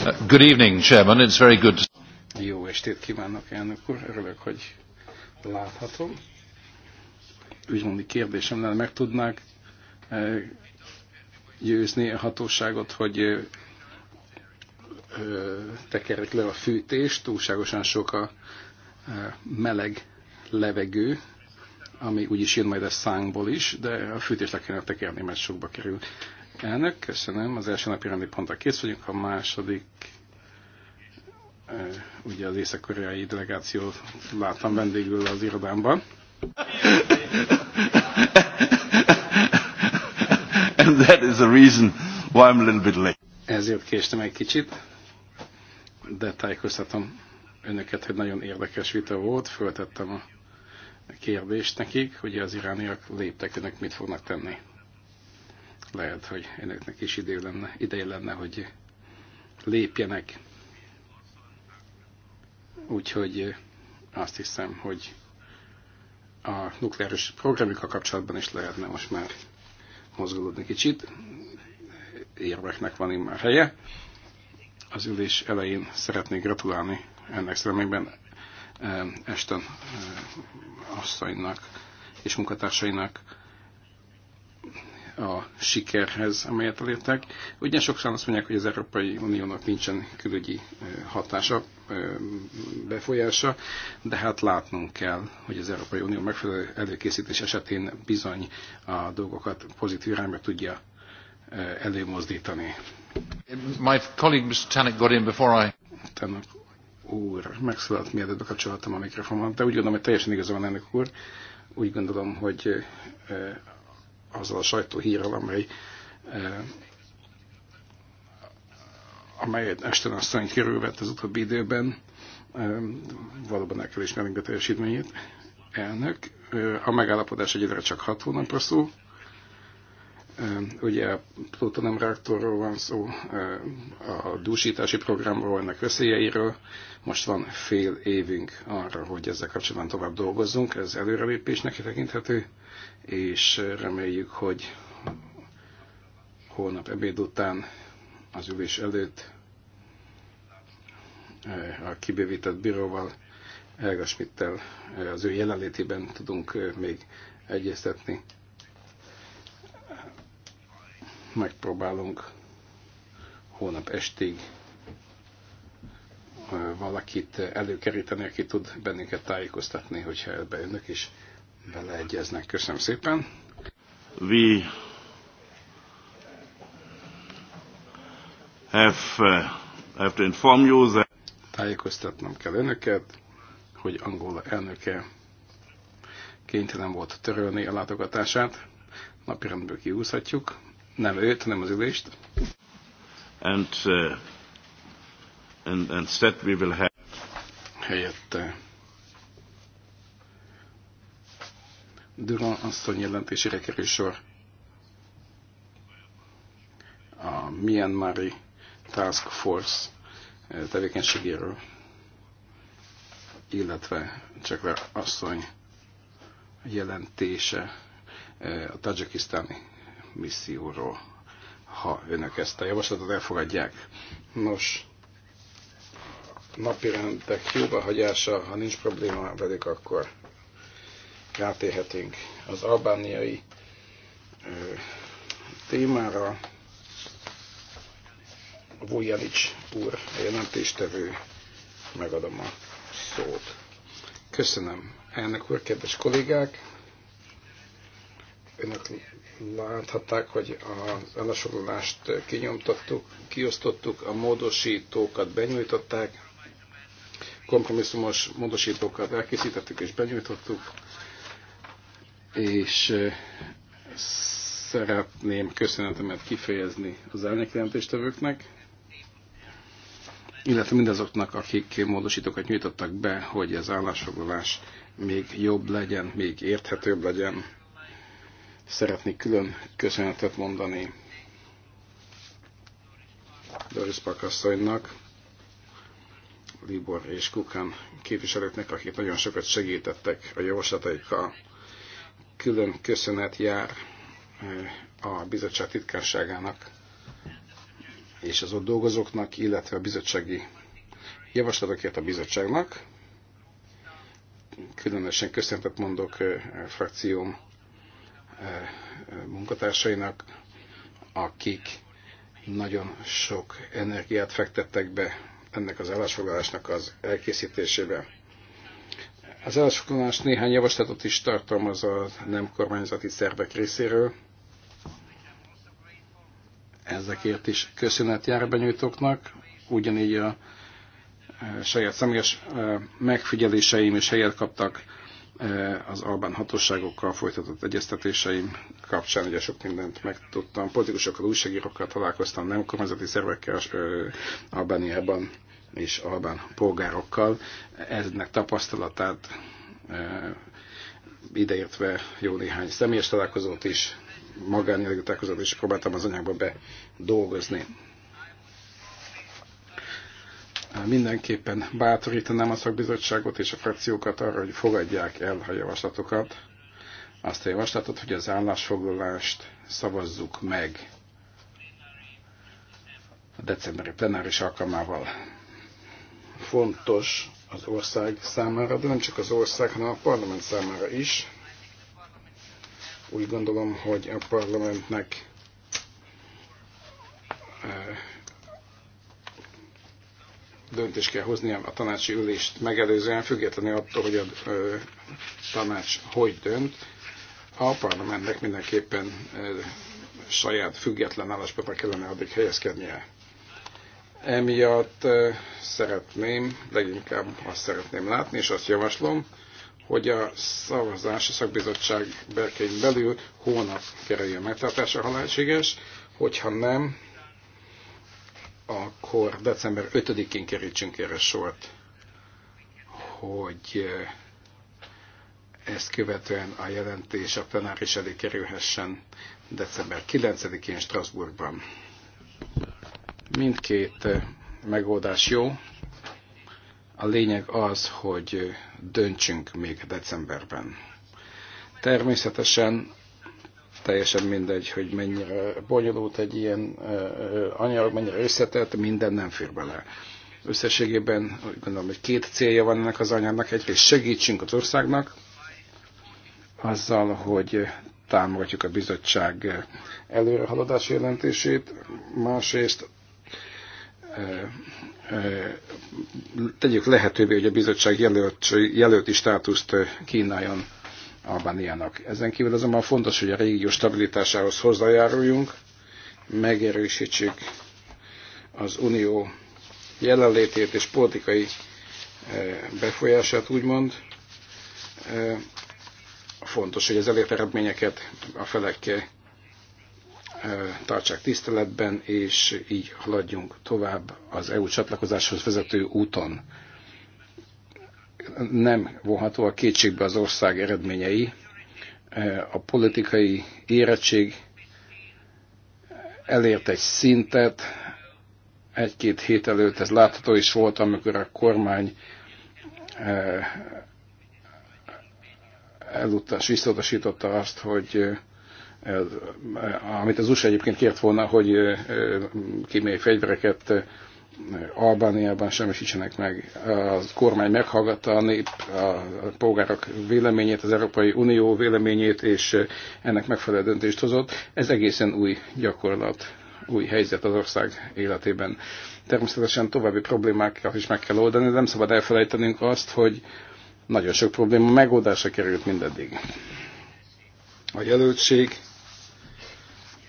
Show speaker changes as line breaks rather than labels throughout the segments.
Uh, good evening, Chairman. It's very good. Jó estét kívánok, elnök úr. Örülök, hogy láthatom. Ügymondi kérdésem lenne, meg tudnák eh, győzni a hatóságot, hogy eh, eh, tekerek le a fűtést, túlságosan sok a meleg levegő, ami úgyis jön majd a szánkból is, de a fűtést le kellene tekerni, mert sokba kerül. Elnök, köszönöm. Az első napi rendi ponttal kész vagyunk. A második, ugye az észak-koreai delegációt láttam vendégül az irodámban. And that is the reason why I'm a little bit late. Ezért késtem egy kicsit, de tájékoztatom önöket, hogy nagyon érdekes vita volt. Föltettem a kérdést nekik, hogy az irániak léptek, önök mit fognak tenni lehet, hogy önöknek is idő lenne, ideje lenne, hogy lépjenek. Úgyhogy eh, azt hiszem, hogy a nukleáris programjukkal kapcsolatban is lehetne most már mozgolódni kicsit. Érveknek van immár helye. Az ülés elején szeretnék gratulálni ennek szemében Esten eh, eh, asszonynak és munkatársainak a sikerhez, amelyet elértek. Ugyan sokszor azt mondják, hogy az Európai Uniónak nincsen külügyi hatása, befolyása, de hát látnunk kell, hogy az Európai Unió megfelelő előkészítés esetén bizony a dolgokat pozitív irányba tudja előmozdítani. My colleague Mr. Tannock got in before I... Tannock úr, megszólalt mielőtt bekapcsoltam a mikrofonon, de úgy gondolom, hogy teljesen igaza van ennek úr. Úgy gondolom, hogy azzal a sajtóhírral, amely eh, amelyet Esten asszony körülvett az utóbbi időben, eh, valóban el kell ismerni a teljesítményét, elnök. Eh, a megállapodás egyre csak hat hónapra szól, Ugye a plutonium reaktorról van szó, a dúsítási programról, ennek veszélyeiről. Most van fél évünk arra, hogy ezzel kapcsolatban tovább dolgozzunk. Ez előrelépésnek tekinthető, és reméljük, hogy holnap ebéd után, az ülés előtt a kibővített bíróval, Elga az ő jelenlétében tudunk még egyeztetni megpróbálunk hónap estig valakit előkeríteni, aki tud bennünket tájékoztatni, hogyha ebbe önök is beleegyeznek. Köszönöm szépen. We have, uh, have to inform you that... Tájékoztatnom kell önöket, hogy Angola elnöke kénytelen volt törölni a látogatását. Napirendből kiúszhatjuk, nem őt, nem az ülést. And, uh, and, and said we will have... Helyette Durand asszony jelentésére kerül sor a Myanmari Task Force eh, tevékenységéről, illetve csak asszony jelentése eh, a tajikisztáni misszióról, ha önök ezt a javaslatot elfogadják. Nos, napirendek hagyása ha nincs probléma velük, akkor rátérhetünk az albániai ö, témára. Vujanics úr, a jelentéstevő, megadom a szót. Köszönöm, elnök úr, kedves kollégák! Önök láthatták, hogy az elasorulást kinyomtattuk, kiosztottuk, a módosítókat benyújtották, kompromisszumos módosítókat elkészítettük és benyújtottuk, és szeretném köszönetemet kifejezni az elnökjelentéstevőknek, illetve mindazoknak, akik módosítókat nyújtottak be, hogy az állásfoglalás még jobb legyen, még érthetőbb legyen Szeretnék külön köszönetet mondani Doris Pakasszonynak, Libor és Kukán képviselőknek, akik nagyon sokat segítettek a javaslataikkal. Külön köszönet jár eh, a bizottság titkárságának és az ott dolgozóknak, illetve a bizottsági javaslatokért a bizottságnak. Különösen köszönetet mondok a eh, frakcióm munkatársainak, akik nagyon sok energiát fektettek be ennek az állásfoglalásnak az elkészítésébe. Az állásfoglalás néhány javaslatot is tartalmaz a nem kormányzati szervek részéről. Ezekért is köszönet jár benyújtóknak, ugyanígy a eh, saját személyes eh, megfigyeléseim is helyet kaptak Eh, az albán hatóságokkal folytatott egyeztetéseim kapcsán ugye sok mindent megtudtam. Politikusokkal, újságírókkal találkoztam, nem kormányzati szervekkel eh, Albániában és albán polgárokkal. Eznek tapasztalatát eh, ideértve jó néhány személyes találkozót is, magánjellegű találkozót is próbáltam az anyagba bedolgozni mindenképpen bátorítanám a szakbizottságot és a frakciókat arra, hogy fogadják el a javaslatokat, azt a javaslatot, hogy az állásfoglalást szavazzuk meg a decemberi plenáris alkalmával. Fontos az ország számára, de nem csak az ország, hanem a parlament számára is. Úgy gondolom, hogy a parlamentnek eh, döntést kell hozni a tanácsi ülést megelőzően, függetlenül attól, hogy a tanács hogy dönt. A parlamentnek mindenképpen saját független álláspontra kellene addig helyezkednie. Emiatt szeretném, leginkább azt szeretném látni, és azt javaslom, hogy a szavazás a szakbizottság berkein belül hónap kerüljön megtartásra, ha lehetséges, hogyha nem, akkor december 5-én kerítsünk erre sort, hogy eh, ezt követően a jelentés a plenáris elé kerülhessen december 9-én Strasbourgban. Mindkét eh, megoldás jó. A lényeg az, hogy eh, döntsünk még decemberben. Természetesen teljesen mindegy, hogy mennyire bonyolult egy ilyen anyag, mennyire összetett, minden nem fér bele. Összességében úgy gondolom, hogy két célja van ennek az anyagnak. Egyrészt segítsünk az országnak azzal, hogy támogatjuk a bizottság előrehaladási jelentését, másrészt tegyük lehetővé, hogy a bizottság jelölt, jelölti státuszt kínáljon Albániának. Ezen kívül azonban fontos, hogy a régió stabilitásához hozzájáruljunk, megerősítsük az unió jelenlétét és politikai eh, befolyását, úgymond. Eh, fontos, hogy az elért eredményeket a felek eh, tartsák tiszteletben, és így haladjunk tovább az EU csatlakozáshoz vezető úton nem vonható a kétségbe az ország eredményei, e, a politikai érettség elért egy szintet, egy-két hét előtt ez látható is volt, amikor a kormány e, elutas, visszautasította azt, hogy e, amit az USA egyébként kért volna, hogy kémiai fegyvereket Albániában semmisítsenek meg. A kormány meghallgatta a nép, a polgárok véleményét, az Európai Unió véleményét, és ennek megfelelő döntést hozott. Ez egészen új gyakorlat, új helyzet az ország életében. Természetesen további problémákat is meg kell oldani, de nem szabad elfelejtenünk azt, hogy nagyon sok probléma megoldása került mindeddig. A jelöltség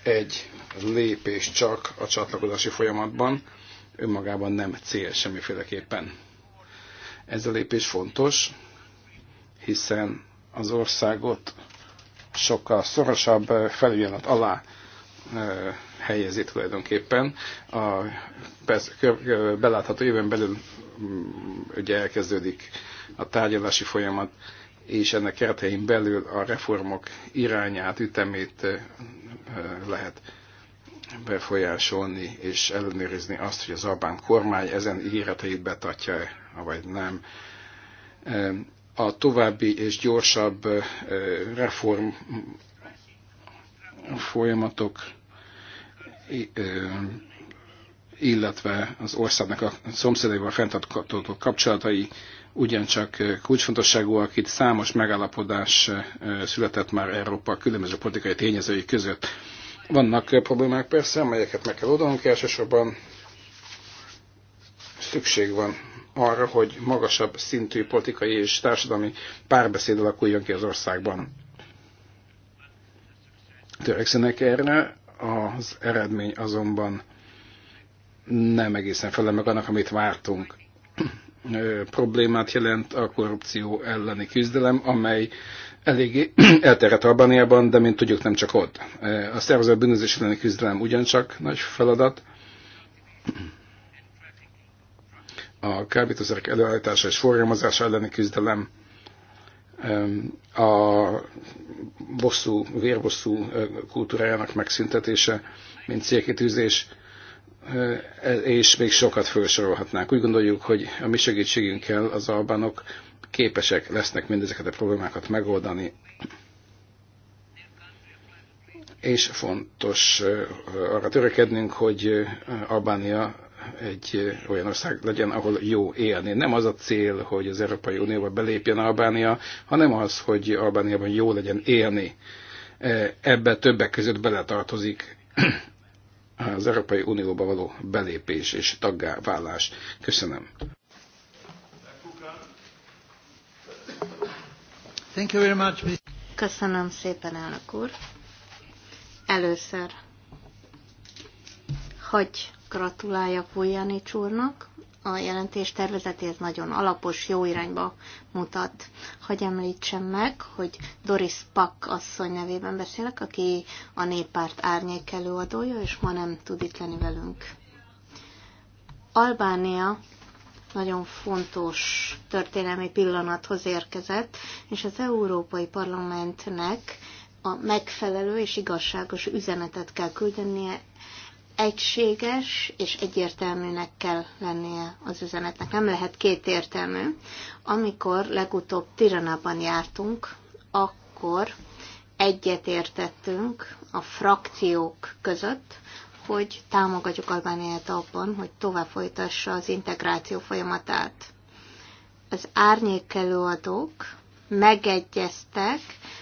egy lépés csak a csatlakozási folyamatban, önmagában nem cél semmiféleképpen. Ez a lépés fontos, hiszen az országot sokkal szorosabb felügyelet alá helyezi tulajdonképpen. A belátható éven belül mm, ugye elkezdődik a tárgyalási folyamat, és ennek keretein belül a reformok irányát, ütemét lehet befolyásolni és ellenőrizni azt, hogy az Orbán kormány ezen ígéreteit betartja -e, vagy nem. A további és gyorsabb reform folyamatok illetve az országnak a szomszédaival fenntartó kapcsolatai ugyancsak kulcsfontosságúak. Itt számos megállapodás született már Európa különböző politikai tényezői között vannak problémák persze, amelyeket meg kell oldanunk, elsősorban szükség van arra, hogy magasabb szintű politikai és társadalmi párbeszéd alakuljon ki az országban. Törekszenek erre, az eredmény azonban nem egészen felel meg annak, amit vártunk. Problémát jelent a korrupció elleni küzdelem, amely eléggé elterjedt Albániában, de mint tudjuk, nem csak ott. E, a szervezett bűnözés elleni küzdelem ugyancsak nagy feladat. A kábítószerek előállítása és forgalmazása elleni küzdelem, e, a bosszú, vérbosszú e, kultúrájának megszüntetése, mint célkitűzés, és még sokat felsorolhatnánk. Úgy gondoljuk, hogy a mi segítségünkkel az albánok képesek lesznek mindezeket a problémákat megoldani, és fontos arra törekednünk, hogy Albánia egy olyan ország legyen, ahol jó élni. Nem az a cél, hogy az Európai Unióba belépjen Albánia, hanem az, hogy Albániában jó legyen élni. Ebbe többek között beletartozik az Európai Unióba való belépés és taggá válás. Köszönöm.
Thank you very much, Köszönöm szépen, elnök úr. Először hogy gratuláljak Vuljanics csúrnak, A jelentés tervezetéhez nagyon alapos, jó irányba mutat. Hogy említsem meg, hogy Doris Pak asszony nevében beszélek, aki a néppárt árnyék előadója, és ma nem tud itt lenni velünk. Albánia nagyon fontos történelmi pillanathoz érkezett, és az Európai Parlamentnek a megfelelő és igazságos üzenetet kell küldenie, egységes és egyértelműnek kell lennie az üzenetnek. Nem lehet kétértelmű. Amikor legutóbb Tiranában jártunk, akkor egyetértettünk a frakciók között, hogy támogatjuk Albániát abban, hogy tovább folytassa az integráció folyamatát. Az árnyékelőadók megegyeztek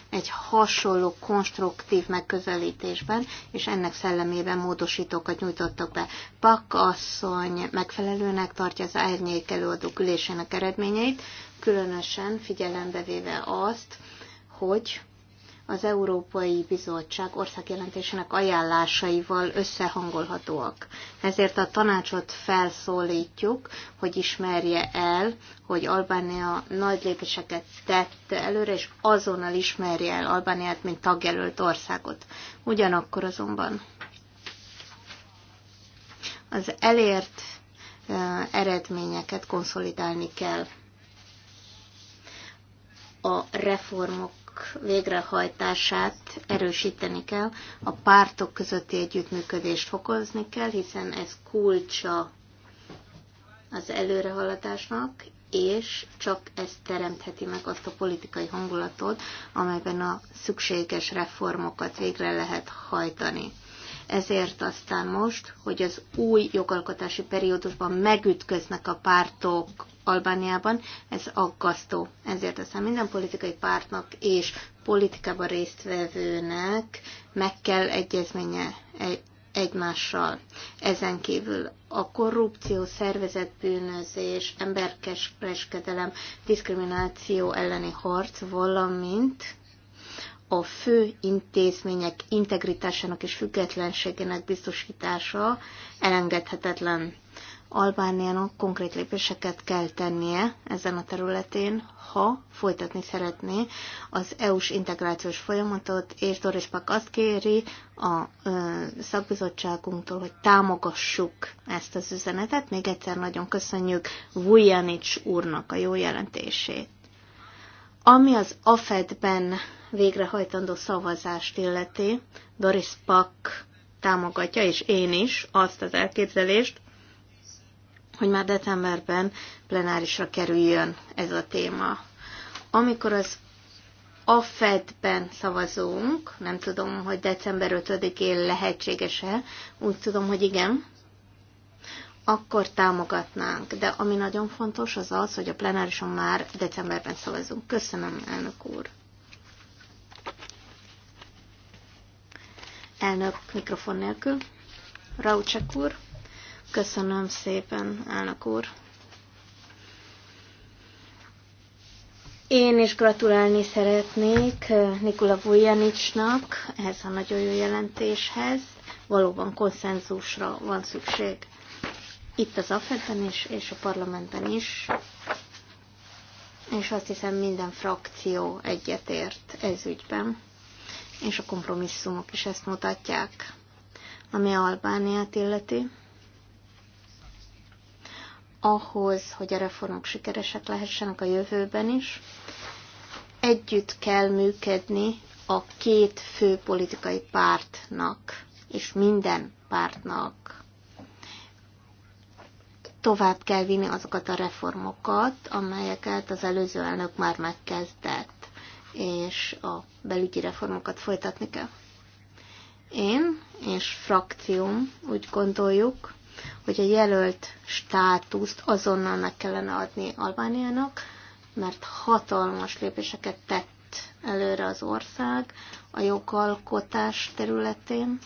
egy hasonló konstruktív megközelítésben, és ennek szellemében módosítókat nyújtottak be. Pak asszony megfelelőnek tartja az árnyék előadók ülésének eredményeit, különösen figyelembe véve azt, hogy az Európai Bizottság országjelentésének ajánlásaival összehangolhatóak. Ezért a tanácsot felszólítjuk, hogy ismerje el, hogy Albánia nagy lépéseket tett előre, és azonnal ismerje el Albániát, mint tagjelölt országot. Ugyanakkor azonban az elért eredményeket konszolidálni kell a reformok végrehajtását erősíteni kell, a pártok közötti együttműködést fokozni kell, hiszen ez kulcsa az előrehaladásnak, és csak ez teremtheti meg azt a politikai hangulatot, amelyben a szükséges reformokat végre lehet hajtani. Ezért aztán most, hogy az új jogalkotási periódusban megütköznek a pártok Albániában, ez aggasztó. Ezért aztán minden politikai pártnak és politikában résztvevőnek meg kell egyezménye egymással. Ezen kívül a korrupció, szervezetbűnözés, emberkereskedelem, diszkrimináció elleni harc, valamint a fő intézmények integritásának és függetlenségének biztosítása elengedhetetlen. Albániának konkrét lépéseket kell tennie ezen a területén, ha folytatni szeretné az EU-s integrációs folyamatot, és Doris Pak azt kéri a ö, szakbizottságunktól, hogy támogassuk ezt az üzenetet. Még egyszer nagyon köszönjük Vujanics úrnak a jó jelentését. Ami az AFED-ben végrehajtandó szavazást illeti, Doris Pak támogatja, és én is azt az elképzelést, hogy már decemberben plenárisra kerüljön ez a téma. Amikor az AFED-ben szavazunk, nem tudom, hogy december 5-én lehetséges-e, úgy tudom, hogy igen, akkor támogatnánk. De ami nagyon fontos, az az, hogy a plenárison már decemberben szavazunk. Köszönöm, elnök úr. Elnök mikrofon nélkül. Raucsek úr. Köszönöm szépen, elnök úr. Én is gratulálni szeretnék Nikola Vujjanicsnak ehhez a nagyon jó jelentéshez. Valóban konszenzusra van szükség itt az AFED-ben is, és a parlamentben is, és azt hiszem minden frakció egyetért ez ügyben, és a kompromisszumok is ezt mutatják, ami Albániát illeti. Ahhoz, hogy a reformok sikeresek lehessenek a jövőben is, együtt kell működni a két fő politikai pártnak, és minden pártnak tovább kell vinni azokat a reformokat, amelyeket az előző elnök már megkezdett, és a belügyi reformokat folytatni kell. Én és frakcióm úgy gondoljuk, hogy a jelölt státuszt azonnal meg kellene adni Albániának, mert hatalmas lépéseket tett előre az ország a jogalkotás területén,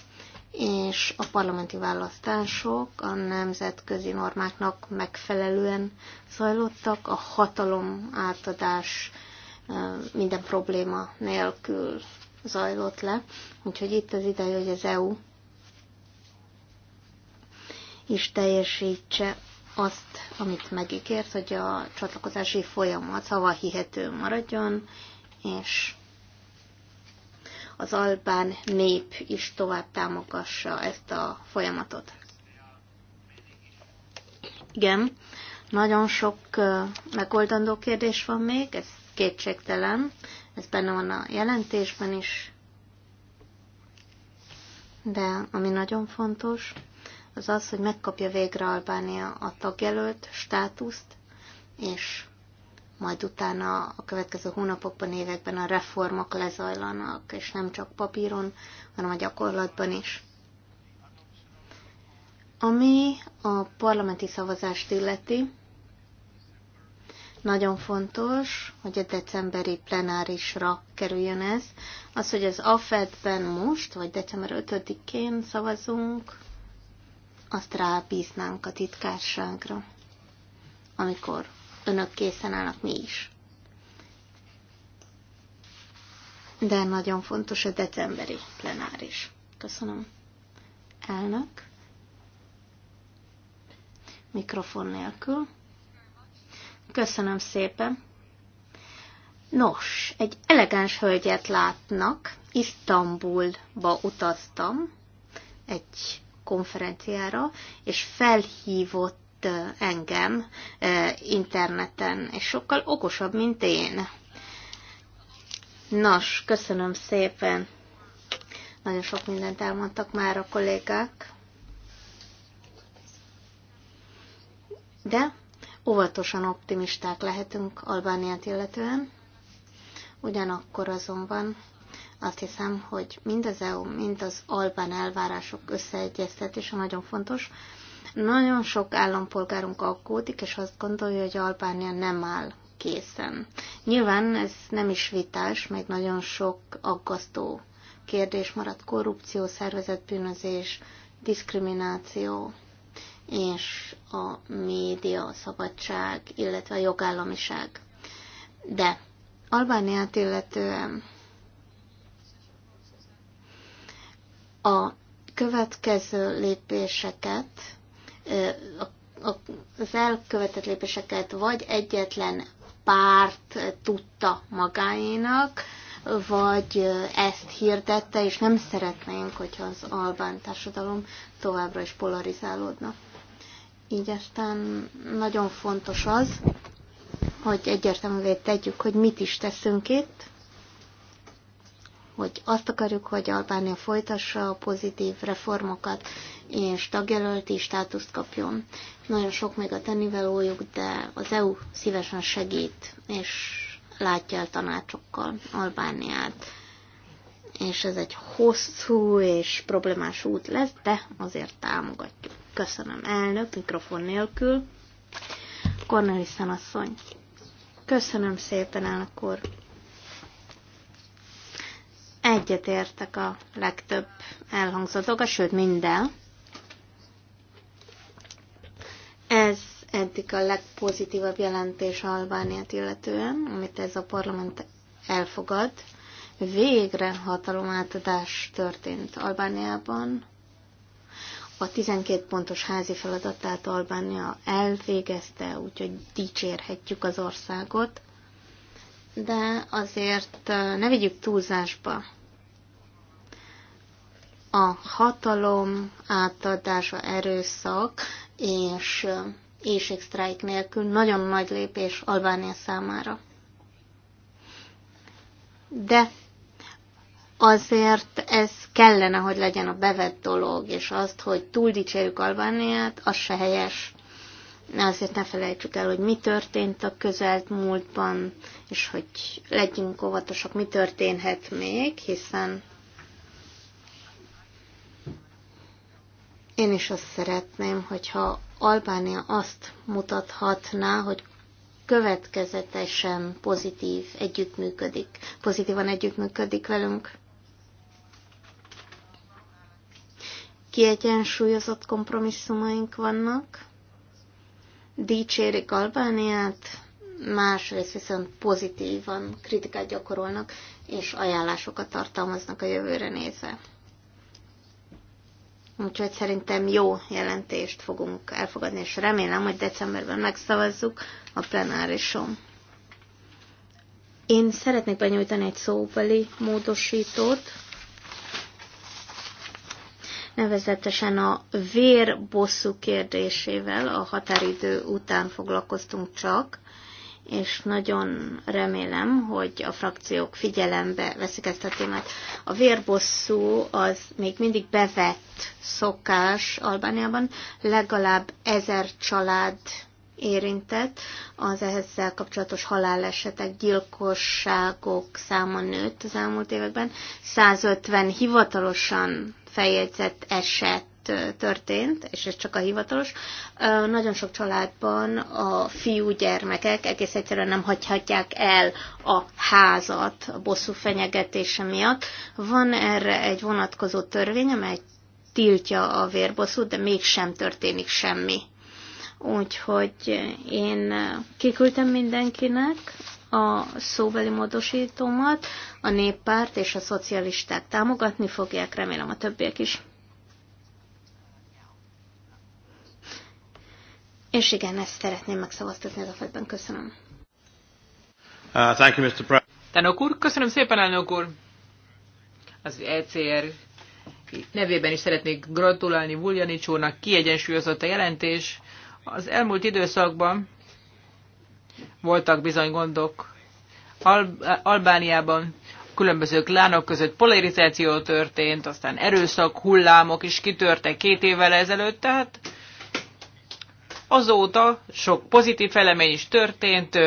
és a parlamenti választások a nemzetközi normáknak megfelelően zajlottak, a hatalom átadás minden probléma nélkül zajlott le, úgyhogy itt az ideje, hogy az EU is teljesítse azt, amit megígért, hogy a csatlakozási folyamat szava hihető maradjon, és az albán nép is tovább támogassa ezt a folyamatot. Igen, nagyon sok megoldandó kérdés van még, ez kétségtelen, ez benne van a jelentésben is, de ami nagyon fontos, az az, hogy megkapja végre Albánia a tagjelölt státuszt, és majd utána a következő hónapokban, években a reformok lezajlanak, és nem csak papíron, hanem a gyakorlatban is. Ami a parlamenti szavazást illeti, nagyon fontos, hogy a decemberi plenárisra kerüljön ez. Az, hogy az AFED-ben most, vagy december 5-én szavazunk, azt rábíznánk a titkárságra, amikor önök készen állnak mi is. De nagyon fontos a decemberi plenáris. Köszönöm. Elnök. Mikrofon nélkül. Köszönöm szépen. Nos, egy elegáns hölgyet látnak, Isztambulba utaztam egy konferenciára, és felhívott engem interneten, és sokkal okosabb, mint én. Nos, köszönöm szépen. Nagyon sok mindent elmondtak már a kollégák. De óvatosan optimisták lehetünk Albániát illetően. Ugyanakkor azonban azt hiszem, hogy mind az EU, mind az Albán elvárások összeegyeztetése nagyon fontos, nagyon sok állampolgárunk aggódik, és azt gondolja, hogy Albánia nem áll készen. Nyilván ez nem is vitás, meg nagyon sok aggasztó kérdés maradt. Korrupció, szervezetbűnözés, diszkrimináció és a média szabadság, illetve a jogállamiság. De Albániát illetően a következő lépéseket az elkövetett lépéseket vagy egyetlen párt tudta magáénak, vagy ezt hirdette, és nem szeretnénk, hogyha az albán társadalom továbbra is polarizálódna. Így aztán nagyon fontos az, hogy egyértelművé tegyük, hogy mit is teszünk itt, hogy azt akarjuk, hogy Albánia folytassa a pozitív reformokat, és tagjelölti státuszt kapjon. Nagyon sok még a tennivelójuk, de az EU szívesen segít, és látja el tanácsokkal Albániát. És ez egy hosszú és problémás út lesz, de azért támogatjuk. Köszönöm, elnök, mikrofon nélkül. Cornelissen asszony. Köszönöm szépen, elnök úr. Egyetértek a legtöbb elhangzatok, a sőt minden. Ez eddig a legpozitívabb jelentés Albániát illetően, amit ez a parlament elfogad. Végre hatalomátadás történt Albániában. A 12 pontos házi feladatát Albánia elvégezte, úgyhogy dicsérhetjük az országot de azért ne vigyük túlzásba. A hatalom átadása erőszak és éjségsztrájk nélkül nagyon nagy lépés Albánia számára. De azért ez kellene, hogy legyen a bevett dolog, és azt, hogy túl dicsérjük Albániát, az se helyes. Azért ne felejtsük el, hogy mi történt a közelt múltban, és hogy legyünk óvatosak, mi történhet még, hiszen én is azt szeretném, hogyha Albánia azt mutathatná, hogy következetesen pozitív együttműködik, pozitívan együttműködik velünk. Kiegyensúlyozott kompromisszumaink vannak, dicsérik Albániát, másrészt viszont pozitívan kritikát gyakorolnak, és ajánlásokat tartalmaznak a jövőre nézve. Úgyhogy szerintem jó jelentést fogunk elfogadni, és remélem, hogy decemberben megszavazzuk a plenárison. Én szeretnék benyújtani egy szóbeli módosítót, nevezetesen a vérbosszú kérdésével a határidő után foglalkoztunk csak, és nagyon remélem, hogy a frakciók figyelembe veszik ezt a témát. A vérbosszú az még mindig bevett szokás Albániában, legalább ezer család érintett, az ehhezzel kapcsolatos halálesetek, gyilkosságok száma nőtt az elmúlt években. 150 hivatalosan feljegyzett eset történt, és ez csak a hivatalos, nagyon sok családban a fiú gyermekek egész egyszerűen nem hagyhatják el a házat a bosszú fenyegetése miatt. Van erre egy vonatkozó törvény, amely tiltja a vérbosszút, de mégsem történik semmi. Úgyhogy én kiküldtem mindenkinek a szóbeli módosítómat, a néppárt és a szocialisták támogatni fogják, remélem a többiek is. És igen, ezt szeretném megszavaztatni az afetben. Köszönöm. Uh, thank you, Mr.
Elnök úr, köszönöm szépen, elnök úr. Az ECR nevében is szeretnék gratulálni Vuljanics úrnak, kiegyensúlyozott a jelentés, az elmúlt időszakban voltak bizony gondok. Al Albániában különböző klánok között polarizáció történt, aztán erőszak hullámok is kitörtek két évvel ezelőtt, tehát azóta sok pozitív felemény is történt,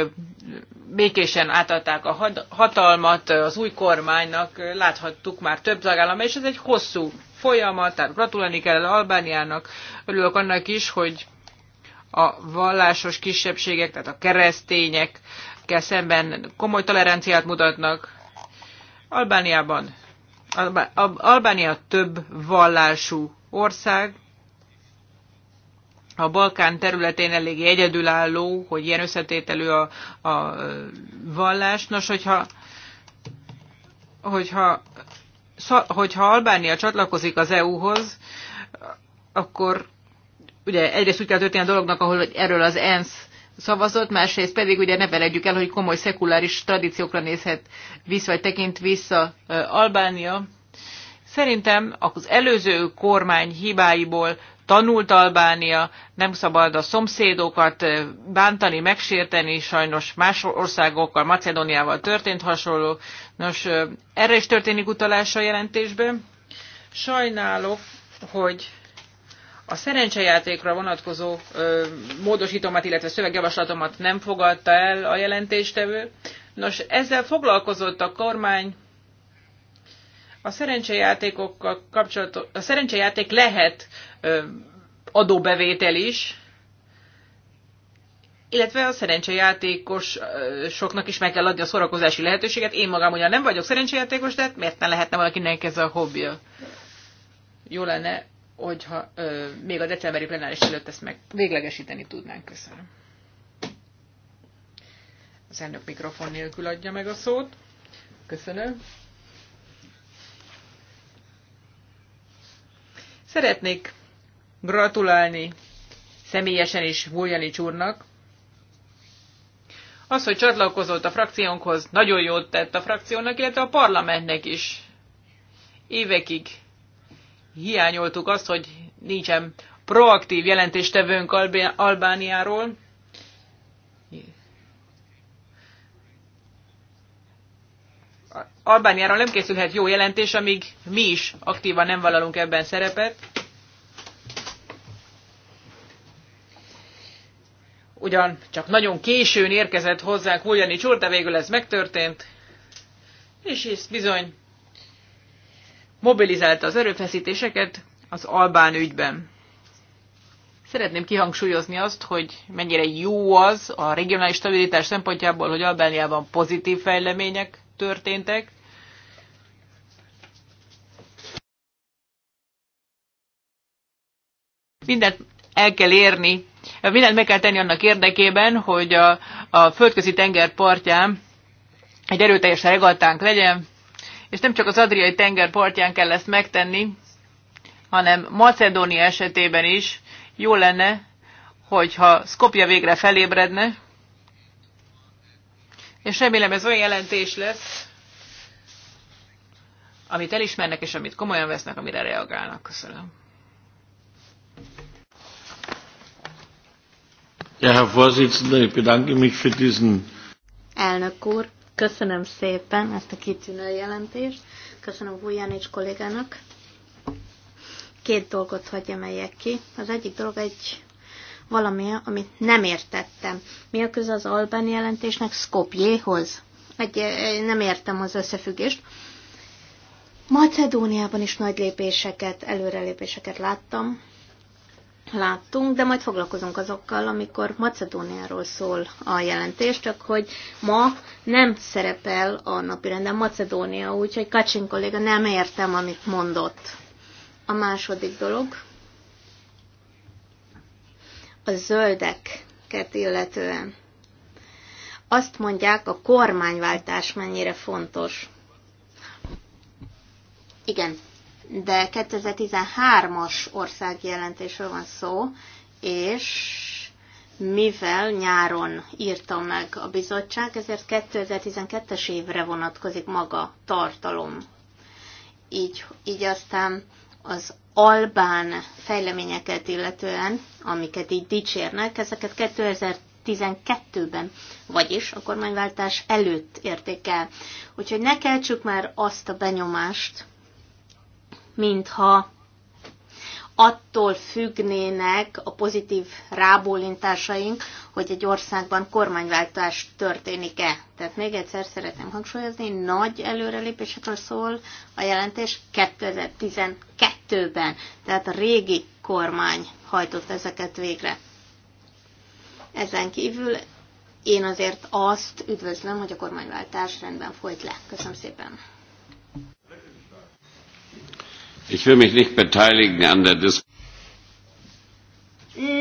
békésen átadták a hatalmat az új kormánynak, láthattuk már több tagállam, és ez egy hosszú folyamat, tehát gratulálni kell Albániának. Örülök annak is, hogy a vallásos kisebbségek, tehát a keresztényekkel szemben komoly toleranciát mutatnak. Albániában, Albánia több vallású ország, a Balkán területén eléggé egyedülálló, hogy ilyen összetételű a, a vallás. Nos, hogyha, hogyha, hogyha Albánia csatlakozik az EU-hoz, akkor ugye egyrészt úgy kell történni a dolognak, ahol erről az ENSZ szavazott, másrészt pedig ugye ne felejtjük el, hogy komoly szekuláris tradíciókra nézhet vissza, vagy tekint vissza Albánia. Szerintem az előző kormány hibáiból tanult Albánia, nem szabad a szomszédokat bántani, megsérteni, sajnos más országokkal, Macedóniával történt hasonló. Nos, erre is történik utalás a jelentésben. Sajnálok, hogy a szerencsejátékra vonatkozó ö, módosítomat, illetve szövegjavaslatomat nem fogadta el a jelentéstevő. Nos, ezzel foglalkozott a kormány. A szerencsejátékokkal kapcsolatos, a szerencsejáték lehet ö, adóbevétel is, illetve a szerencsejátékos soknak is meg kell adni a szórakozási lehetőséget. Én magam ugyan nem vagyok szerencsejátékos, de miért ne lehetne valakinek ez a hobbja? Jó lenne, hogyha ö, még a decemberi plenáris előtt ezt meg véglegesíteni tudnánk. Köszönöm. Az elnök mikrofon nélkül adja meg a szót. Köszönöm. Szeretnék gratulálni személyesen is Vuljanics úrnak. Az, hogy csatlakozott a frakciónkhoz, nagyon jót tett a frakciónak, illetve a parlamentnek is. Évekig hiányoltuk azt, hogy nincsen proaktív jelentéstevőnk Albániáról. Albániáról nem készülhet jó jelentés, amíg mi is aktívan nem vállalunk ebben szerepet. Ugyan csak nagyon későn érkezett hozzánk Huljani Csurta, végül ez megtörtént, és ez bizony mobilizálta az erőfeszítéseket az Albán ügyben. Szeretném kihangsúlyozni azt, hogy mennyire jó az a regionális stabilitás szempontjából, hogy Albániában pozitív fejlemények történtek. Mindent el kell érni, mindent meg kell tenni annak érdekében, hogy a, a földközi tenger partján egy erőteljes regattánk legyen, és nem csak az Adriai tenger partján kell ezt megtenni, hanem Macedónia esetében is jó lenne, hogyha Skopje végre felébredne, és remélem ez olyan jelentés lesz, amit elismernek, és amit komolyan vesznek, amire reagálnak. Köszönöm.
Ja, Herr Vorsitzender, ich bedanke mich für diesen
Elnök úr, Köszönöm szépen ezt a kitűnő jelentést. Köszönöm Vujjanics kollégának. Két dolgot hagyja emeljek ki. Az egyik dolog egy valami, amit nem értettem. Mi a köze az Albán jelentésnek Skopjéhoz? Egy, nem értem az összefüggést. Macedóniában is nagy lépéseket, előrelépéseket láttam, láttunk, de majd foglalkozunk azokkal, amikor Macedóniáról szól a jelentés, csak hogy ma nem szerepel a napirenden Macedónia, úgyhogy Kacsin kolléga nem értem, amit mondott. A második dolog, a zöldeket illetően. Azt mondják, a kormányváltás mennyire fontos. Igen, de 2013-as országjelentésről van szó, és mivel nyáron írta meg a bizottság, ezért 2012-es évre vonatkozik maga tartalom. Így, így aztán az albán fejleményeket illetően, amiket így dicsérnek, ezeket 2012-ben, vagyis a kormányváltás előtt érték el. Úgyhogy ne keltsük már azt a benyomást, mintha attól függnének a pozitív rábólintásaink, hogy egy országban kormányváltás történik-e. Tehát még egyszer szeretném hangsúlyozni, nagy előrelépésekről szól a jelentés 2012-ben, tehát a régi kormány hajtott ezeket végre. Ezen kívül én azért azt üdvözlöm, hogy a kormányváltás rendben folyt le. Köszönöm szépen!
Ich will mich nicht beteiligen an der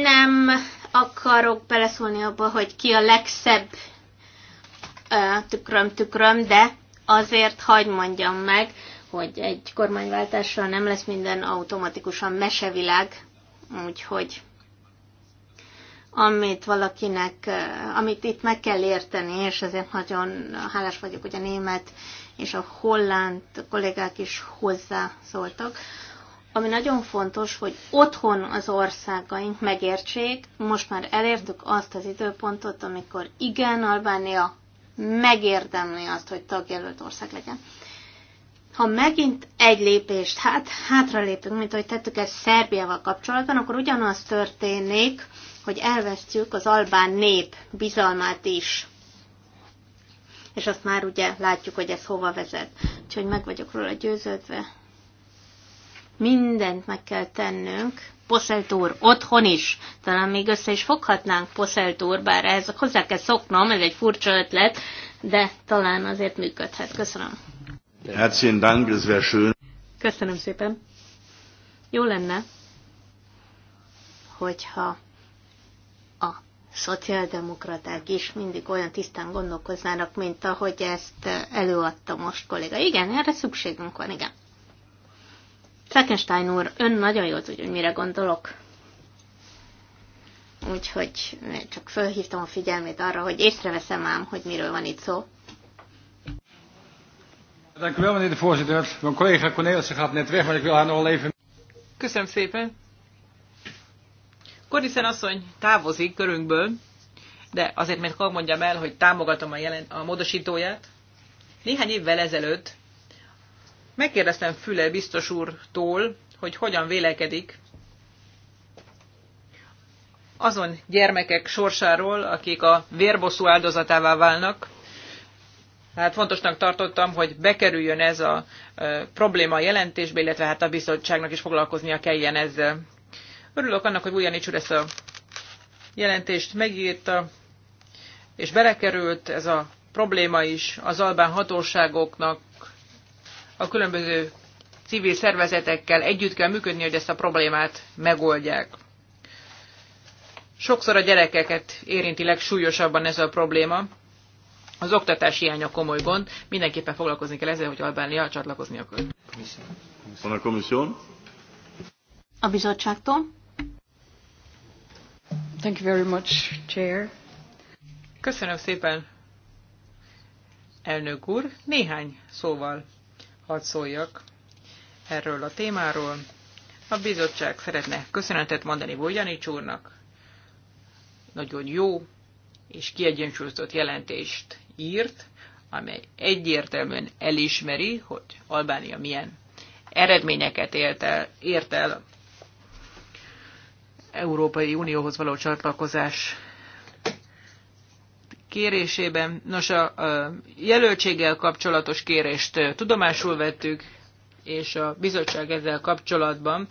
Nem akarok beleszólni abba, hogy ki a legszebb tükröm-tükröm, de azért hagyd mondjam meg, hogy egy kormányváltással nem lesz minden automatikusan mesevilág, úgyhogy amit valakinek, amit itt meg kell érteni, és ezért nagyon hálás vagyok, hogy a német és a holland kollégák is hozzászóltak, ami nagyon fontos, hogy otthon az országaink megértsék, most már elértük azt az időpontot, amikor igen, Albánia megérdemli azt, hogy tagjelölt ország legyen. Ha megint egy lépést hát, hátralépünk, mint ahogy tettük ezt Szerbiával kapcsolatban, akkor ugyanaz történik, hogy elvesztjük az albán nép bizalmát is és azt már ugye látjuk, hogy ez hova vezet. Úgyhogy meg vagyok róla győződve. Mindent meg kell tennünk, Poszelt otthon is. Talán még össze is foghatnánk Poszelt bár ehhez hozzá kell szoknom, ez egy furcsa ötlet, de talán azért működhet. Köszönöm. Herzlichen Dank, ez wäre schön. Köszönöm szépen. Jó lenne, hogyha szociáldemokraták is mindig olyan tisztán gondolkoznának, mint ahogy ezt előadta most kolléga. Igen, erre szükségünk van, igen. Fleckenstein úr, ön nagyon jól tudja, hogy mire gondolok. Úgyhogy csak fölhívtam a figyelmét arra, hogy észreveszem ám, hogy miről van itt szó.
Köszönöm szépen. Kodiszen asszony távozik körünkből, de azért, mert hogy mondjam el, hogy támogatom a, jelen, a módosítóját. Néhány évvel ezelőtt megkérdeztem Füle biztos úrtól, hogy hogyan vélekedik azon gyermekek sorsáról, akik a vérbosszú áldozatává válnak. Hát fontosnak tartottam, hogy bekerüljön ez a probléma a jelentésbe, illetve hát a bizottságnak is foglalkoznia kelljen ezzel. Örülök annak, hogy Vujanics úr ezt a jelentést megírta, és belekerült ez a probléma is az albán hatóságoknak a különböző civil szervezetekkel együtt kell működni, hogy ezt a problémát megoldják. Sokszor a gyerekeket érinti legsúlyosabban ez a probléma. Az oktatás hiánya komoly gond. Mindenképpen foglalkozni kell ezzel, hogy Albánia csatlakozni akar. Van a komisszión?
A bizottságtól? Thank you very much,
Chair. Köszönöm szépen, elnök úr. Néhány szóval hadd szóljak erről a témáról. A bizottság szeretne köszönetet mondani Bogyanics úrnak. Nagyon jó és kiegyensúlyozott jelentést írt, amely egyértelműen elismeri, hogy Albánia milyen eredményeket ért el, ért el Európai Unióhoz való csatlakozás kérésében. Nos, a, a jelöltséggel kapcsolatos kérést tudomásul vettük, és a bizottság ezzel kapcsolatban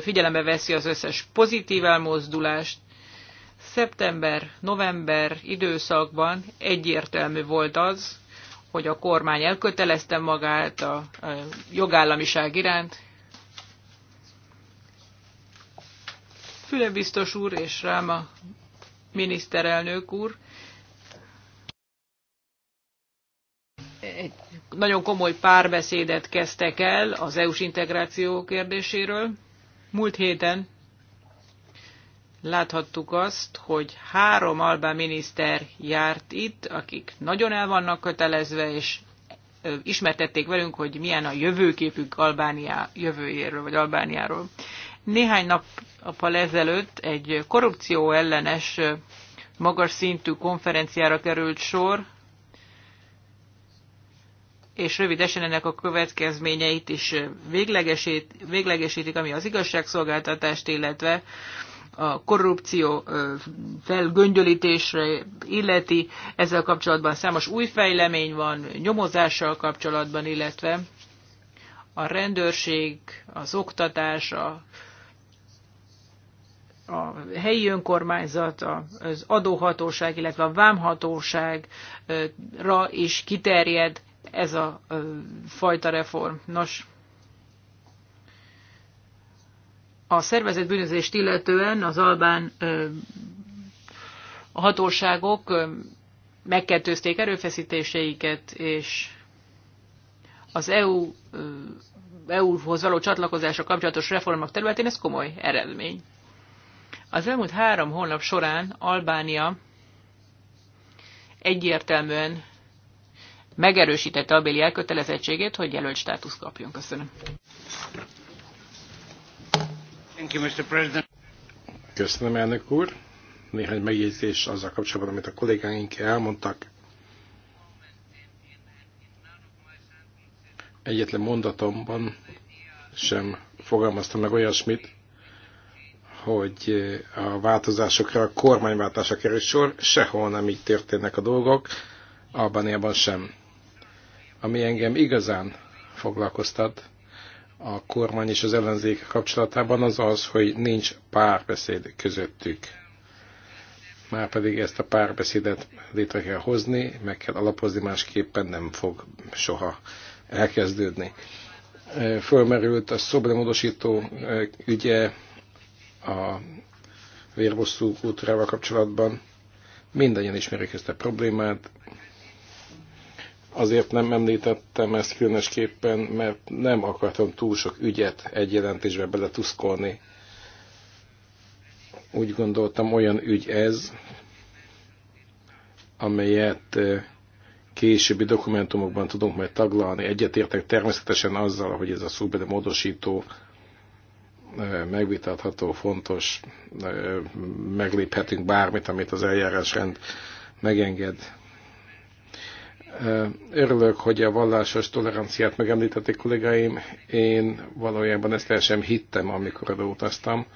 figyelembe veszi az összes pozitív elmozdulást. Szeptember-november időszakban egyértelmű volt az, hogy a kormány elkötelezte magát a jogállamiság iránt, Füle biztos úr és Ráma miniszterelnök úr egy nagyon komoly párbeszédet kezdtek el az EU-s integráció kérdéséről. Múlt héten láthattuk azt, hogy három albán miniszter járt itt, akik nagyon el vannak kötelezve, és ismertették velünk, hogy milyen a jövőképük Albánia jövőjéről, vagy Albániáról. Néhány nappal ezelőtt egy korrupció ellenes magas szintű konferenciára került sor, és rövidesen ennek a következményeit is véglegesít, véglegesítik, ami az igazságszolgáltatást, illetve a korrupció felgöngyölítésre illeti. Ezzel kapcsolatban számos új fejlemény van, nyomozással kapcsolatban, illetve a rendőrség, az oktatás, a a helyi önkormányzat, az adóhatóság, illetve a vámhatóságra is kiterjed ez a fajta reform. Nos, a szervezett bűnözést illetően az albán hatóságok megkettőzték erőfeszítéseiket, és az EU, EU-hoz való csatlakozása kapcsolatos reformok területén ez komoly eredmény. Az elmúlt három hónap során Albánia egyértelműen megerősítette a béli elkötelezettségét, hogy jelölt státusz kapjon. Köszönöm.
Köszönöm, elnök úr. Néhány megjegyzés azzal kapcsolatban, amit a kollégáink elmondtak. Egyetlen mondatomban sem fogalmaztam meg olyasmit, hogy a változásokra, a kormányváltásra kerül sor, sehol nem így történnek a dolgok, Albániában sem. Ami engem igazán foglalkoztat a kormány és az ellenzék kapcsolatában az az, hogy nincs párbeszéd közöttük. pedig ezt a párbeszédet létre kell hozni, meg kell alapozni, másképpen nem fog soha elkezdődni. Fölmerült a szobrimódosító ügye, a vérbosszú útrával kapcsolatban. Mindannyian ismerik ezt a problémát. Azért nem említettem ezt különösképpen, mert nem akartam túl sok ügyet egy jelentésbe beletuszkolni. Úgy gondoltam, olyan ügy ez, amelyet későbbi dokumentumokban tudunk majd taglalni. Egyetértek természetesen azzal, hogy ez a szóbeli módosító megvitatható, fontos, megléphetünk bármit, amit az eljárásrend megenged. Örülök, hogy a vallásos toleranciát megemlítették kollégáim. Én valójában ezt el sem hittem, amikor oda utaztam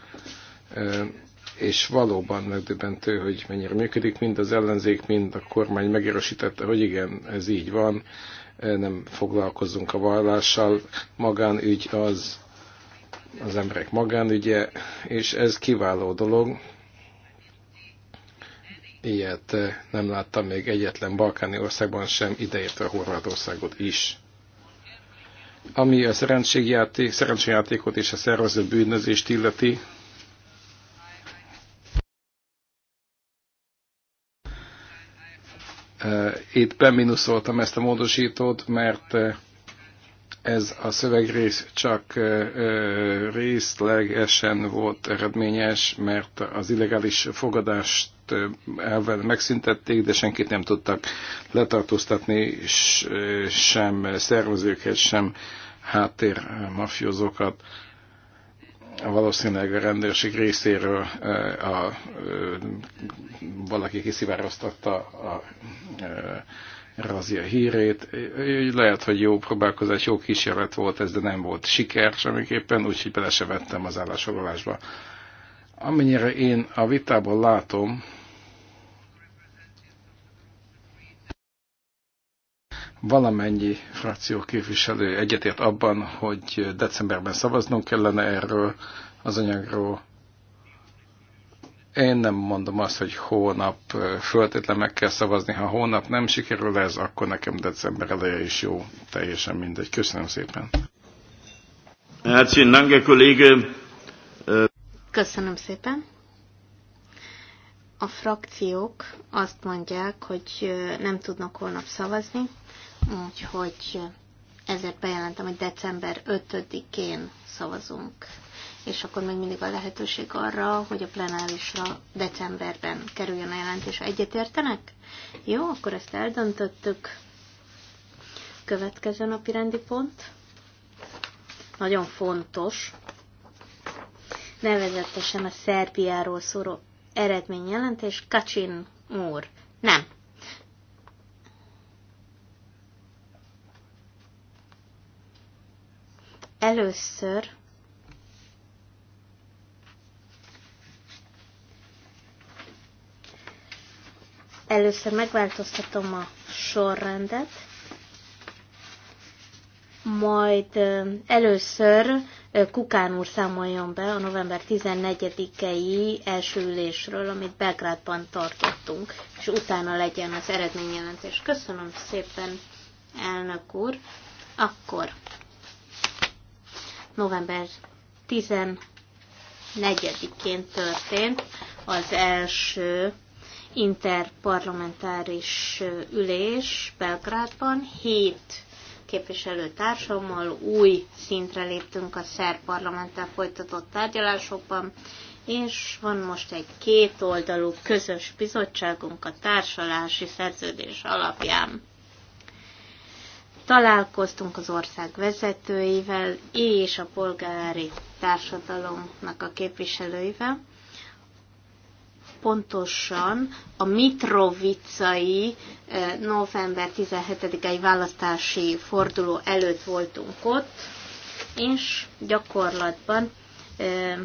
és valóban megdöbbentő, hogy mennyire működik, mind az ellenzék, mind a kormány megerősítette, hogy igen, ez így van, nem foglalkozzunk a vallással, magánügy az, az emberek magánügye, és ez kiváló dolog. Ilyet eh, nem láttam még egyetlen balkáni országban sem, ideértve Horvátországot is. Ami a szerencséjáték, szerencséjátékot és a szervező bűnözést illeti, eh, itt beminuszoltam ezt a módosítót, mert eh, ez a szövegrész csak részlegesen volt eredményes, mert az illegális fogadást elvel megszüntették, de senkit nem tudtak letartóztatni, sem szervezőket, sem háttér mafiózókat. Valószínűleg a rendőrség részéről a, a, a, valaki kiszivároztatta a, a razi a hírét. Lehet, hogy jó próbálkozás, jó kísérlet volt ez, de nem volt siker semmiképpen, úgyhogy bele se vettem az állásolásba. Amennyire én a vitából látom, valamennyi frakció képviselő egyetért abban, hogy decemberben szavaznunk kellene erről az anyagról, én nem mondom azt, hogy hónap föltétlen meg kell szavazni. Ha hónap nem sikerül ez, akkor nekem december eleje is jó. Teljesen mindegy. Köszönöm szépen. Hát,
Köszönöm szépen. A frakciók azt mondják, hogy nem tudnak holnap szavazni, úgyhogy ezért bejelentem, hogy december 5-én szavazunk és akkor még mindig a lehetőség arra, hogy a plenárisra decemberben kerüljön a jelentés. Egyetértenek? Jó, akkor ezt eldöntöttük. Következő napi rendi pont. Nagyon fontos. Nevezetesen a Szerbiáról szóló eredményjelentés. Kacsin úr. Nem, először Először megváltoztatom a sorrendet, majd először Kukán úr számoljon be a november 14-i első ülésről, amit Belgrádban tartottunk, és utána legyen az eredményjelentés. Köszönöm szépen, elnök úr. Akkor november 14-én történt az első interparlamentáris ülés Belgrádban. Hét képviselőtársammal új szintre léptünk a szerb parlamenttel folytatott tárgyalásokban, és van most egy kétoldalú közös bizottságunk a társalási szerződés alapján. Találkoztunk az ország vezetőivel és a polgári társadalomnak a képviselőivel, pontosan a Mitrovicai eh, november 17-i választási forduló előtt voltunk ott, és gyakorlatban eh,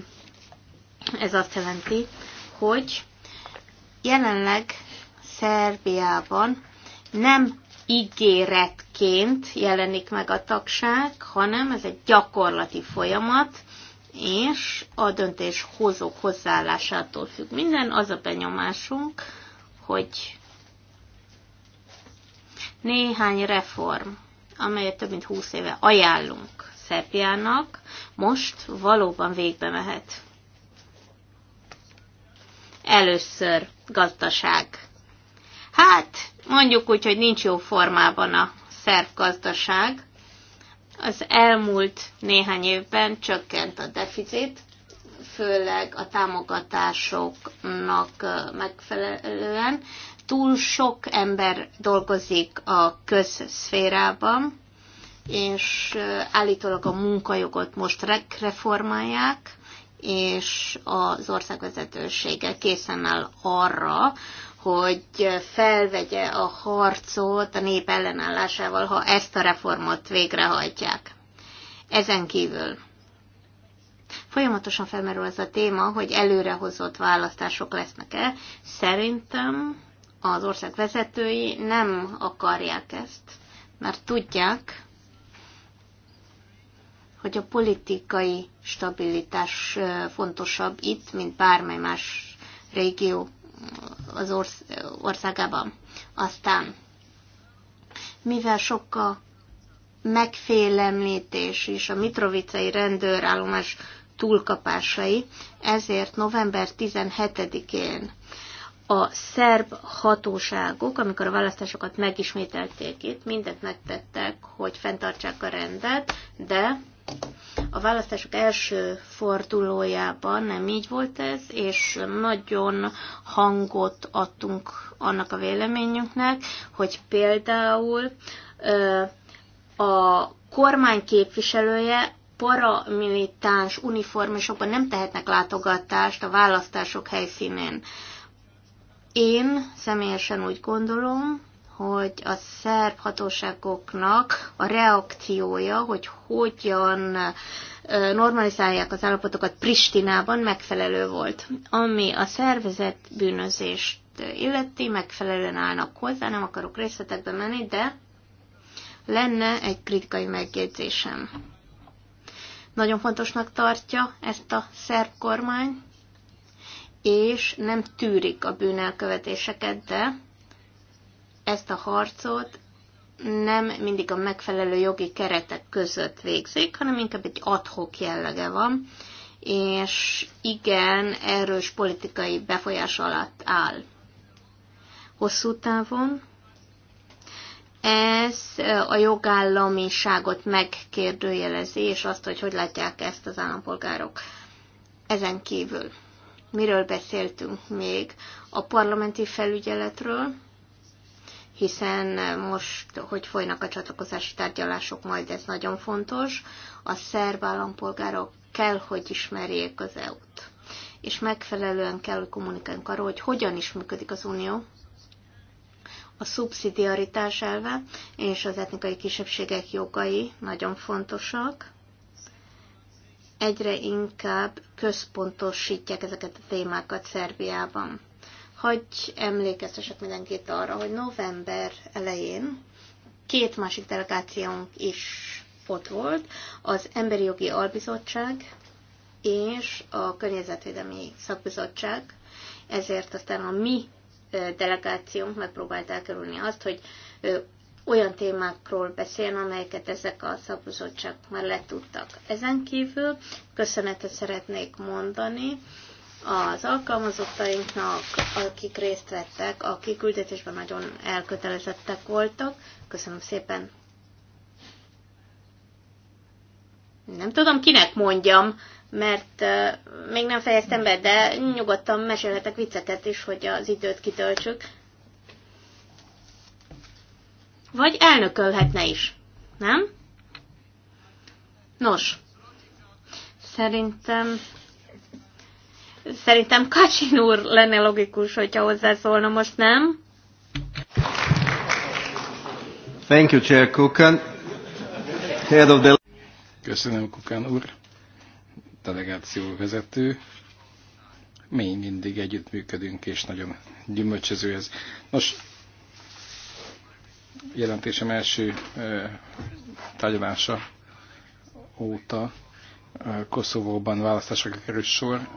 ez azt jelenti, hogy jelenleg Szerbiában nem ígéretként jelenik meg a tagság, hanem ez egy gyakorlati folyamat, és a döntéshozók hozzáállásától függ minden. Az a benyomásunk, hogy néhány reform, amelyet több mint 20 éve ajánlunk Szerbiának, most valóban végbe mehet. Először gazdaság. Hát, mondjuk úgy, hogy nincs jó formában a szerb gazdaság, az elmúlt néhány évben csökkent a deficit, főleg a támogatásoknak megfelelően. Túl sok ember dolgozik a közszférában, és állítólag a munkajogot most reformálják, és az országvezetősége készen áll arra, hogy felvegye a harcot a nép ellenállásával, ha ezt a reformot végrehajtják. Ezen kívül folyamatosan felmerül ez a téma, hogy előrehozott választások lesznek-e. Szerintem az ország vezetői nem akarják ezt, mert tudják, hogy a politikai stabilitás fontosabb itt, mint bármely más régió az orsz, országában. Aztán, mivel sokkal megfélemlítés és a mitrovicei rendőrállomás túlkapásai, ezért november 17-én a szerb hatóságok, amikor a választásokat megismételték itt, mindent megtettek, hogy fenntartsák a rendet, de a választások első fordulójában nem így volt ez, és nagyon hangot adtunk annak a véleményünknek, hogy például a kormány képviselője paramilitáns uniformisokban nem tehetnek látogatást a választások helyszínén. Én személyesen úgy gondolom, hogy a szerb hatóságoknak a reakciója, hogy hogyan normalizálják az állapotokat Pristinában megfelelő volt. Ami a szervezet bűnözést illeti, megfelelően állnak hozzá, nem akarok részletekbe menni, de lenne egy kritikai megjegyzésem. Nagyon fontosnak tartja ezt a szerb kormány, és nem tűrik a bűnelkövetéseket, de ezt a harcot nem mindig a megfelelő jogi keretek között végzik, hanem inkább egy adhok jellege van, és igen, erős politikai befolyás alatt áll. Hosszú távon ez a jogállamiságot megkérdőjelezi, és azt, hogy hogy látják ezt az állampolgárok. Ezen kívül, miről beszéltünk még? A parlamenti felügyeletről, hiszen most, hogy folynak a csatlakozási tárgyalások, majd ez nagyon fontos, a szerb állampolgárok kell, hogy ismerjék az EU-t. És megfelelően kell, hogy kommunikáljunk arról, hogy hogyan is működik az Unió, a szubszidiaritás elve és az etnikai kisebbségek jogai nagyon fontosak. Egyre inkább központosítják ezeket a témákat Szerbiában Hagy emlékeztesek mindenkit arra, hogy november elején két másik delegációnk is ott volt, az Emberi Jogi Albizottság és a Környezetvédelmi Szakbizottság, ezért aztán a mi delegációnk megpróbált elkerülni azt, hogy olyan témákról beszéljen, amelyeket ezek a szakbizottságok már letudtak. Ezen kívül köszönetet szeretnék mondani az alkalmazottainknak, akik részt vettek, a kiküldetésben nagyon elkötelezettek voltak. Köszönöm szépen. Nem tudom, kinek mondjam, mert még nem fejeztem be, de nyugodtan mesélhetek vicceket is, hogy az időt kitöltsük. Vagy elnökölhetne is, nem? Nos, szerintem Szerintem Kacsin úr lenne logikus, hogyha hozzászólna, most nem?
Thank you, Chair Kukan. Head of the... Köszönöm, Kukan úr. Delegáció vezető. Mi mindig együttműködünk, és nagyon gyümölcsöző ez. Nos, jelentésem első tárgyalása óta Koszovóban választásokra került sor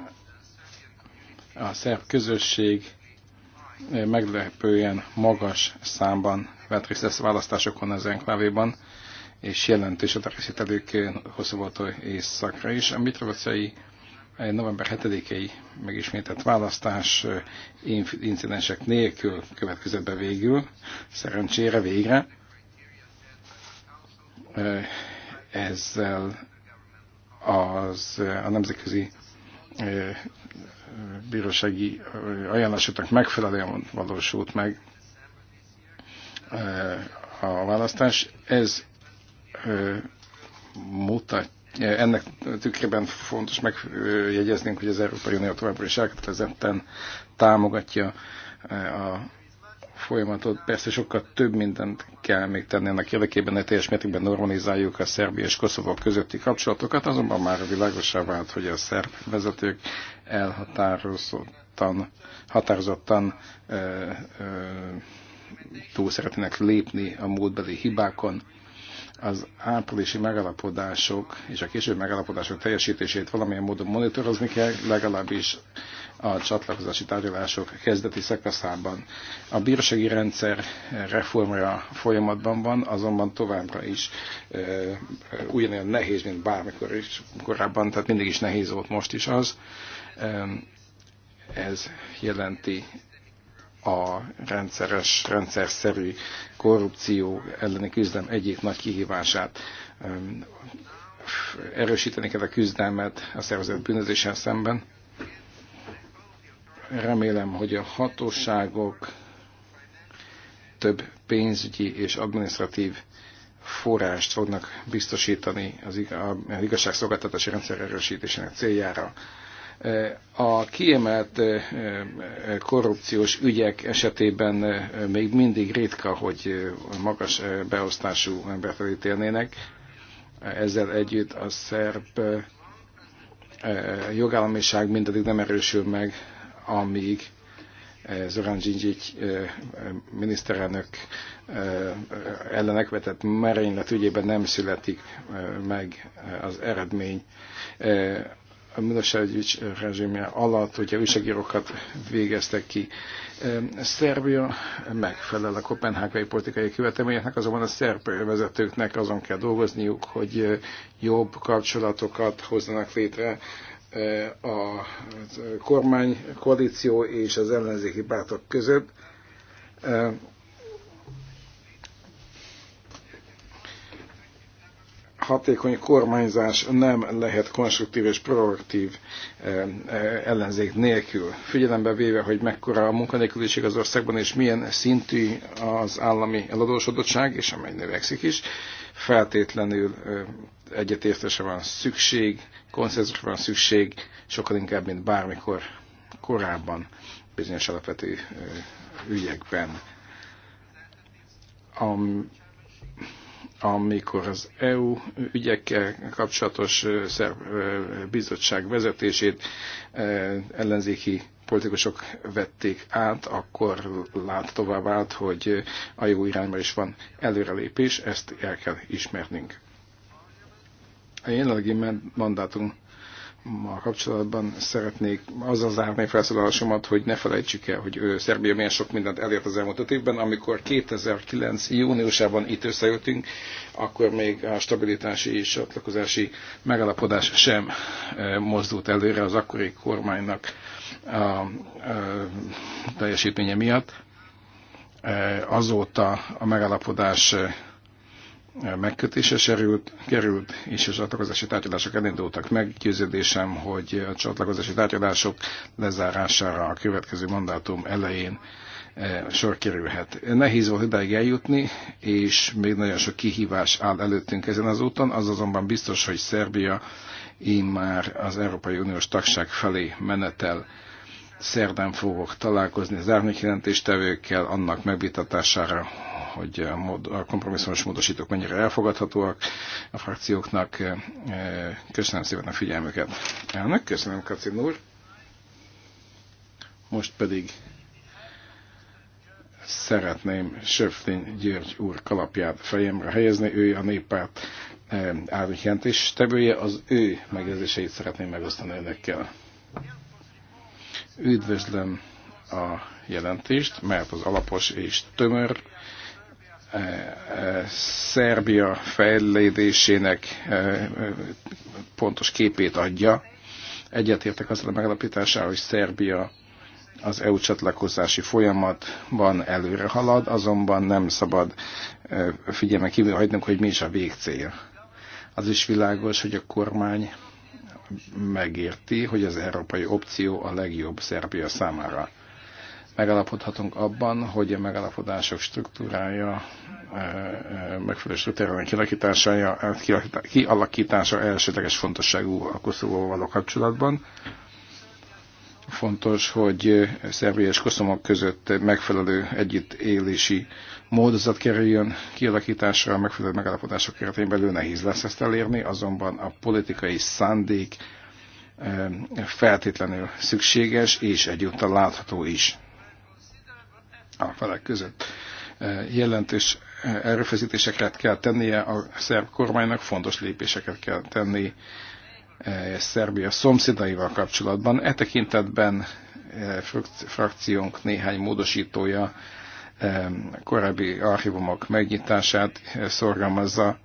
a szerb közösség meglepően magas számban vett részt a választásokon az enklávéban, és jelentős a részvételük a északra is. A mitrovacai eh, november 7-i megismételt választás eh, incidensek nélkül következett be végül, szerencsére végre. Eh, ezzel az, a nemzetközi bírósági ajánlásoknak megfelelően valósult meg e, a választás. Ez e, mutat, ennek tükrében fontos megjegyeznünk, hogy az Európai Unió továbbra is elkötelezetten támogatja e, a folyamatot. Persze sokkal több mindent kell még tenni ennek érdekében, hogy teljes mértékben normalizáljuk a Szerbia és Koszovó közötti kapcsolatokat, azonban már világosá vált, hogy a szerb vezetők elhatározottan határozottan ö, ö, túl szeretnének lépni a múltbeli hibákon az áprilisi megalapodások és a később megalapodások teljesítését valamilyen módon monitorozni kell, legalábbis a csatlakozási tárgyalások kezdeti szakaszában. A bírsági rendszer reformja folyamatban van, azonban továbbra is e, ugyanolyan nehéz, mint bármikor is korábban, tehát mindig is nehéz volt most is az. E, ez jelenti a rendszeres, rendszerszerű korrupció elleni küzdelem egyik nagy kihívását. Erősíteni kell a küzdelmet a szervezet bűnözéssel szemben. Remélem, hogy a hatóságok több pénzügyi és adminisztratív forrást fognak biztosítani az igazságszolgáltatási rendszer erősítésének céljára. A kiemelt korrupciós ügyek esetében még mindig ritka, hogy magas beosztású embert elítélnének. Ezzel együtt a szerb jogállamiság mindaddig nem erősül meg, amíg Zoran Zsindzsics miniszterelnök ellenek vetett merénylet ügyében nem születik meg az eredmény a Milosevic rezsimje alatt, hogyha újságírókat végeztek ki. Szerbia megfelel a kopenhágai politikai követelményeknek, azonban a szerb vezetőknek azon kell dolgozniuk, hogy jobb kapcsolatokat hozzanak létre a kormány, koalíció és az ellenzéki pártok között hatékony kormányzás nem lehet konstruktív és proaktív eh, eh, ellenzék nélkül. Figyelembe véve, hogy mekkora a munkanélküliség az országban, és milyen szintű az állami eladósodottság, és amely növekszik is, feltétlenül eh, egyetértésre van szükség, konszenzusra van szükség, sokkal inkább, mint bármikor korábban bizonyos alapvető ügyekben. A amikor az EU ügyekkel kapcsolatos bizottság vezetését ellenzéki politikusok vették át, akkor lát tovább hogy a jó irányba is van előrelépés, ezt el kell ismernünk. A jelenlegi mandátum ma kapcsolatban szeretnék azzal zárni felszólalásomat, hogy ne felejtsük el, hogy ő Szerbia milyen sok mindent elért az elmúlt öt évben. Amikor 2009. júniusában itt összejöttünk, akkor még a stabilitási és csatlakozási megalapodás sem mozdult előre az akkori kormánynak a, a teljesítménye miatt. Azóta a megalapodás megkötése serült, került, és a csatlakozási tárgyalások elindultak. Meggyőződésem, hogy a csatlakozási tárgyalások lezárására a következő mandátum elején e, sor kerülhet. Nehéz volt ideig eljutni, és még nagyon sok kihívás áll előttünk ezen az úton, az azonban biztos, hogy Szerbia már az Európai Uniós tagság felé menetel. Szerdán fogok találkozni az árnyékjelentéstevőkkel annak megvitatására, hogy a kompromisszumos módosítók mennyire elfogadhatóak a frakcióknak. E, köszönöm szépen a figyelmüket. Elnök, köszönöm Kacin úr. Most pedig szeretném Söflin György úr kalapját fejemre helyezni. Ő a néppárt e, árnyékjelentés tevője, az ő megjegyzéseit szeretném megosztani önökkel. Üdvözlöm a jelentést, mert az alapos és tömör E, e, Szerbia fejlődésének e, pontos képét adja. Egyetértek azzal a megalapításával, hogy Szerbia az EU csatlakozási folyamatban előre halad, azonban nem szabad figyelme kívül hagynunk, hogy mi is a végcél. Az is világos, hogy a kormány megérti, hogy az európai opció a legjobb Szerbia számára megalapodhatunk abban, hogy a megalapodások struktúrája, e, e, megfelelő struktúrája, kialakítása, kialakítása elsődleges fontosságú a Koszovóval való kapcsolatban. Fontos, hogy Szerbia és Koszovó között megfelelő együttélési módozat kerüljön kialakításra, a megfelelő megalapodások keretén belül nehéz lesz ezt elérni, azonban a politikai szándék e, feltétlenül szükséges és egyúttal látható is a felek között. E, jelentős e, erőfeszítéseket kell tennie a szerb kormánynak, fontos lépéseket kell tenni e, Szerbia szomszédaival kapcsolatban. E tekintetben frakciónk néhány módosítója korábbi archívumok megnyitását szorgalmazza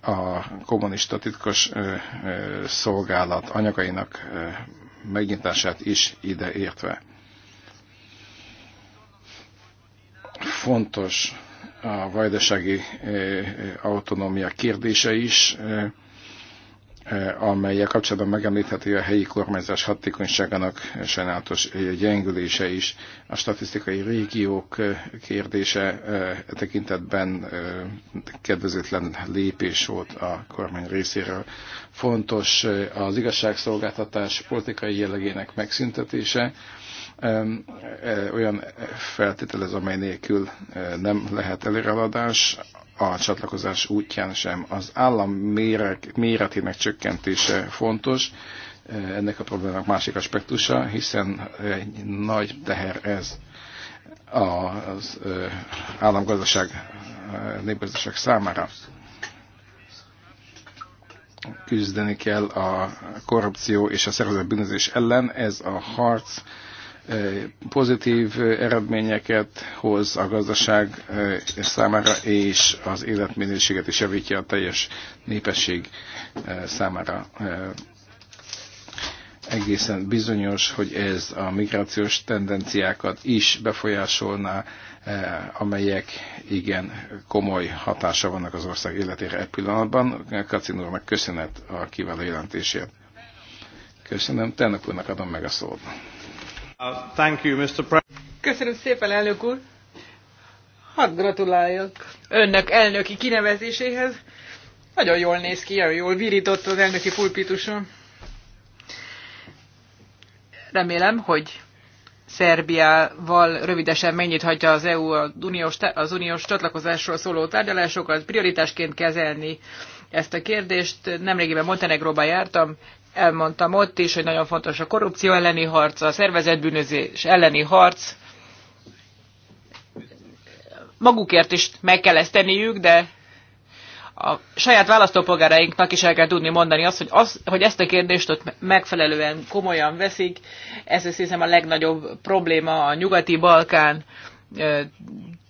a kommunista titkos szolgálat anyagainak megnyitását is ide értve. Fontos a vajdasági e, e, autonómia kérdése is, e, amelyek kapcsolatban megemlítheti a helyi kormányzás hatékonyságának sajnálatos gyengülése is. A statisztikai régiók kérdése tekintetben kedvezőtlen lépés volt a kormány részéről. Fontos az igazságszolgáltatás politikai jellegének megszüntetése, E, olyan feltételez, amely nélkül e, nem lehet előreladás a csatlakozás útján sem. Az állam méretének csökkentése fontos, e, ennek a problémának másik aspektusa, hiszen egy nagy teher ez az államgazdaság, népgazdaság számára. Küzdeni kell a korrupció és a szervezett bűnözés ellen, ez a harc, pozitív eredményeket hoz a gazdaság eh, számára, és az életminőséget is javítja a teljes népesség eh, számára. Eh, egészen bizonyos, hogy ez a migrációs tendenciákat is befolyásolná, amelyek igen komoly hatása vannak az ország életére e pillanatban. Kacin úrnak köszönet a kiváló jelentésért. Köszönöm, Tennep úrnak adom meg a szót. Uh,
Köszönöm szépen, elnök úr. Hadd gratuláljak önnek elnöki kinevezéséhez. Nagyon jól néz ki, nagyon jól virított az elnöki pulpituson. Remélem, hogy Szerbiával rövidesen megnyithatja az EU az uniós, az uniós csatlakozásról szóló tárgyalásokat, prioritásként kezelni ezt a kérdést. Nemrégiben Montenegróban jártam, elmondtam ott is, hogy nagyon fontos a korrupció elleni harc, a szervezetbűnözés elleni harc. Magukért is meg kell ezt tenniük, de a saját választópolgárainknak is el kell tudni mondani azt, hogy, az, hogy ezt a kérdést ott megfelelően komolyan veszik. Ez azt hiszem a legnagyobb probléma a nyugati Balkán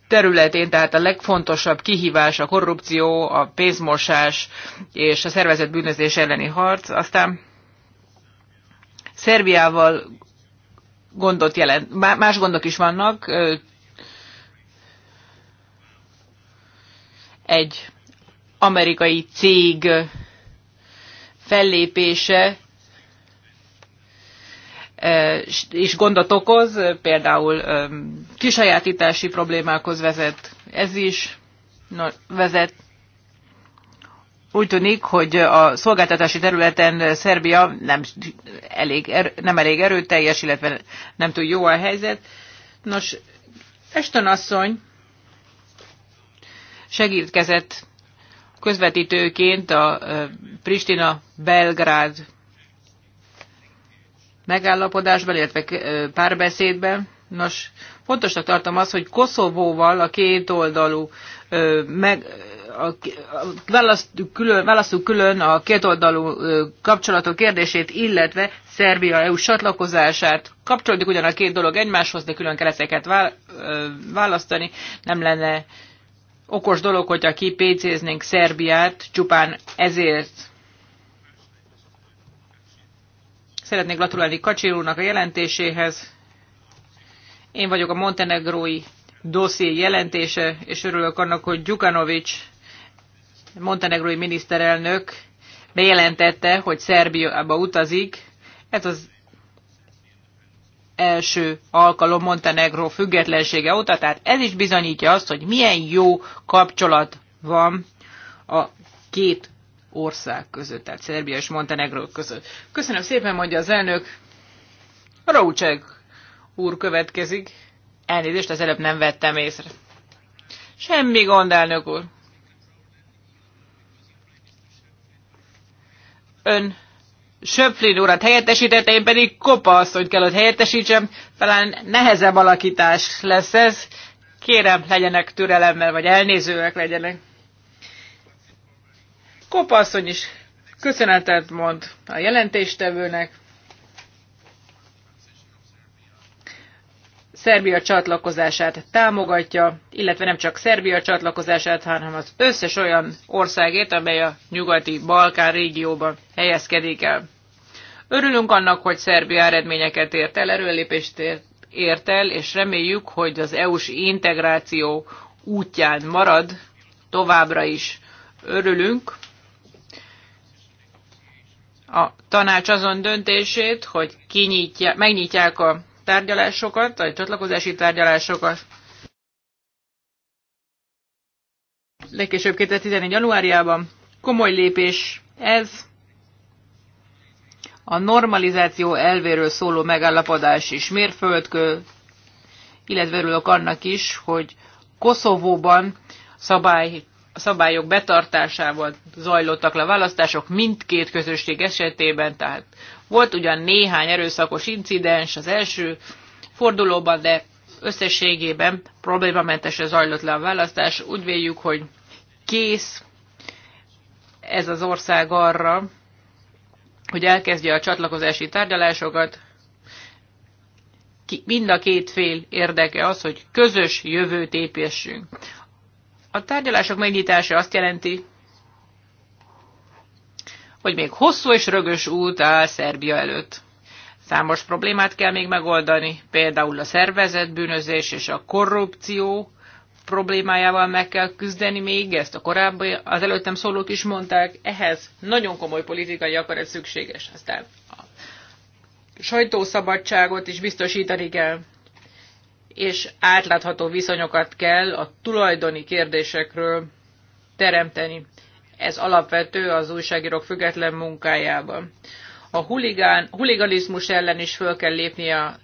területén, tehát a legfontosabb kihívás a korrupció, a pénzmosás és a szervezetbűnözés bűnözés elleni harc. Aztán Szerbiával gondot jelent. Más gondok is vannak. Egy amerikai cég fellépése is gondot okoz, például kisajátítási problémákhoz vezet ez is, vezet úgy tűnik, hogy a szolgáltatási területen Szerbia nem elég, er-, nem elég erőteljes, illetve nem túl jó a helyzet. Nos, Eston asszony segítkezett közvetítőként a Pristina-Belgrád megállapodásban, illetve párbeszédben. Nos, fontosnak tartom azt, hogy Koszovóval a két oldalú meg, a, választjuk külön, választjuk külön a kétoldalú kapcsolatok kérdését, illetve Szerbia EU csatlakozását. Kapcsolódik ugyan a két dolog egymáshoz, de külön kell ezeket választani. Nem lenne okos dolog, hogyha kipécéznénk Szerbiát csupán ezért. Szeretnék gratulálni Kacsirónak a jelentéséhez. Én vagyok a montenegrói dosszié jelentése, és örülök annak, hogy Gyukanovics montenegrói miniszterelnök bejelentette, hogy Szerbiába utazik. Ez az első alkalom Montenegró függetlensége óta, tehát ez is bizonyítja azt, hogy milyen jó kapcsolat van a két ország között, tehát Szerbia és Montenegró között. Köszönöm szépen, mondja az elnök. Rócseg úr következik. Elnézést, az előbb nem vettem észre. Semmi gond, elnök úr. ön Söpfrid urat helyettesítette, én pedig Kopa asszonyt kell, hogy helyettesítsem. Talán nehezebb alakítás lesz ez. Kérem, legyenek türelemmel, vagy elnézőek legyenek. Kopa asszony is köszönetet mond a jelentéstevőnek. Szerbia csatlakozását támogatja, illetve nem csak Szerbia csatlakozását, hanem az összes olyan országét, amely a nyugati Balkán régióban helyezkedik el. Örülünk annak, hogy Szerbia eredményeket ért el, erőlépést ért el, és reméljük, hogy az EU-s integráció útján marad továbbra is. Örülünk a tanács azon döntését, hogy kinyitja, megnyitják a tárgyalásokat, a csatlakozási tárgyalásokat. Legkésőbb 2014. januárjában komoly lépés ez. A normalizáció elvéről szóló megállapodás is mérföldkő, illetve örülök annak is, hogy Koszovóban szabály, szabályok betartásával zajlottak le választások mindkét közösség esetében, tehát volt ugyan néhány erőszakos incidens az első fordulóban, de összességében problémamentesen zajlott le a választás. Úgy véljük, hogy kész ez az ország arra, hogy elkezdje a csatlakozási tárgyalásokat. Mind a két fél érdeke az, hogy közös jövőt építsünk. A tárgyalások megnyitása azt jelenti, hogy még hosszú és rögös út áll Szerbia előtt. Számos problémát kell még megoldani, például a szervezetbűnözés és a korrupció problémájával meg kell küzdeni még, ezt a korábbi, az előttem szólók is mondták, ehhez nagyon komoly politikai akarat szükséges. Aztán a sajtószabadságot is biztosítani kell, és átlátható viszonyokat kell a tulajdoni kérdésekről teremteni ez alapvető az újságírók független munkájában. A huligán, huliganizmus ellen is föl kell lépni a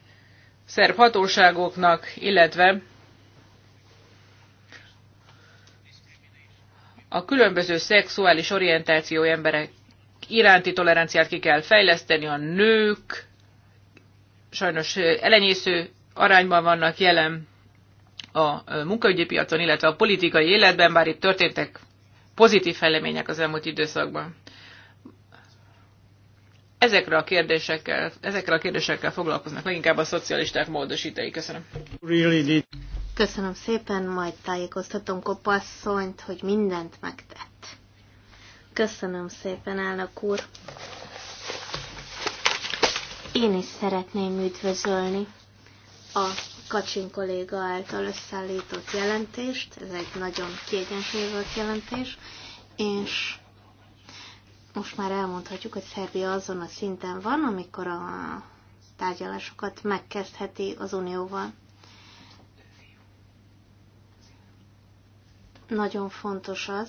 szerb hatóságoknak, illetve a különböző szexuális orientáció emberek iránti toleranciát ki kell fejleszteni, a nők sajnos elenyésző arányban vannak jelen a munkaügyi piacon, illetve a politikai életben, bár itt történtek pozitív fejlemények az elmúlt időszakban. Ezekre a kérdésekkel, ezekre a kérdésekkel foglalkoznak leginkább a szocialisták módosítei. Köszönöm.
Köszönöm szépen, majd tájékoztatom kopasszonyt, hogy mindent megtett. Köszönöm szépen, elnök úr. Én is szeretném üdvözölni a Kacsin kolléga által összeállított jelentést, ez egy nagyon kiegyensúlyozott jelentés, és most már elmondhatjuk, hogy Szerbia azon a szinten van, amikor a tárgyalásokat megkezdheti az Unióval. Nagyon fontos az,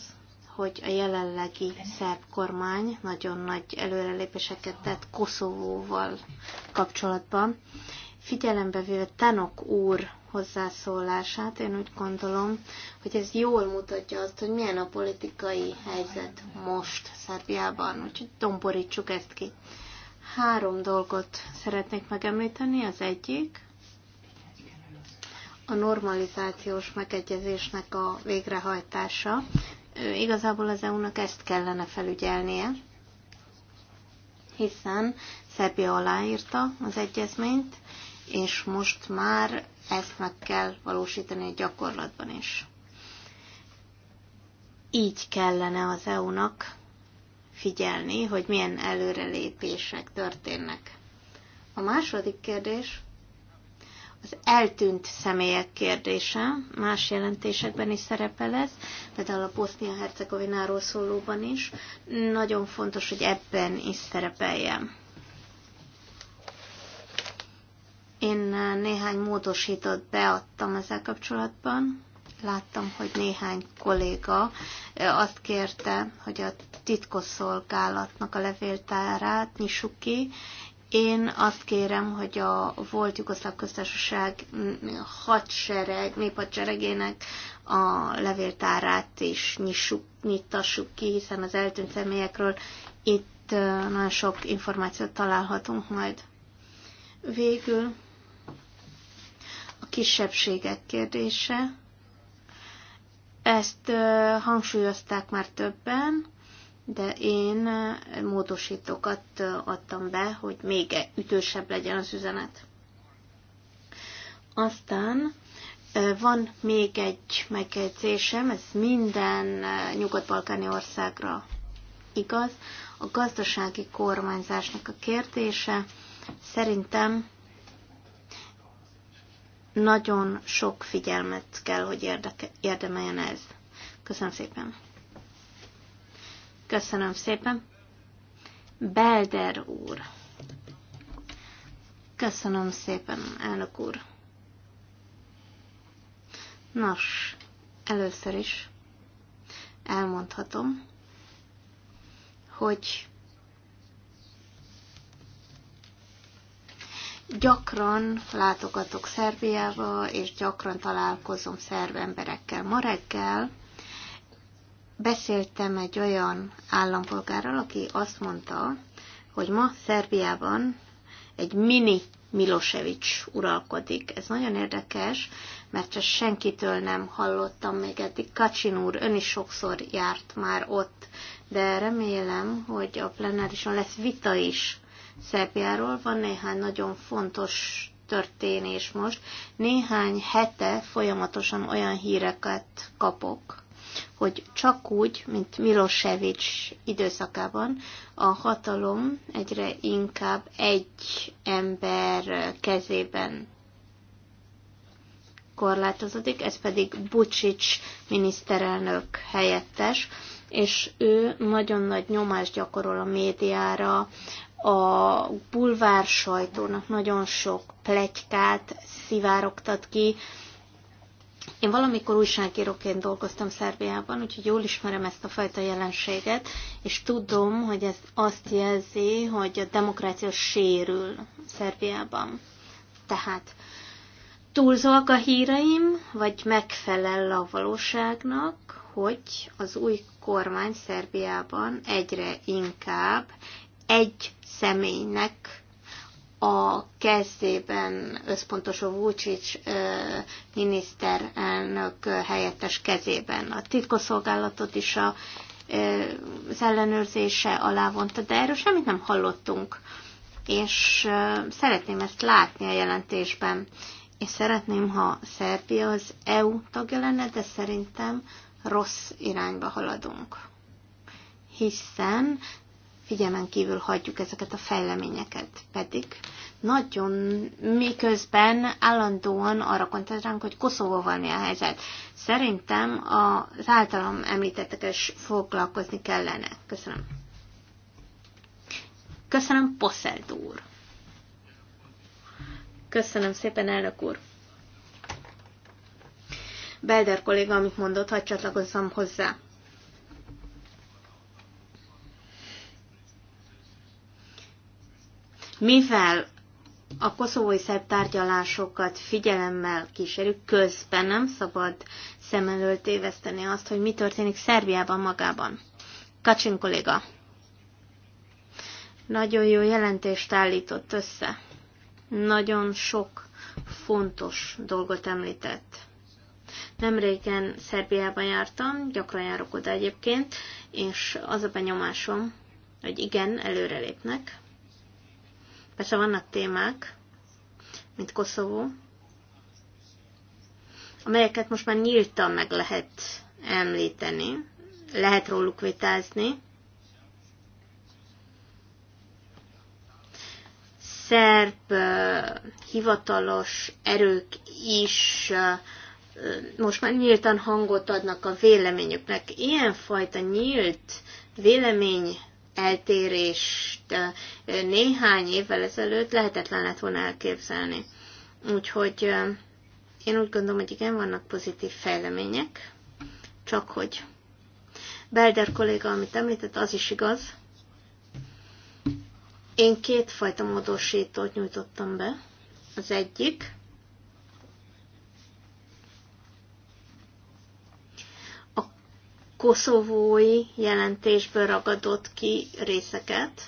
hogy a jelenlegi szerb kormány nagyon nagy előrelépéseket tett Koszovóval kapcsolatban, Figyelembe véve Tanok úr hozzászólását, én úgy gondolom, hogy ez jól mutatja azt, hogy milyen a politikai helyzet most Szerbiában, úgyhogy domborítsuk ezt ki. Három dolgot szeretnék megemlíteni, az egyik a normalizációs megegyezésnek a végrehajtása. Igazából az EU-nak ezt kellene felügyelnie, hiszen Szerbia aláírta az egyezményt, és most már ezt meg kell valósítani a gyakorlatban is. Így kellene az EU-nak figyelni, hogy milyen előrelépések történnek. A második kérdés az eltűnt személyek kérdése, más jelentésekben is szerepel ez, például a Bosznia-Hercegovináról szólóban is. Nagyon fontos, hogy ebben is szerepeljen. Én néhány módosítót beadtam ezzel kapcsolatban. Láttam, hogy néhány kolléga azt kérte, hogy a titkosszolgálatnak a levéltárát nyissuk ki. Én azt kérem, hogy a volt Jugoszláv köztársaság mm, hadsereg, néphadseregének a levéltárát is nyissuk, nyitassuk ki, hiszen az eltűnt személyekről itt nagyon sok információt találhatunk majd. Végül kisebbségek kérdése. Ezt hangsúlyozták már többen, de én módosítókat adtam be, hogy még e- ütősebb legyen az üzenet. Aztán van még egy megjegyzésem, ez minden nyugat-balkáni országra igaz, a gazdasági kormányzásnak a kérdése. Szerintem nagyon sok figyelmet kell, hogy érdeke, érdemeljen ez. Köszönöm szépen. Köszönöm szépen. Belder úr. Köszönöm szépen, elnök úr. Nos, először is elmondhatom, hogy gyakran látogatok Szerbiába, és gyakran találkozom szerb emberekkel. Ma reggel beszéltem egy olyan állampolgárral, aki azt mondta, hogy ma Szerbiában egy mini Milosevic uralkodik. Ez nagyon érdekes, mert csak senkitől nem hallottam még eddig. Kacsin úr, ön is sokszor járt már ott, de remélem, hogy a plenárison lesz vita is Szerbiáról. Van néhány nagyon fontos történés most. Néhány hete folyamatosan olyan híreket kapok, hogy csak úgy, mint Milosevic időszakában a hatalom egyre inkább egy ember kezében korlátozódik, ez pedig Bucsics miniszterelnök helyettes, és ő nagyon nagy nyomást gyakorol a médiára, a bulvár sajtónak nagyon sok plegykát szivárogtat ki. Én valamikor újságíróként dolgoztam Szerbiában, úgyhogy jól ismerem ezt a fajta jelenséget, és tudom, hogy ez azt jelzi, hogy a demokrácia sérül Szerbiában. Tehát túlzolk a híreim, vagy megfelel a valóságnak, hogy az új kormány Szerbiában egyre inkább egy személynek a kezében összpontosul Vucic miniszterelnök helyettes kezében. A titkosszolgálatot is a, az ellenőrzése alá vonta, de erről semmit nem hallottunk. És szeretném ezt látni a jelentésben. És szeretném, ha Szerbia az EU tagja lenne, de szerintem rossz irányba haladunk. Hiszen figyelmen kívül hagyjuk ezeket a fejleményeket. Pedig nagyon miközben állandóan arra koncentrálunk, hogy Koszovóval mi a helyzet. Szerintem az általam említettekkel foglalkozni kellene. Köszönöm. Köszönöm, Poszeld úr. Köszönöm szépen, elnök úr. Belder kolléga, amit mondott, hadd csatlakozzam hozzá. mivel a koszovói szerb tárgyalásokat figyelemmel kísérjük, közben nem szabad szem előtt téveszteni azt, hogy mi történik Szerbiában magában. Kacsin kolléga, nagyon jó jelentést állított össze. Nagyon sok fontos dolgot említett. Nemrégen Szerbiában jártam, gyakran járok oda egyébként, és az a benyomásom, hogy igen, előrelépnek, Persze vannak témák, mint Koszovó, amelyeket most már nyíltan meg lehet említeni, lehet róluk vitázni. Szerb hivatalos erők is most már nyíltan hangot adnak a véleményüknek. Ilyenfajta nyílt vélemény eltérést néhány évvel ezelőtt lehetetlen lett volna elképzelni. Úgyhogy én úgy gondolom, hogy igen, vannak pozitív fejlemények, csak hogy Belder kolléga, amit említett, az is igaz. Én kétfajta módosítót nyújtottam be. Az egyik, koszovói jelentésből ragadott ki részeket,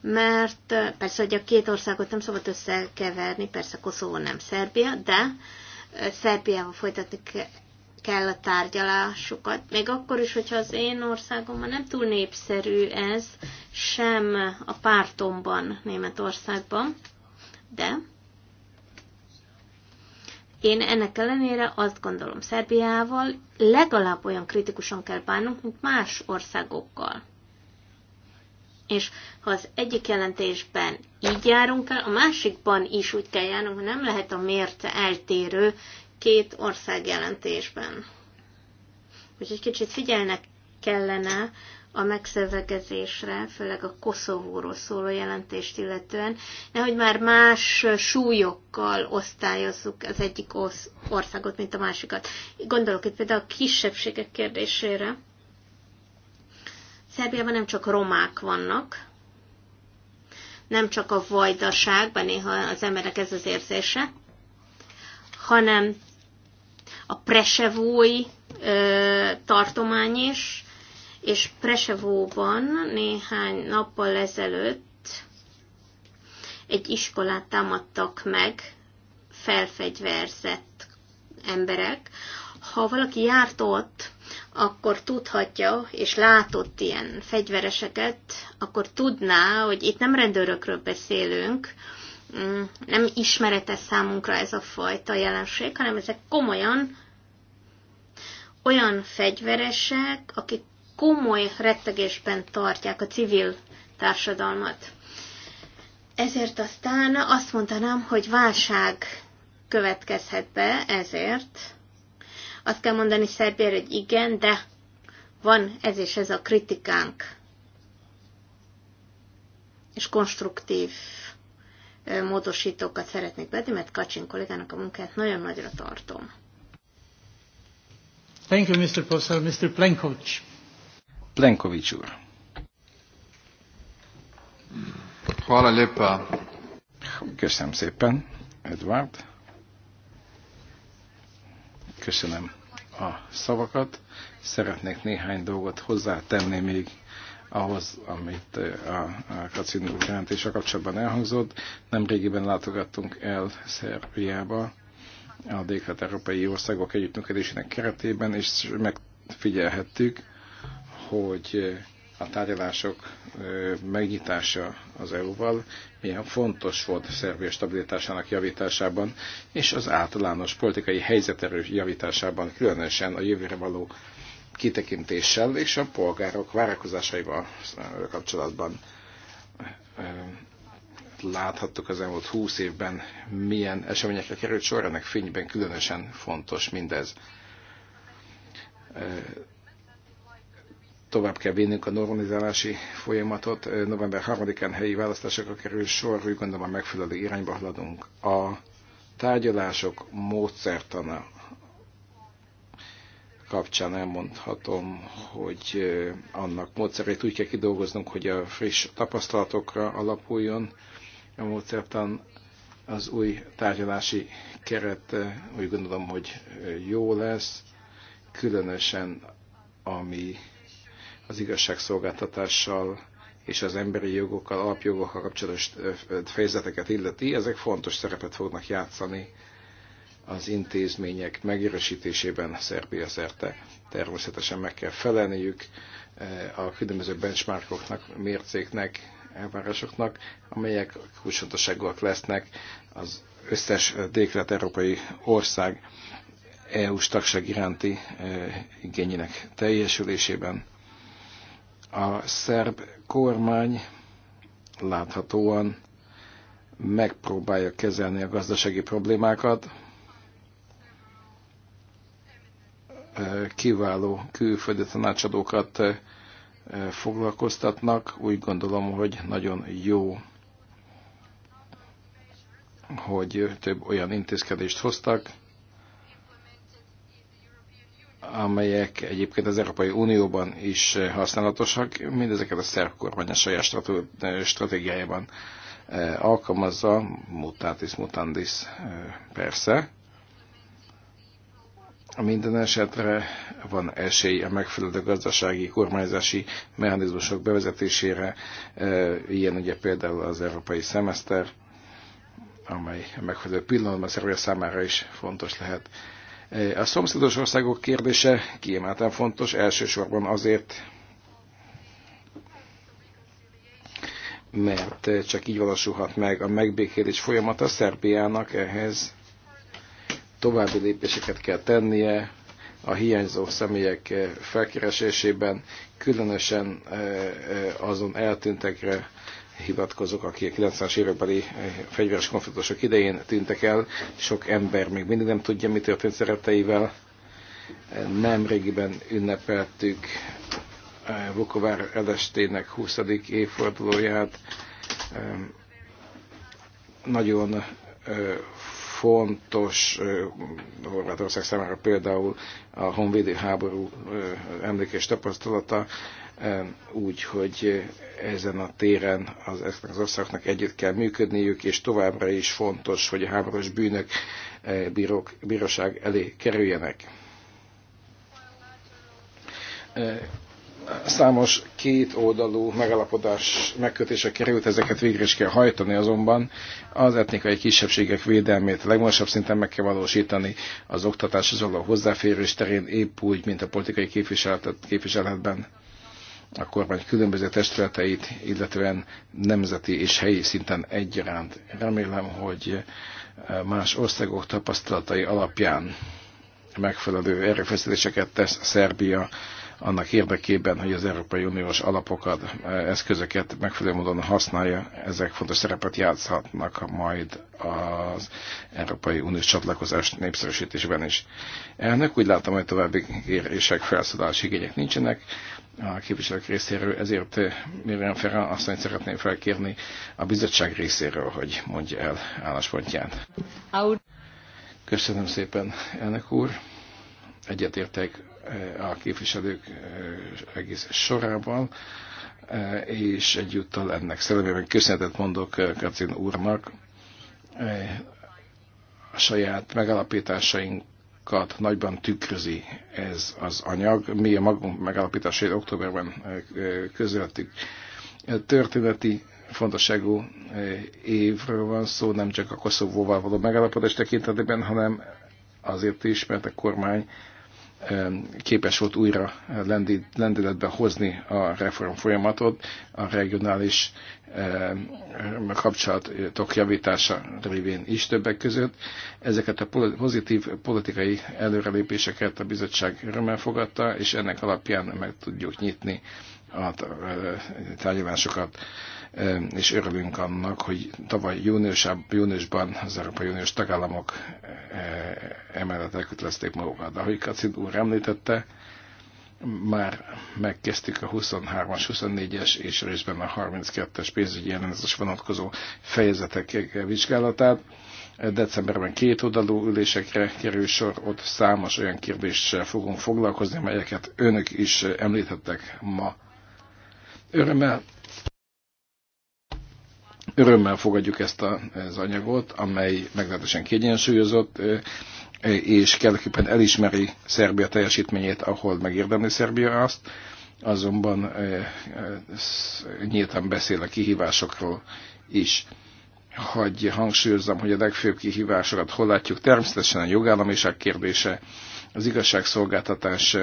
mert eh, persze, hogy a két országot nem szabad összekeverni, persze Koszovó nem Szerbia, de eh, Szerbiával folytatni kell a tárgyalásokat. Még akkor is, hogyha az én országomban nem túl népszerű ez, sem a pártomban Németországban, de én ennek ellenére azt gondolom, Szerbiával legalább olyan kritikusan kell bánnunk, mint más országokkal. És ha az egyik jelentésben így járunk el, a másikban is úgy kell járnunk, nem lehet a mérte eltérő két ország jelentésben. Úgyhogy kicsit figyelnek kellene a megszövegezésre, főleg a Koszovóról szóló jelentést illetően, nehogy már más súlyokkal osztályozzuk az egyik országot, mint a másikat. Gondolok itt például a kisebbségek kérdésére. Szerbiában nem csak romák vannak, nem csak a vajdaságban, néha az emberek ez az érzése, hanem a presevói ö, tartomány is, és Presevóban néhány nappal ezelőtt egy iskolát támadtak meg felfegyverzett emberek. Ha valaki járt ott, akkor tudhatja, és látott ilyen fegyvereseket, akkor tudná, hogy itt nem rendőrökről beszélünk, mm, nem ismeretes számunkra ez a fajta jelenség, hanem ezek komolyan olyan fegyveresek, akik komoly rettegésben tartják a civil társadalmat. Ezért aztán azt mondanám, hogy válság következhet be ezért. Azt kell mondani Szerbiára, hogy igen, de van ez és ez a kritikánk. És konstruktív módosítókat szeretnék bedni, mert Kacsin kollégának a munkát nagyon nagyra tartom. Thank you, Mr. Professor. Mr. Plenkovics.
Plenkovics úr. Hvala Köszönöm szépen, Edward. Köszönöm a szavakat. Szeretnék néhány dolgot hozzátenni még ahhoz, amit eh, a, kacinó Kacin úr jelentése kapcsolatban elhangzott. Nemrégiben látogattunk el Szerbiába a dél európai országok együttműködésének keretében, és megfigyelhettük, hogy a tárgyalások megnyitása az EU-val milyen fontos volt Szerbia stabilitásának javításában és az általános politikai helyzeterő javításában, különösen a jövőre való kitekintéssel és a polgárok várakozásaival kapcsolatban láthattuk az elmúlt húsz évben, milyen eseményekre került sor, ennek fényben különösen fontos mindez tovább kell vinnünk a normalizálási folyamatot. November 3-án helyi választásokra kerül sor, úgy gondolom a megfelelő irányba haladunk. A tárgyalások módszertana kapcsán elmondhatom, hogy annak módszerét úgy kell kidolgoznunk, hogy a friss tapasztalatokra alapuljon a módszertan. Az új tárgyalási keret úgy gondolom, hogy jó lesz, különösen ami az igazságszolgáltatással és az emberi jogokkal, alapjogokkal kapcsolatos fejezeteket illeti, ezek fontos szerepet fognak játszani az intézmények megérősítésében Szerbia szerte. Természetesen meg kell felelniük a különböző benchmarkoknak, mércéknek, elvárásoknak, amelyek kulcsfontosságúak lesznek az összes déklet európai ország EU-s tagság iránti igényének teljesülésében a szerb kormány láthatóan megpróbálja kezelni a gazdasági problémákat. Kiváló külföldi tanácsadókat eh, foglalkoztatnak. Úgy gondolom, hogy nagyon jó, hogy több olyan intézkedést hoztak, amelyek egyébként az Európai Unióban is használatosak, mindezeket a szerb kormány a saját stratégiájában eh, alkalmazza, mutatis mutandis eh, persze. Minden esetre van esély a megfelelő gazdasági kormányzási mechanizmusok bevezetésére, eh, ilyen ugye például az európai szemeszter, amely a megfelelő pillanatban Szerbia számára is fontos lehet. A szomszédos országok kérdése kiemelten fontos, elsősorban azért, mert csak így valósulhat meg a megbékélés folyamata Szerbiának ehhez további lépéseket kell tennie a hiányzó személyek eh, felkeresésében, különösen eh, eh, azon eltűntekre hivatkozok, aki a 90-es évekbeli eh, fegyveres konfliktusok idején tűntek el. Sok ember még mindig nem tudja, mi történt szeretteivel. Nem régiben ünnepeltük eh, Vukovár elestének 20. évfordulóját. Nagyon eh, fontos Horvátország számára például a honvédő háború emlékés tapasztalata, úgy, hogy ezen a téren az, ezeknek az országnak együtt kell működniük, és továbbra is fontos, hogy a háborús bűnök eh, bírók, bíróság elé kerüljenek. Eh, számos két oldalú megalapodás megkötése került, ezeket végre is kell hajtani azonban. Az etnikai kisebbségek védelmét legmagasabb szinten meg kell valósítani az oktatáshoz való hozzáférés terén épp úgy, mint a politikai képviseletben a kormány különböző testületeit, illetően nemzeti és helyi szinten egyaránt. Remélem, hogy eh, más országok tapasztalatai alapján megfelelő erőfeszítéseket tesz Szerbia annak érdekében, hogy az Európai Uniós alapokat, eh, eszközöket megfelelő módon használja, ezek fontos szerepet játszhatnak majd az Európai Uniós csatlakozás népszerűsítésben is. Elnök úgy látom, hogy további kérések, felszólalási igények nincsenek a képviselők részéről, ezért eh, Miriam Ferra asszonyt szeretném felkérni a bizottság részéről, hogy mondja el álláspontját. Köszönöm szépen, elnök úr. Egyetértek eh, a képviselők eh, egész sorában, és egyúttal ennek szellemében köszönetet mondok Kacin úrnak. A saját megalapításaink aggályokat nagyban tükrözi ez az anyag. Mi a magunk megállapításait októberben közöltük. Történeti fontosságú évről van szó, nem csak a Koszovóval való megállapodás tekintetében, hanem azért is, mert a kormány képes volt újra lendületbe hozni a reform folyamatot, a regionális kapcsolatok javítása révén is többek között. Ezeket a pozitív politikai előrelépéseket a bizottság örömmel fogadta, és ennek alapján meg tudjuk nyitni a tárgyalásokat és örülünk annak, hogy tavaly június, júniusban az Európai Uniós tagállamok emellett elkötelezték magukat. Ahogy Kacin úr említette, már megkezdtük a 23-as, 24-es és részben a 32-es pénzügyi ellenőrzés vonatkozó fejezetek vizsgálatát. Decemberben két oldalú ülésekre kerül sor, ott számos olyan kérdéssel fogunk foglalkozni, melyeket önök is említettek ma. Örömmel Örömmel fogadjuk ezt az anyagot, amely meglehetősen kiegyensúlyozott, és kellőképpen elismeri Szerbia teljesítményét, ahol megérdemli Szerbia azt, azonban nyíltan beszél a kihívásokról is. Hogy hangsúlyozzam, hogy a legfőbb kihívásokat hol látjuk, természetesen a jogállamiság kérdése, az igazságszolgáltatás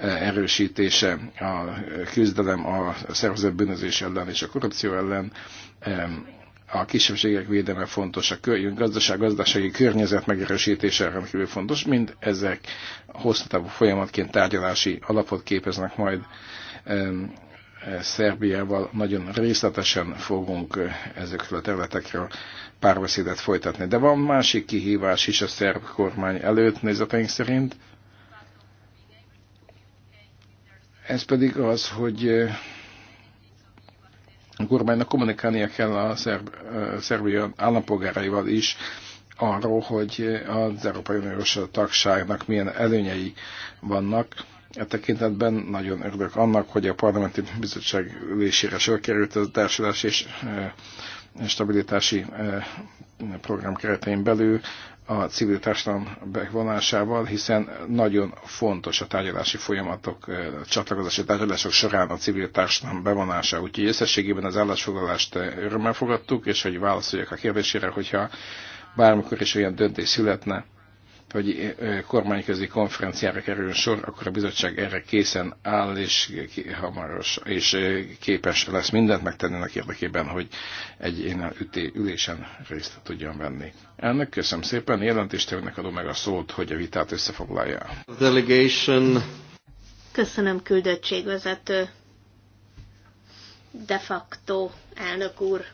erősítése, a küzdelem a szervezett bűnözés ellen és a korrupció ellen, a kisebbségek védelme fontos, a gazdaság, gazdasági környezet megerősítése rendkívül fontos, mind ezek hosszú távú folyamatként tárgyalási alapot képeznek majd Szerbiával nagyon részletesen fogunk ezekről a területekről párbeszédet folytatni. De van másik kihívás is a szerb kormány előtt nézeteink szerint, Ez pedig az, hogy a kormánynak kommunikálnia kell a szerb, Szerbia állampolgáraival is arról, hogy az Európai Uniós tagságnak milyen előnyei vannak. E tekintetben nagyon örülök annak, hogy a parlamenti bizottság ülésére sor került a társadalás és stabilitási program keretein belül a civil társadalom bevonásával, hiszen nagyon fontos a tárgyalási folyamatok, a eh, csatlakozási tárgyalások során a civil társadalom bevonása. Úgyhogy összességében az állásfoglalást eh, örömmel fogadtuk, és hogy válaszoljak a kérdésére, hogyha bármikor is olyan döntés születne, hogy kormányközi konferenciára kerül sor, akkor a bizottság erre készen áll, és hamaros, és képes lesz mindent megtenni annak érdekében, hogy egy ilyen ülésen részt tudjon venni. Ennek köszönöm szépen, jelentéstevőnek adom meg a szót, hogy a vitát összefoglalja. Delegation.
Köszönöm, küldöttségvezető. De facto, elnök úr.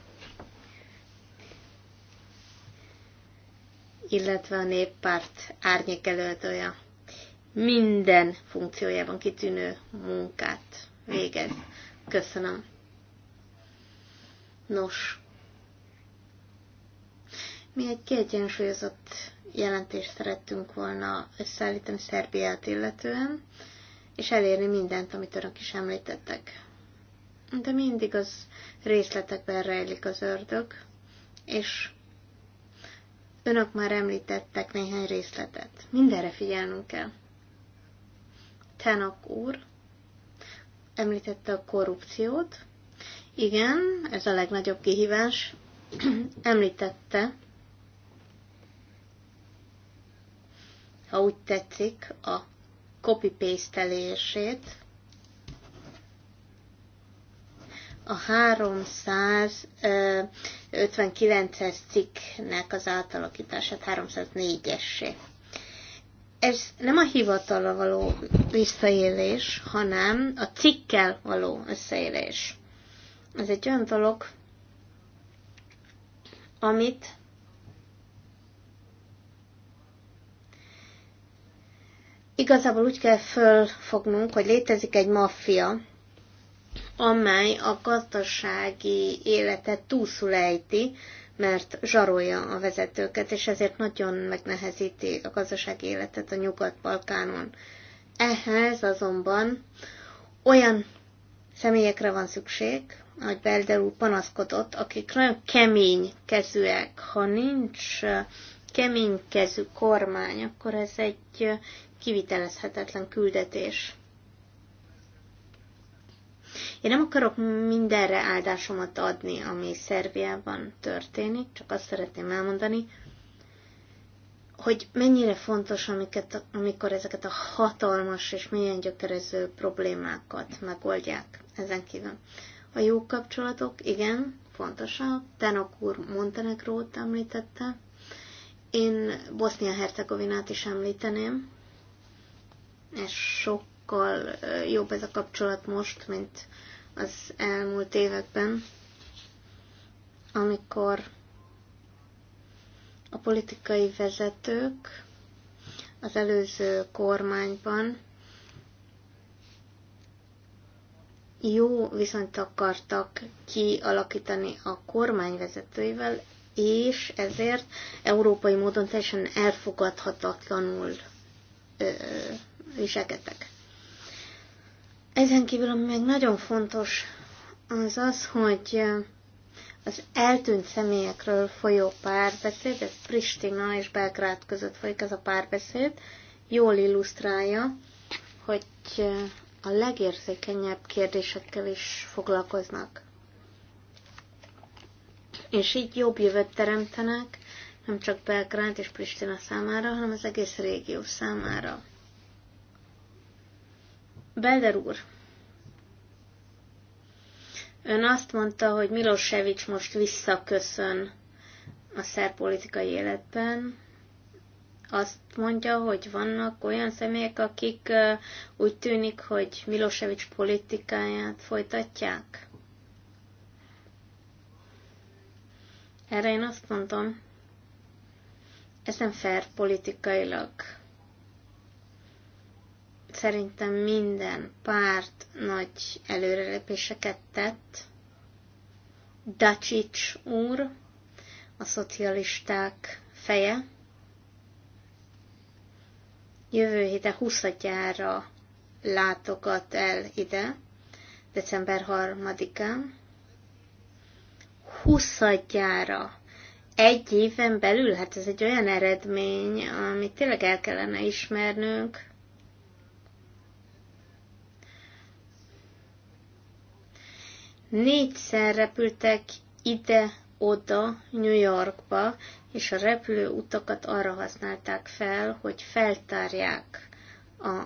illetve a néppárt árnyék előadója minden funkciójában kitűnő munkát végez. Köszönöm. Nos, mi egy kiegyensúlyozott jelentést szerettünk volna összeállítani Szerbiát illetően, és elérni mindent, amit önök is említettek. De mindig az részletekben rejlik az ördög, és Önök már említettek néhány részletet. Mindenre figyelnünk kell. Tenok úr említette a korrupciót. Igen, ez a legnagyobb kihívás. említette, ha úgy tetszik, a copy-paste a 359-es cikknek az átalakítását 304-essé. Ez nem a hivatala való visszaélés, hanem a cikkel való összeélés. Ez egy olyan dolog, amit igazából úgy kell fölfognunk, hogy létezik egy maffia, amely a gazdasági életet túlszulejti, mert zsarolja a vezetőket, és ezért nagyon megnehezíti a gazdasági életet a Nyugat-Balkánon. Ehhez azonban olyan személyekre van szükség, ahogy Belder úr panaszkodott, akik nagyon kemény kezűek. Ha nincs kemény kezű kormány, akkor ez egy kivitelezhetetlen küldetés. Én nem akarok mindenre áldásomat adni, ami Szerbiában történik, csak azt szeretném elmondani, hogy mennyire fontos, amiket, amikor ezeket a hatalmas és milyen gyökerező problémákat megoldják ezen kívül. A jó kapcsolatok, igen, fontosak. Tenok úr Montenegrót említette. Én Bosznia-Hercegovinát is említeném. Ez sok sokkal jobb ez a kapcsolat most, mint az elmúlt években, amikor a politikai vezetők az előző kormányban jó viszonyt akartak kialakítani a kormány vezetőivel, és ezért európai módon teljesen elfogadhatatlanul viselkedtek. Ezen kívül, ami még nagyon fontos, az az, hogy az eltűnt személyekről folyó párbeszéd, ez Pristina és Belgrád között folyik ez a párbeszéd, jól illusztrálja, hogy a legérzékenyebb kérdésekkel is foglalkoznak. És így jobb jövőt teremtenek, nem csak Belgrád és Pristina számára, hanem az egész régió számára. Belder úr, ön azt mondta, hogy Milosevic most visszaköszön a szerpolitikai életben. Azt mondja, hogy vannak olyan személyek, akik úgy tűnik, hogy Milosevic politikáját folytatják. Erre én azt mondom, ez nem fair politikailag. Szerintem minden párt nagy előrelépéseket tett. Dacsics úr, a szocialisták feje. Jövő héten 20 látogat el ide, december 3-án. 20-ára egy éven belül, hát ez egy olyan eredmény, amit tényleg el kellene ismernünk. Négyszer repültek ide-oda New Yorkba, és a repülő utakat arra használták fel, hogy feltárják a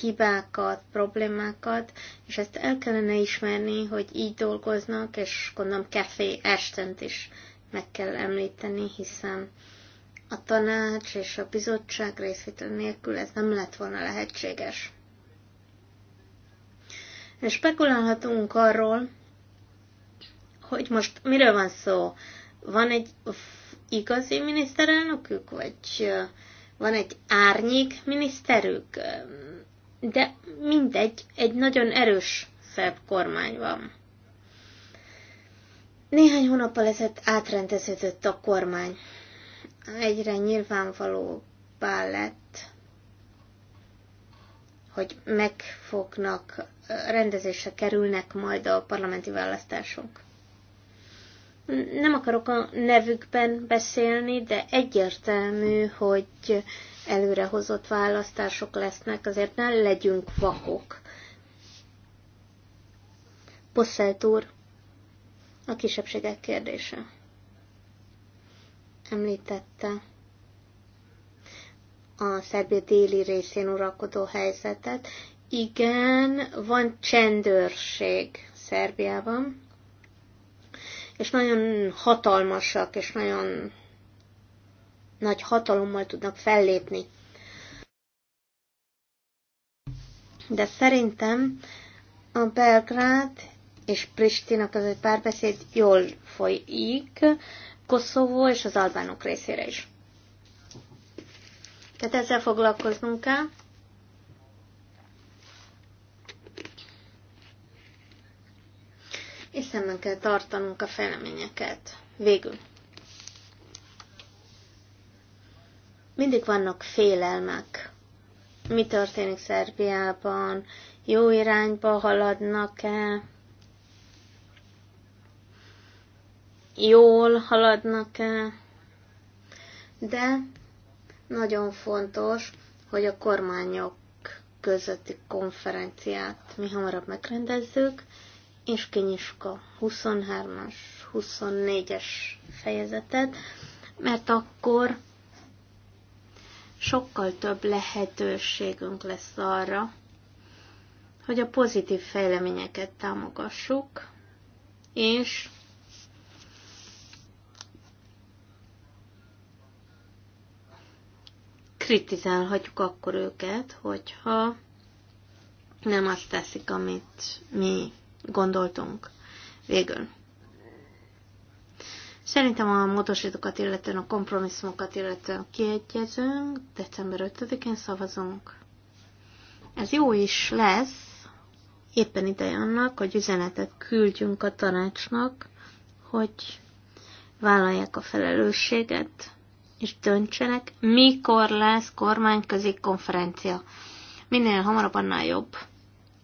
hibákat, problémákat, és ezt el kellene ismerni, hogy így dolgoznak, és gondolom Café Estent is meg kell említeni, hiszen a tanács és a bizottság részvétel nélkül ez nem lett volna lehetséges. És spekulálhatunk arról, hogy most miről van szó? Van egy igazi miniszterelnökük, vagy van egy árnyék miniszterük? De mindegy, egy nagyon erős szerb kormány van. Néhány hónappal ezelőtt átrendeződött a kormány. Egyre nyilvánvalóbbá lett, hogy megfognak, rendezésre kerülnek majd a parlamenti választások. Nem akarok a nevükben beszélni, de egyértelmű, hogy előrehozott választások lesznek, azért ne legyünk vakok. Posselt úr, a kisebbségek kérdése. Említette a Szerbia déli részén uralkodó helyzetet. Igen, van csendőrség Szerbiában, és nagyon hatalmasak, és nagyon nagy hatalommal tudnak fellépni. De szerintem a Belgrád és Pristina között párbeszéd jól folyik, Koszovó és az albánok részére is. Tehát ezzel foglalkoznunk kell. és szemben kell tartanunk a fejleményeket. Végül. Mindig vannak félelmek. Mi történik Szerbiában? Jó irányba haladnak-e? Jól haladnak-e? De nagyon fontos, hogy a kormányok közötti konferenciát mi hamarabb megrendezzük, és Kinyiska 23-as, 24-es fejezetet, mert akkor sokkal több lehetőségünk lesz arra, hogy a pozitív fejleményeket támogassuk, és kritizálhatjuk akkor őket, hogyha nem azt teszik, amit mi gondoltunk végül. Szerintem a módosítókat, illetően a kompromisszumokat, illetően kiegyezünk, december 5-én szavazunk. Ez jó is lesz, éppen ide annak, hogy üzenetet küldjünk a tanácsnak, hogy vállalják a felelősséget, és döntsenek, mikor lesz kormányközi konferencia. Minél hamarabb, annál jobb.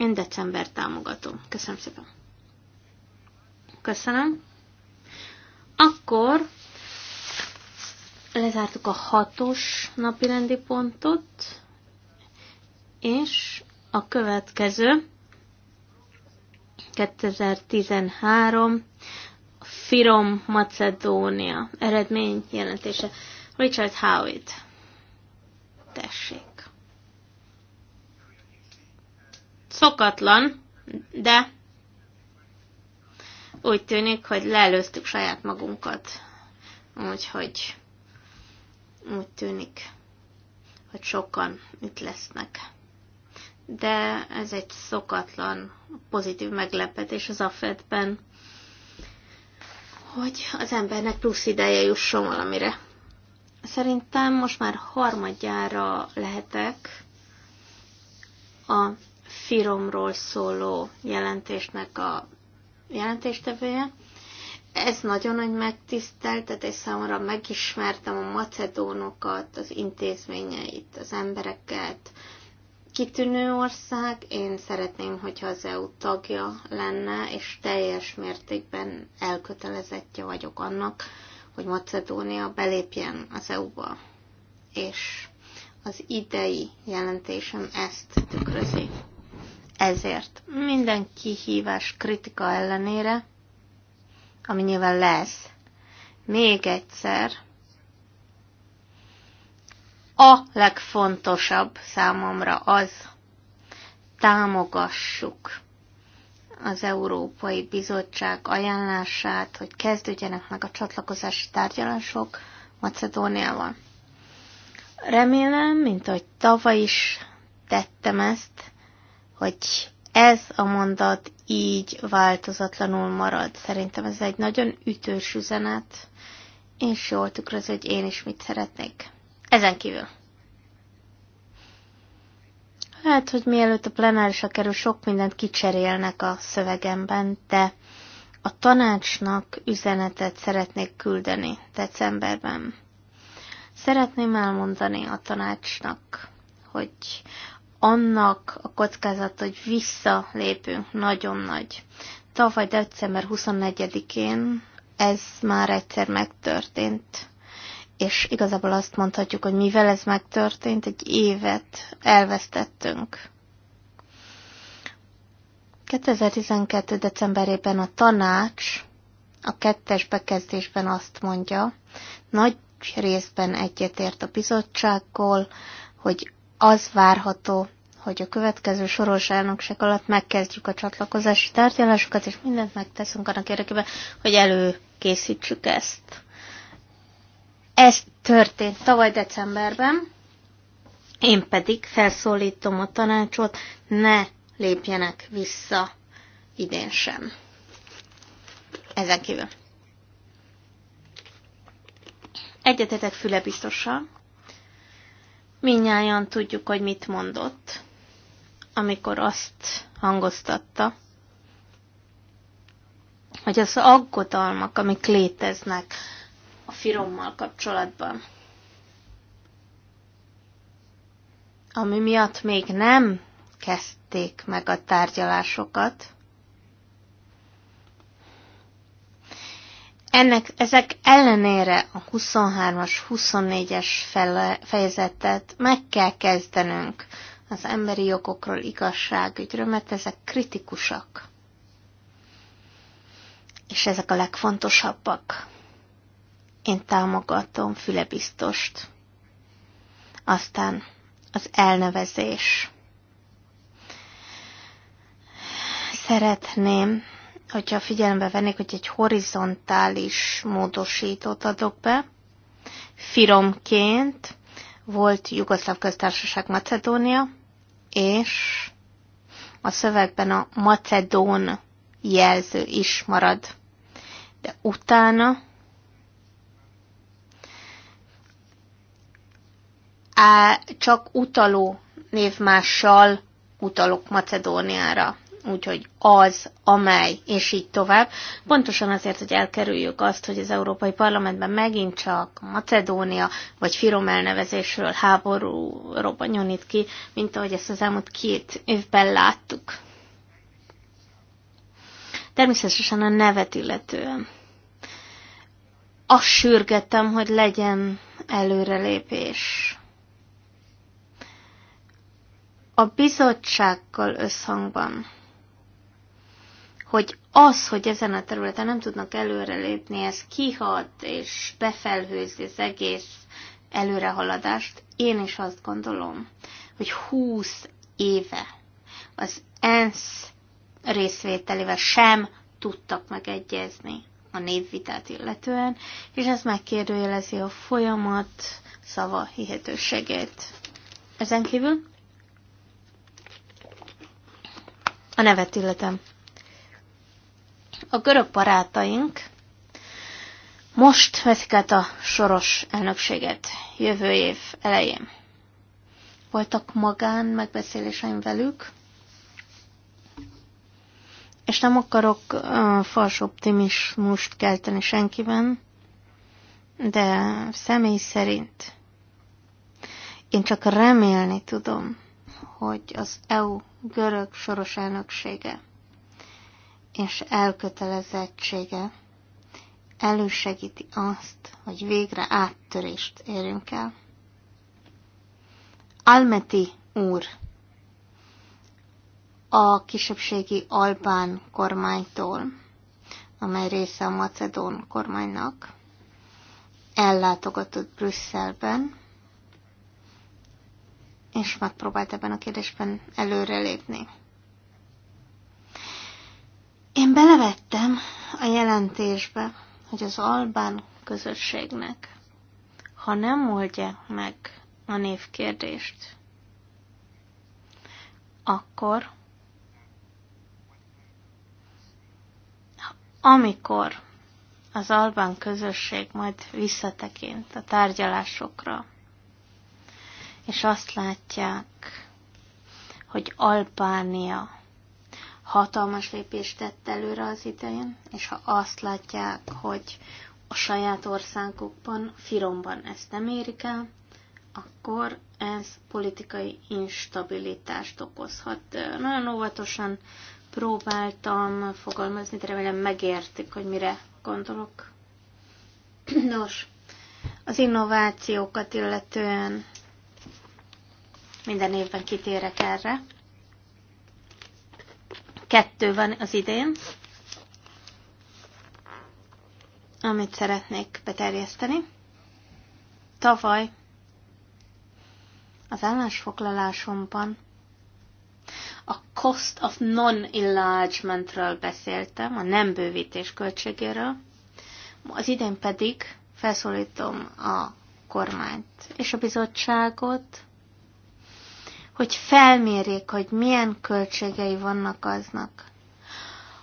Én december támogató. Köszönöm szépen. Köszönöm. Akkor lezártuk a hatos napi rendi pontot, és a következő 2013 Firom Macedónia eredmény jelentése. Richard Howitt. Tessék. Szokatlan, de úgy tűnik, hogy lelőztük saját magunkat. Úgyhogy úgy tűnik, hogy sokan itt lesznek. De ez egy szokatlan pozitív meglepetés az AFED-ben, hogy az embernek plusz ideje jusson valamire. Szerintem most már harmadjára lehetek a firomról szóló jelentésnek a jelentéstevője. Ez nagyon nagy megtiszteltetés számomra, megismertem a macedónokat, az intézményeit, az embereket. Kitűnő ország, én szeretném, hogyha az EU tagja lenne, és teljes mértékben elkötelezettje vagyok annak, hogy Macedónia belépjen az EU-ba. És az idei jelentésem ezt tükrözi. Ezért minden kihívás kritika ellenére, ami nyilván lesz, még egyszer a legfontosabb számomra az, támogassuk az Európai Bizottság ajánlását, hogy kezdődjenek meg a csatlakozási tárgyalások Macedóniával. Remélem, mint ahogy tavaly is tettem ezt, hogy ez a mondat így változatlanul marad. Szerintem ez egy nagyon ütős üzenet, és jól tükröz, hogy én is mit szeretnék. Ezen kívül. Hát, hogy mielőtt a plenárisra kerül, sok mindent kicserélnek a szövegemben, de a tanácsnak üzenetet szeretnék küldeni decemberben. Szeretném elmondani a tanácsnak, hogy annak a kockázat, hogy visszalépünk, nagyon nagy. Tavaly december 24-én ez már egyszer megtörtént, és igazából azt mondhatjuk, hogy mivel ez megtörtént, egy évet elvesztettünk. 2012. decemberében a tanács a kettes bekezdésben azt mondja, nagy részben egyetért a bizottsággal, hogy az várható, hogy a következő soros elnökség alatt megkezdjük a csatlakozási tárgyalásokat, és mindent megteszünk annak érdekében, hogy előkészítsük ezt. Ez történt tavaly decemberben, én pedig felszólítom a tanácsot, ne lépjenek vissza idén sem. Ezen kívül. Egyetetek füle biztosan, Minnyáján tudjuk, hogy mit mondott, amikor azt hangoztatta, hogy az aggodalmak, amik léteznek a firommal kapcsolatban, ami miatt még nem kezdték meg a tárgyalásokat, Ennek, ezek ellenére a 23-as, 24-es fejezetet meg kell kezdenünk az emberi jogokról, igazságügyről, mert ezek kritikusak. És ezek a legfontosabbak. Én támogatom fülebiztost. Aztán az elnevezés. Szeretném, hogyha figyelembe vennék, hogy egy horizontális módosítót adok be, firomként volt Jugoszláv köztársaság Macedónia, és a szövegben a Macedón jelző is marad. De utána á, csak utaló névmással utalok Macedóniára úgyhogy az, amely, és így tovább. Pontosan azért, hogy elkerüljük azt, hogy az Európai Parlamentben megint csak Macedónia vagy Firom elnevezésről háború robbanjon ki, mint ahogy ezt az elmúlt két évben láttuk. Természetesen a nevet illetően. Azt sürgettem, hogy legyen előrelépés a bizottsággal összhangban hogy az, hogy ezen a területen nem tudnak előrelépni, ez kihat és befelhőzi az egész előrehaladást. Én is azt gondolom, hogy 20 éve az ENSZ részvételével sem tudtak megegyezni a névvitát illetően, és ez megkérdőjelezi a folyamat szava hihetőségét. Ezen kívül a nevet illetem a görög barátaink most veszik át a soros elnökséget jövő év elején. Voltak magán megbeszéléseim velük, és nem akarok uh, fals optimizmust kelteni senkiben, de személy szerint én csak remélni tudom, hogy az EU görög soros elnöksége és elkötelezettsége elősegíti azt, hogy végre áttörést érünk el. Almeti úr, a kisebbségi albán kormánytól, amely része a macedón kormánynak, ellátogatott Brüsszelben, és megpróbált ebben a kérdésben előrelépni. Belevettem a jelentésbe, hogy az albán közösségnek, ha nem oldja meg a névkérdést, akkor, amikor az albán közösség majd visszatekint a tárgyalásokra, és azt látják, hogy Albánia hatalmas lépést tett előre az idején, és ha azt látják, hogy a saját országukban, Firomban ezt nem érik el, akkor ez politikai instabilitást okozhat. Nagyon óvatosan próbáltam fogalmazni, de remélem megértik, hogy mire gondolok. Nos, az innovációkat illetően minden évben kitérek erre kettő van az idén, amit szeretnék beterjeszteni. Tavaly az állásfoglalásomban a cost of non-enlargementről beszéltem, a nem bővítés költségéről. Az idén pedig felszólítom a kormányt és a bizottságot, hogy felmérjék, hogy milyen költségei vannak aznak.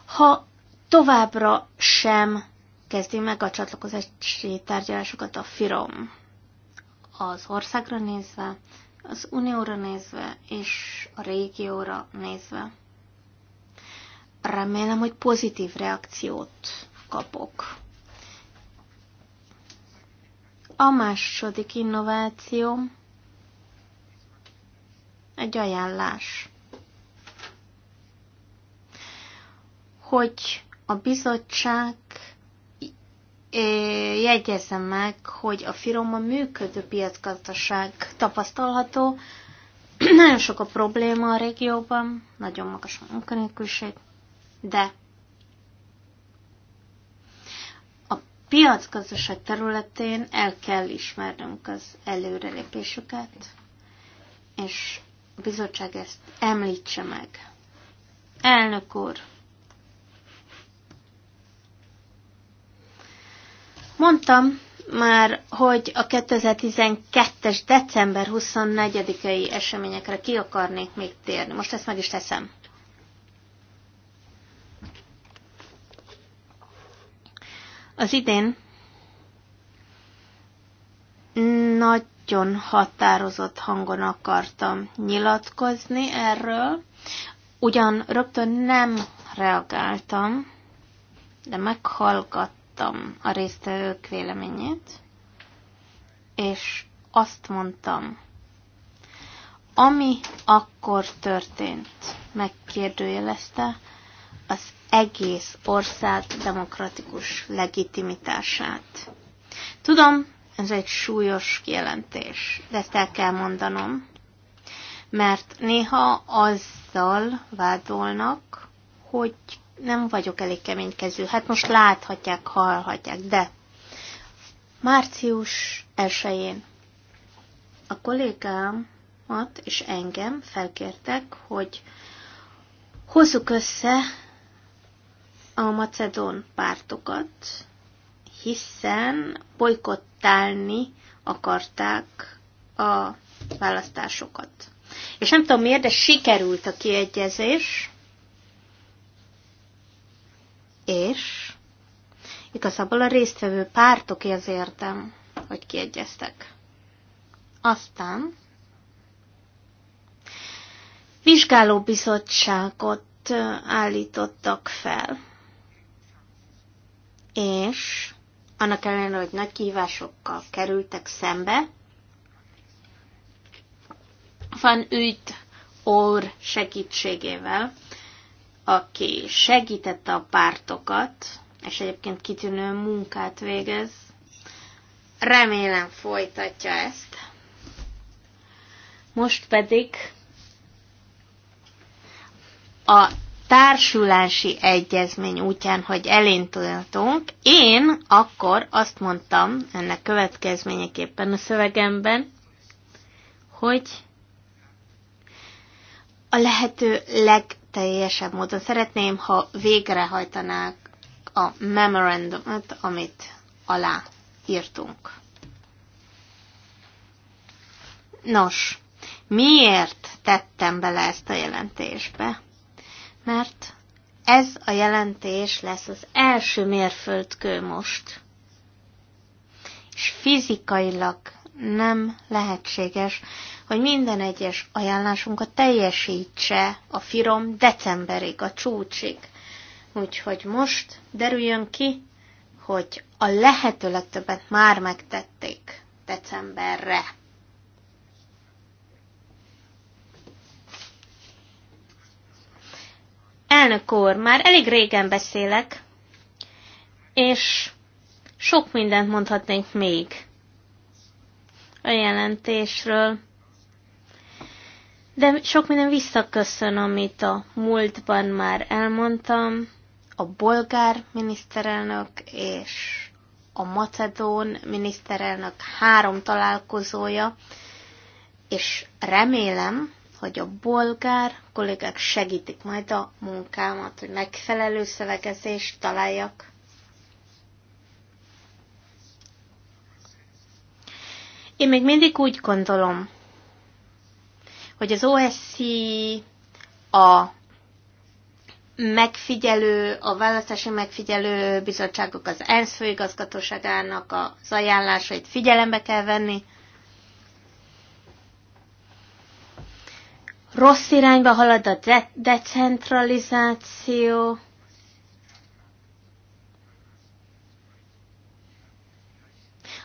Ha továbbra sem kezdi meg a csatlakozási tárgyalásokat a FIROM, az országra nézve, az unióra nézve és a régióra nézve. Remélem, hogy pozitív reakciót kapok. A második innovációm egy ajánlás, hogy a bizottság jegyezze meg, hogy a firoma működő piacgazdaság tapasztalható, nagyon sok a probléma a régióban, nagyon magas a munkanélküliség, de a piacgazdaság területén el kell ismernünk az előrelépésüket, és a bizottság ezt említse meg. Elnök úr! Mondtam már, hogy a 2012-es december 24-i eseményekre ki akarnék még térni. Most ezt meg is teszem. Az idén nagy nagyon határozott hangon akartam nyilatkozni erről, ugyan rögtön nem reagáltam, de meghallgattam a résztvevők véleményét, és azt mondtam, ami akkor történt, megkérdőjelezte az egész ország demokratikus legitimitását. Tudom, ez egy súlyos kijelentés, de ezt el kell mondanom. Mert néha azzal vádolnak, hogy nem vagyok elég keménykező. Hát most láthatják, hallhatják, de március 1-én a kollégámat és engem felkértek, hogy hozzuk össze a macedón pártokat, hiszen bolykott bolykottálni akarták a választásokat. És nem tudom miért, de sikerült a kiegyezés, és igazából a résztvevő pártok az értem, hogy kiegyeztek. Aztán vizsgálóbizottságot állítottak fel, és annak ellenére, hogy nagy kihívásokkal kerültek szembe, Van őt Or segítségével, aki segítette a pártokat, és egyébként kitűnő munkát végez. Remélem folytatja ezt. Most pedig a társulási egyezmény útján, hogy elintudatunk, én akkor azt mondtam ennek következményeképpen a szövegemben, hogy a lehető legteljesebb módon szeretném, ha végrehajtanák a memorandumot, amit alá írtunk. Nos, miért tettem bele ezt a jelentésbe? mert ez a jelentés lesz az első mérföldkő most. És fizikailag nem lehetséges, hogy minden egyes ajánlásunkat teljesítse a firom decemberig, a csúcsig. Úgyhogy most derüljön ki, hogy a lehető legtöbbet már megtették decemberre. Elnök úr, már elég régen beszélek, és sok mindent mondhatnénk még a jelentésről. De sok minden visszaköszön, amit a múltban már elmondtam, a bolgár miniszterelnök és a macedón miniszterelnök három találkozója, és remélem, hogy a bolgár kollégák segítik majd a munkámat, hogy megfelelő szövegezést találjak. Én még mindig úgy gondolom, hogy az OSC a megfigyelő, a választási megfigyelő bizottságok az ENSZ főigazgatóságának az ajánlásait figyelembe kell venni, rossz irányba halad a de- decentralizáció.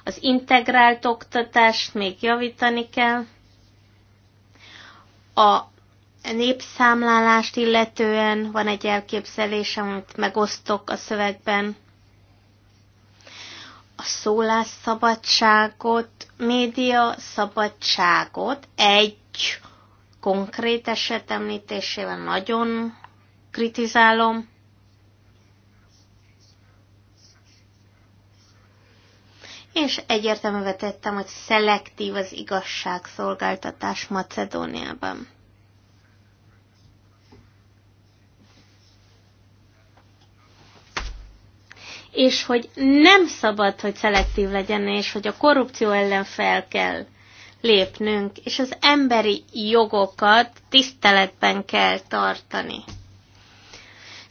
Az integrált oktatást még javítani kell. A népszámlálást illetően van egy elképzelés, amit megosztok a szövegben. A szólásszabadságot, média szabadságot egy konkrét eset említésével nagyon kritizálom. És egyértelművé tettem, hogy szelektív az igazságszolgáltatás Macedóniában. és hogy nem szabad, hogy szelektív legyen, és hogy a korrupció ellen fel kell lépnünk, és az emberi jogokat tiszteletben kell tartani.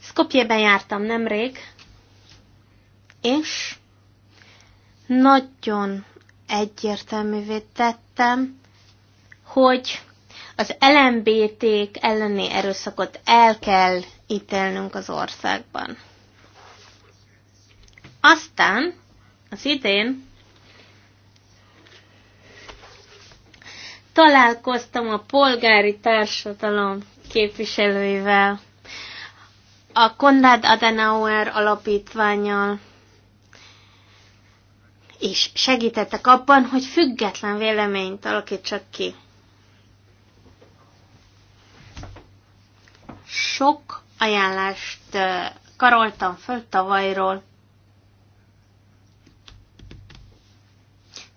Skopjében jártam nemrég, és nagyon egyértelművé tettem, hogy az LMBT-k elleni erőszakot el kell ítélnünk az országban. Aztán az idén találkoztam a polgári társadalom képviselőivel, a Konrad Adenauer alapítványjal, és segítettek abban, hogy független véleményt alakítsak ki. Sok ajánlást karoltam föl tavalyról,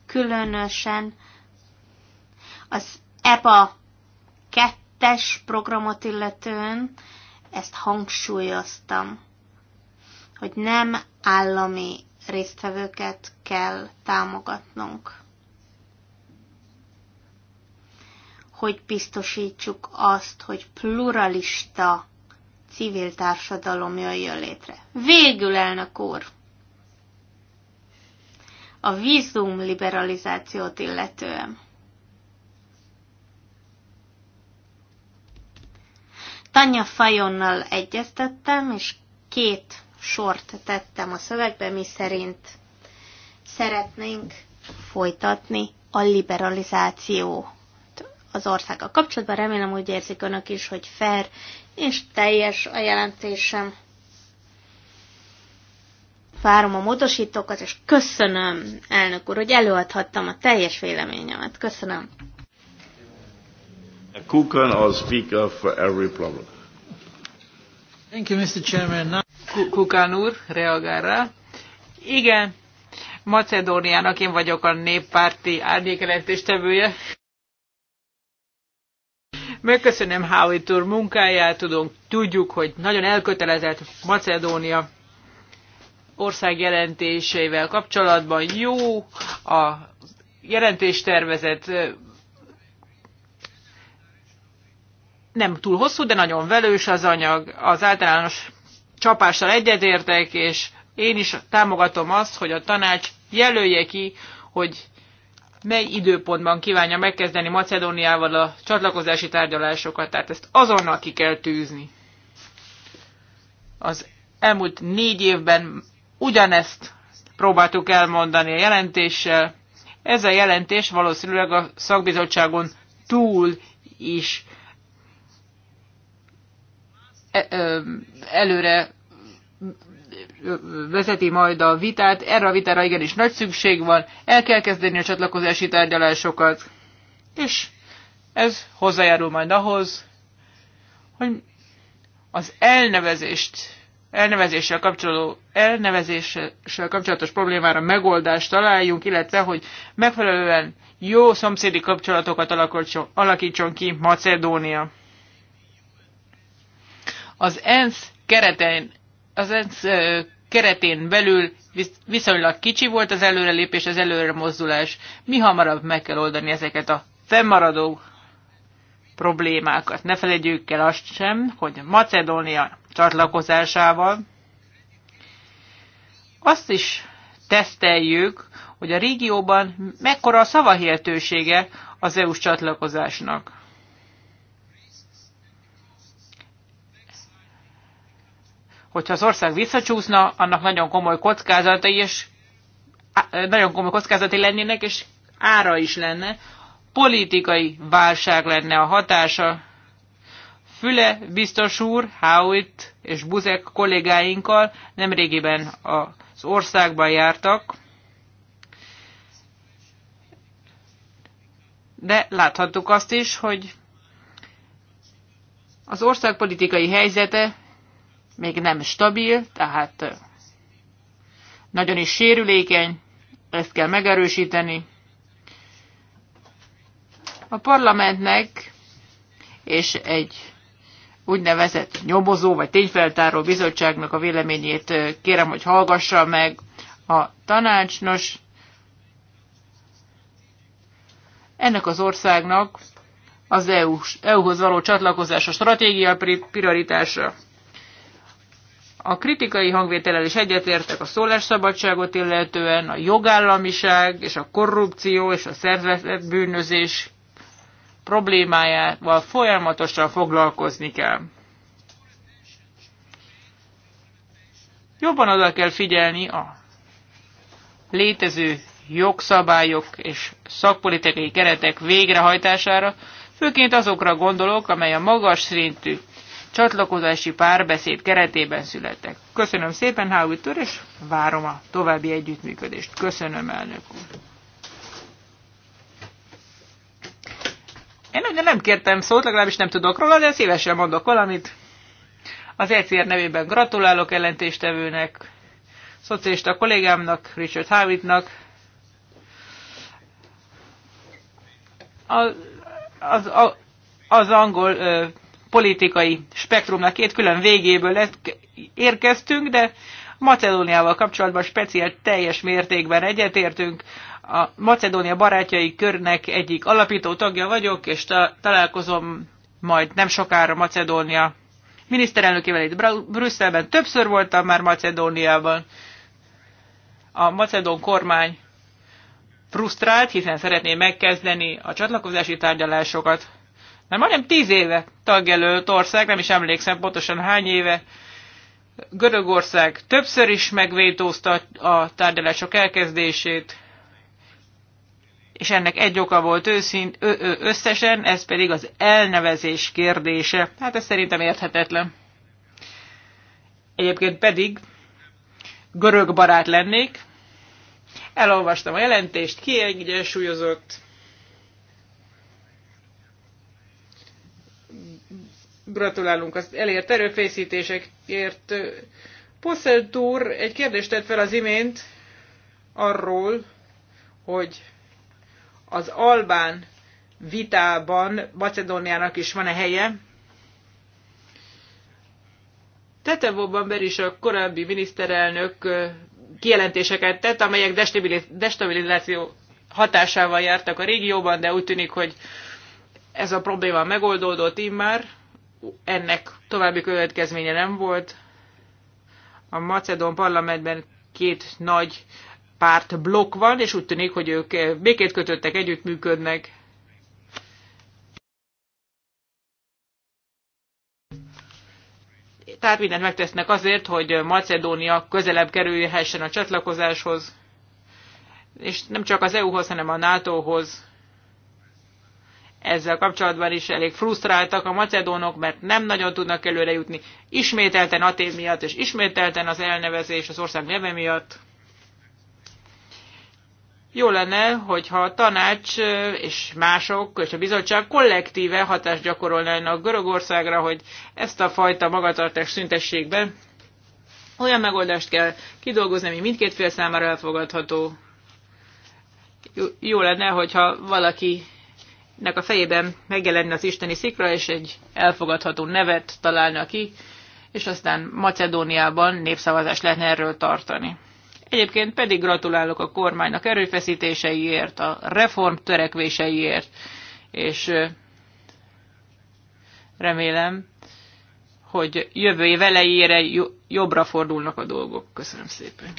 különösen az EPA kettes programot illetően ezt hangsúlyoztam, hogy nem állami résztvevőket kell támogatnunk. Hogy biztosítsuk azt, hogy pluralista civil társadalom jöjjön létre. Végül, elnök úr! A vízum liberalizációt illetően. Tanya Fajonnal egyeztettem, és két sort tettem a szövegbe, mi szerint szeretnénk folytatni a liberalizáció az országgal kapcsolatban. Remélem úgy érzik önök is, hogy fair és teljes a jelentésem. Várom a módosítókat, és köszönöm, elnök úr, hogy előadhattam a teljes véleményemet. Köszönöm.
Kukán, or speaker for every problem. Thank
you, Mr. Chairman. Kukan úr, reagál rá. Igen, Macedóniának én vagyok a néppárti árnyékelentéstevője. Megköszönöm Howitt úr munkáját, tudunk, tudjuk, hogy nagyon elkötelezett Macedónia jelentéseivel kapcsolatban jó a jelentéstervezet, nem túl hosszú, de nagyon velős az anyag, az általános csapással egyetértek, és én is támogatom azt, hogy a tanács jelölje ki, hogy mely időpontban kívánja megkezdeni Macedóniával a csatlakozási tárgyalásokat, tehát ezt azonnal ki kell tűzni. Az elmúlt négy évben ugyanezt próbáltuk elmondani a jelentéssel. Ez a jelentés valószínűleg a szakbizottságon túl is E, előre vezeti majd a vitát. Erre a vitára igenis nagy szükség van, el kell kezdeni a csatlakozási tárgyalásokat, és ez hozzájárul majd ahhoz, hogy az elnevezést, elnevezéssel, kapcsoló, elnevezéssel kapcsolatos problémára megoldást találjunk, illetve hogy megfelelően jó szomszédi kapcsolatokat alakítson ki Macedónia. Az ENSZ kereten, az ENSZ keretén belül viszonylag kicsi volt az előrelépés, az előre mozdulás. Mi hamarabb meg kell oldani ezeket a fennmaradó problémákat. Ne felejtjük el azt sem, hogy Macedónia csatlakozásával azt is teszteljük, hogy a régióban mekkora a szavahihetősége az EU-s csatlakozásnak. hogyha az ország visszacsúszna, annak nagyon komoly kockázatai, és nagyon komoly kockázati lennének, és ára is lenne. Politikai válság lenne a hatása. Füle biztos úr, Howitt és Buzek kollégáinkkal nemrégiben az országban jártak, de láthattuk azt is, hogy az ország politikai helyzete még nem stabil, tehát nagyon is sérülékeny, ezt kell megerősíteni. A parlamentnek és egy úgynevezett nyomozó vagy tényfeltáró bizottságnak a véleményét kérem, hogy hallgassa meg a tanácsnos. Ennek az országnak az EU-hoz e való csatlakozás a stratégia prioritása. A kritikai hangvétellel is egyetértek a szólásszabadságot illetően, a jogállamiság és a korrupció és a szervezetbűnözés problémájával folyamatosan foglalkozni kell. Jobban oda kell figyelni a létező jogszabályok és szakpolitikai keretek végrehajtására, főként azokra gondolok, amely a magas szintű csatlakozási párbeszéd keretében születtek. Köszönöm szépen, Howitt úr, és várom a további együttműködést. Köszönöm, elnök úr. Én ugye nem kértem szót, legalábbis nem tudok róla, de szívesen mondok valamit. Az ECR nevében gratulálok ellentéstevőnek, szocialista kollégámnak, Richard Howittnak. Az, az, az angol politikai spektrumnak két külön végéből érkeztünk, de Macedóniával kapcsolatban speciál teljes mértékben egyetértünk. A Macedónia barátjai körnek egyik alapító tagja vagyok, és ta- találkozom majd nem sokára Macedónia miniszterelnökével itt Br- Brüsszelben. Többször voltam már Macedóniában. A macedón kormány frusztrált, hiszen szeretné megkezdeni a csatlakozási tárgyalásokat már majdnem tíz éve tagjelölt ország, nem is emlékszem pontosan hány éve, Görögország többször is megvétózta a tárgyalások elkezdését, és ennek egy oka volt őszint, ö, ö, összesen, ez pedig az elnevezés kérdése. Hát ez szerintem érthetetlen. Egyébként pedig görög barát lennék. Elolvastam a jelentést, kiegyensúlyozott, gratulálunk az elért erőfészítésekért. Posselt úr egy kérdést tett fel az imént arról, hogy az Albán vitában Macedóniának is van-e helye. Tetevóban Ber is a korábbi miniszterelnök kijelentéseket tett, amelyek destabilizáció hatásával jártak a régióban, de úgy tűnik, hogy ez a probléma megoldódott immár ennek további következménye nem volt. A Macedón parlamentben két nagy párt blokk van, és úgy tűnik, hogy ők eh, békét kötöttek, együttműködnek. Tehát mindent megtesznek azért, hogy Macedónia közelebb kerülhessen a csatlakozáshoz, és nem csak az EU-hoz, hanem a NATO-hoz ezzel kapcsolatban is elég frusztráltak a macedónok, mert nem nagyon tudnak előre jutni, ismételten Atén miatt, és ismételten az elnevezés az ország neve miatt. Jó lenne, hogyha a tanács és mások és a bizottság kollektíve hatást gyakorolnának Görögországra, hogy ezt a fajta magatartást szüntessék be. Olyan megoldást kell kidolgozni, ami mindkét fél számára elfogadható. Jó lenne, hogyha valaki nek a fejében megjelenne az isteni szikra, és egy elfogadható nevet találna ki, és aztán Macedóniában népszavazást lehetne erről tartani. Egyébként pedig gratulálok a kormánynak erőfeszítéseiért, a reform törekvéseiért, és remélem, hogy jövő év elejére jobbra fordulnak a dolgok. Köszönöm szépen.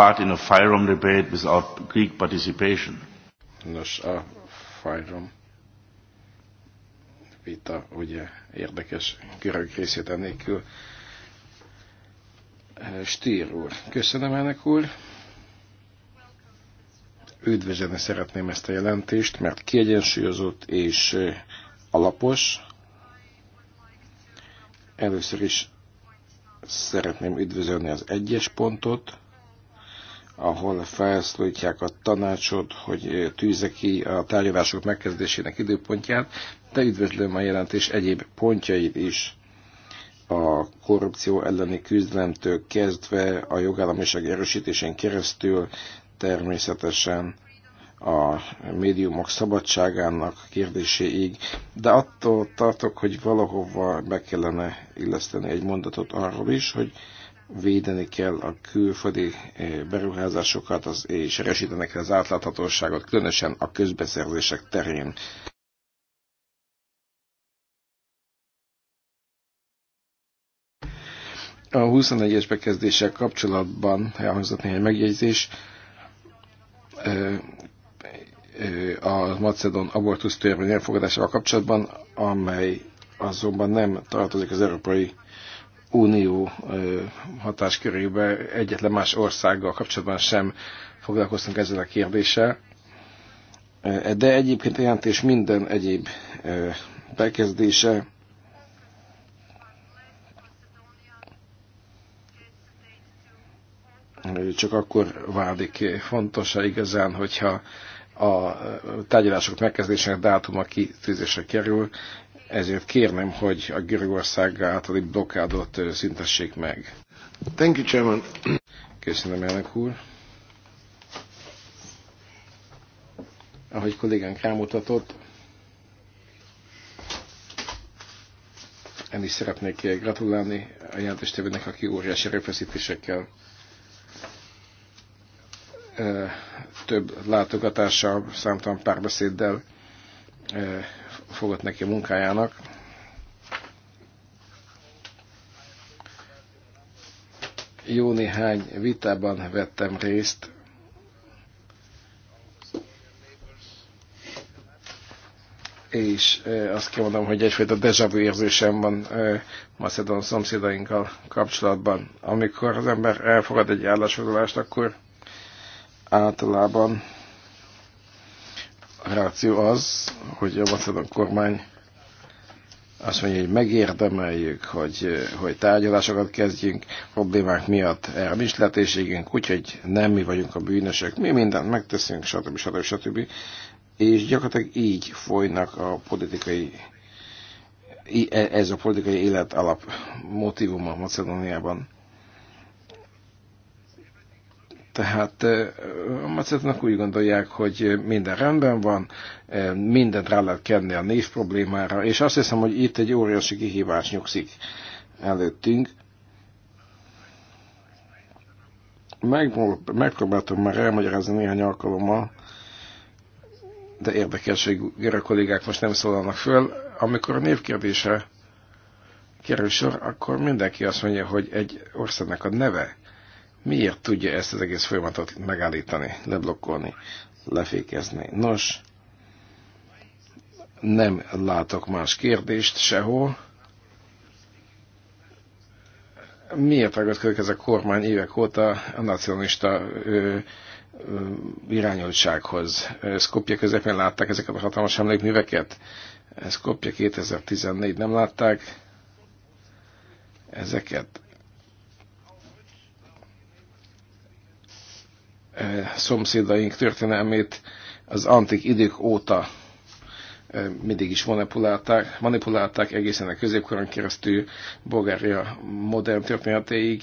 part in a firearm debate without Greek participation. Nos, a firearm vita ugye érdekes görög részét ennélkül. Stier úr, köszönöm ennek úr. Üdvözölni szeretném ezt a jelentést, mert kiegyensúlyozott és alapos. Először is szeretném üdvözölni az egyes pontot, ahol felszólítják a tanácsot, hogy eh, tűzze ki a tárgyalások megkezdésének időpontját, de üdvözlöm a jelentés egyéb pontjait is a korrupció elleni küzdelemtől kezdve a jogállamiság erősítésén keresztül természetesen a médiumok szabadságának kérdéséig, de attól tartok, hogy valahova be kellene illeszteni egy mondatot arról is, hogy védeni kell a külföldi eh, beruházásokat az, és erősíteni kell az átláthatóságot, különösen a közbeszerzések terén. A 21-es bekezdéssel kapcsolatban elhangzott néhány megjegyzés. Eh, eh, a Macedon abortusz törvény elfogadásával kapcsolatban, amely azonban nem tartozik az európai Unió hatáskörébe egyetlen más országgal kapcsolatban sem foglalkoztunk ezzel a kérdéssel. De egyébként a jelentés minden egyéb bekezdése csak akkor válik fontosa igazán, hogyha a tárgyalások megkezdésének dátuma kitűzésre kerül, ezért kérném, hogy a Görögország általi blokkádot szüntessék meg. Thank you, Chairman. Köszönöm, elnök úr. Ahogy kollégánk rámutatott, én is szeretnék gratulálni a jelentéstevőnek, aki óriási erőfeszítésekkel több látogatással, számtalan párbeszéddel fogott neki a munkájának. Jó néhány vitában vettem részt, és azt kell hogy egyfajta deja vu érzésem van Macedon szomszédainkkal kapcsolatban. Amikor az ember elfogad egy állásfoglalást, akkor általában reakció az, hogy a macedon kormány azt mondja, hogy megérdemeljük, hogy, hogy tárgyalásokat kezdjünk, problémák miatt erre nincs lehetőségünk, úgyhogy nem mi vagyunk a bűnösök, mi mindent megteszünk, stb. stb. stb. És gyakorlatilag így folynak a politikai, e- ez a politikai élet alap motivuma Macedóniában. Tehát a macetnak úgy gondolják, hogy minden rendben van, mindent rá lehet kenni a név problémára, és azt hiszem, hogy itt egy óriási kihívás nyugszik előttünk. Megpróbáltam már elmagyarázni néhány alkalommal, de érdekes, hogy görög kollégák most nem szólalnak föl. Amikor a névkérdése kerül sor, akkor mindenki azt mondja, hogy egy országnak a neve miért tudja ezt az egész folyamatot megállítani, leblokkolni, lefékezni. Nos, nem látok más kérdést sehol. Miért ragaszkodik ez a kormány évek óta a nacionalista ö, ö, irányultsághoz? Skopje közepén látták ezeket a hatalmas emlékműveket? Skopje 2014 nem látták ezeket? E, szomszédaink történelmét az antik idők óta e, mindig is manipulálták, manipulálták egészen a középkoron keresztül Bulgária modern történetéig,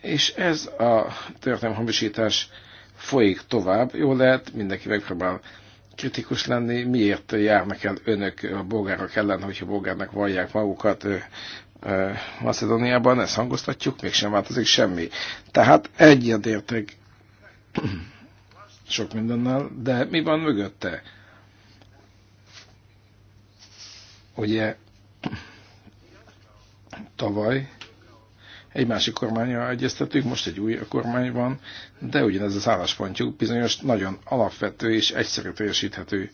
és ez a történelmi hamisítás folyik tovább. Jó lehet, mindenki megpróbál kritikus lenni, miért járnak el önök a bolgárok ellen, hogyha bolgárnak vallják magukat, e, Macedóniában, ezt hangoztatjuk, mégsem változik semmi. Tehát egyetértek sok mindennel, de mi van mögötte? Ugye tavaly egy másik kormányra egyeztetünk, most egy új kormány van, de ugyanez az álláspontjuk bizonyos nagyon alapvető és egyszerű teljesíthető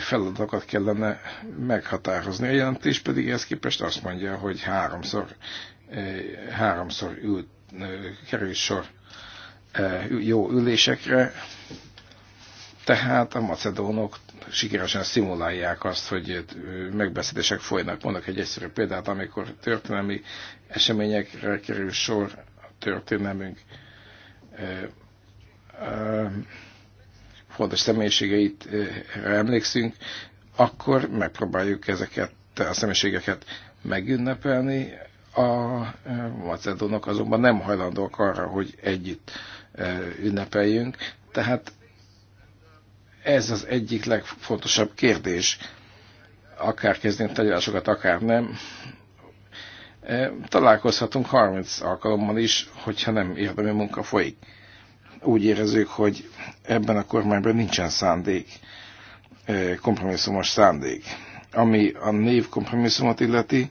feladatokat kellene meghatározni. A jelentés pedig ezt képest azt mondja, hogy háromszor, háromszor ült, kerül sor jó ülésekre, tehát a macedónok sikeresen szimulálják azt, hogy megbeszédések folynak. Mondok egy egyszerű példát, amikor történelmi eseményekre kerül sor a történelmünk fontos személyiségeit emlékszünk, akkor megpróbáljuk ezeket a személyiségeket megünnepelni. A macedónok azonban nem hajlandók arra, hogy együtt ünnepeljünk. Tehát ez az egyik legfontosabb kérdés, akár kezdünk tárgyalásokat, akár nem. Találkozhatunk 30 alkalommal is, hogyha nem érdemi munka folyik úgy érezzük, hogy ebben a kormányban nincsen szándék, eh, kompromisszumos szándék. Ami a név kompromisszumot illeti,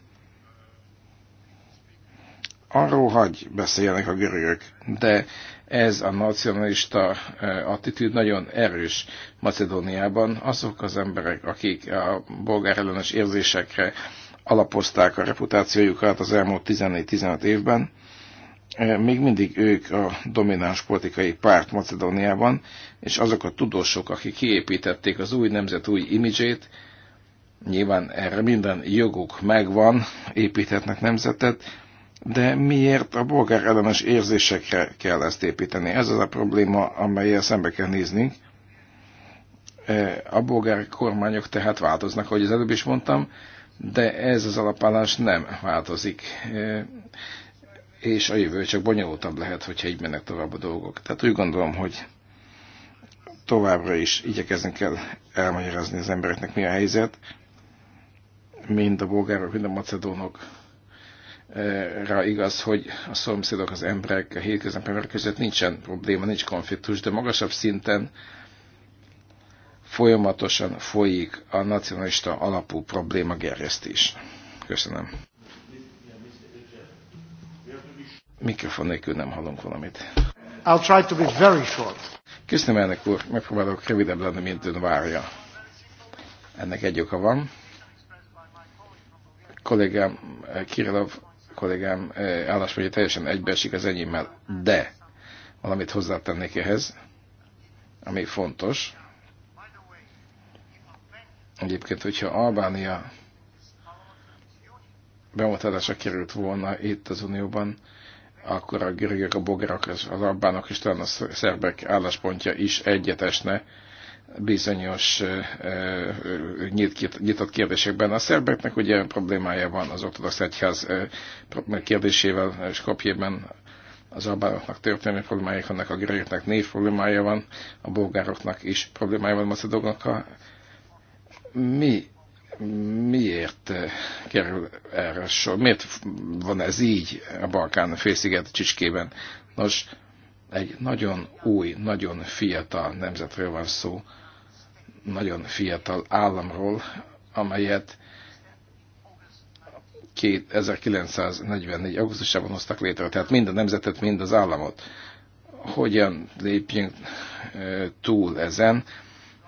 arról hagy beszéljenek a görögök, de ez a nacionalista eh, attitűd nagyon erős Macedóniában. Azok az emberek, akik a bolgár ellenes érzésekre alapozták a reputációjukat az elmúlt 14-15 évben, E, még mindig ők a domináns politikai párt Macedóniában, és azok a tudósok, akik kiépítették az új nemzet új imidzsét, nyilván erre minden joguk megvan, építhetnek nemzetet, de miért a bolgár ellenes érzésekre kell ezt építeni? Ez az a probléma, amelyel szembe kell néznünk. E, a bolgár kormányok tehát változnak, ahogy az előbb is mondtam, de ez az alapállás nem változik. E, és a jövő csak bonyolultabb lehet, hogyha így mennek tovább a dolgok. Tehát úgy gondolom, hogy továbbra is igyekezni kell elmagyarázni az embereknek, mi a helyzet, mind a bolgárok, mind a macedónok e, rá igaz, hogy a szomszédok, az emberek, a hétköznap emberek között nincsen probléma, nincs konfliktus, de magasabb szinten folyamatosan folyik a nacionalista alapú probléma gerjesztés. Köszönöm. Mikrofon nélkül nem hallunk valamit. I'll try to be very short. Köszönöm elnök úr, megpróbálok rövidebb lenni, mint ön várja. Ennek egy oka van. Kollégám, eh, Kirillov kollégám eh, álláspontja teljesen egybeesik az enyémmel, de valamit hozzátennék ehhez, ami fontos. Egyébként, hogyha Albánia bemutatása került volna itt az Unióban, akkor a görögök, a bogarak, az albánok és talán a szerbek álláspontja is egyetesne bizonyos nyitott kérdésekben. A szerbeknek ugye problémája van az ortodox egyház kérdésével és Skopjében, az albánoknak történelmi problémáik, annak a görögöknek név problémája van, a bolgároknak is problémája van a Mi miért kerül erre sor? Miért van ez így a Balkán félsziget csicskében? Nos, egy nagyon új, nagyon fiatal nemzetről van szó, nagyon fiatal államról, amelyet 1944. augusztusában hoztak létre, tehát mind a nemzetet, mind az államot. Hogyan lépjünk túl ezen?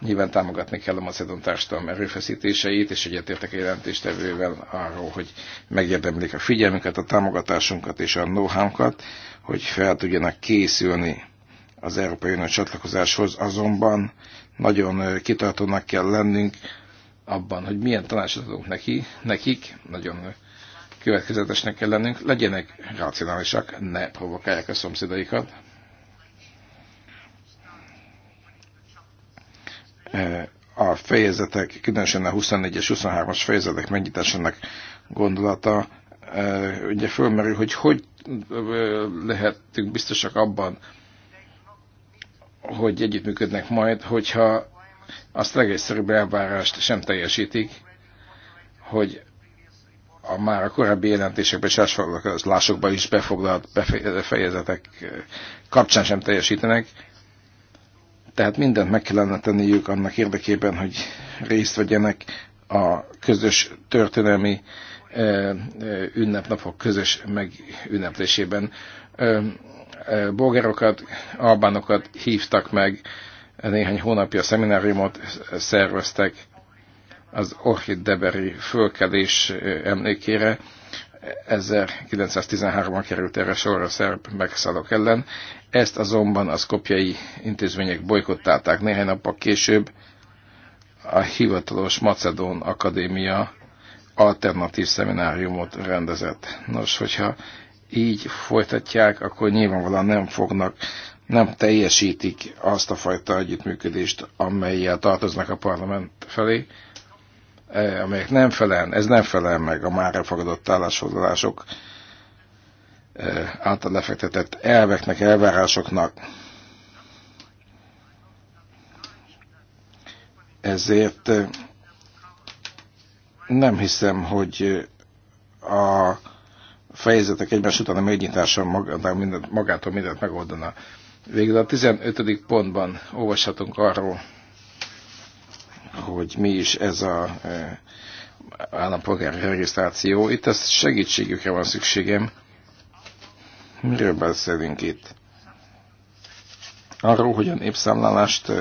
Nyilván támogatni kell a macedon társadalom erőfeszítéseit, és egyetértek a jelentéstevővel arról, hogy megérdemlik a figyelmüket, a támogatásunkat és a know hogy fel tudjanak készülni az Európai Unió csatlakozáshoz, azonban nagyon kitartónak kell lennünk abban, hogy milyen tanácsot adunk neki, nekik, nagyon következetesnek kell lennünk, legyenek racionálisak, ne provokálják a szomszédaikat, a fejezetek, különösen a 24-es, 23-as fejezetek megnyitásának gondolata, ugye fölmerül, hogy hogy lehetünk biztosak abban, hogy együttműködnek majd, hogyha azt legegyszerűbb elvárást sem teljesítik, hogy a már a korábbi jelentésekben, császlásokban is befoglalt befejezetek kapcsán sem teljesítenek, tehát mindent meg kellene tenniük annak érdekében, hogy részt vegyenek a közös történelmi e, e, ünnepnapok közös megünneplésében. E, bolgárokat, albánokat hívtak meg, néhány hónapja szemináriumot szerveztek az Orchid Deberi fölkelés emlékére, 1913-ban került erre sorra a szerb megszállók ellen. Ezt azonban a szkopjai intézmények bolykottálták. Néhány nappal később a hivatalos Macedón Akadémia alternatív szemináriumot rendezett. Nos, hogyha így folytatják, akkor nyilvánvalóan nem fognak, nem teljesítik azt a fajta együttműködést, amelyel tartoznak a parlament felé E, amelyek nem felel, ez nem felel meg a már elfogadott állásfoglalások e, által lefektetett elveknek, elvárásoknak. Ezért e, nem hiszem, hogy a fejezetek egymás után a megnyitása magától mindent megoldana. Végül a 15. pontban olvashatunk arról, hogy mi is ez a e, állampolgári regisztráció. Itt ezt segítségükre van szükségem. Miről beszélünk itt? Arról, hogy e, e, a népszámlálást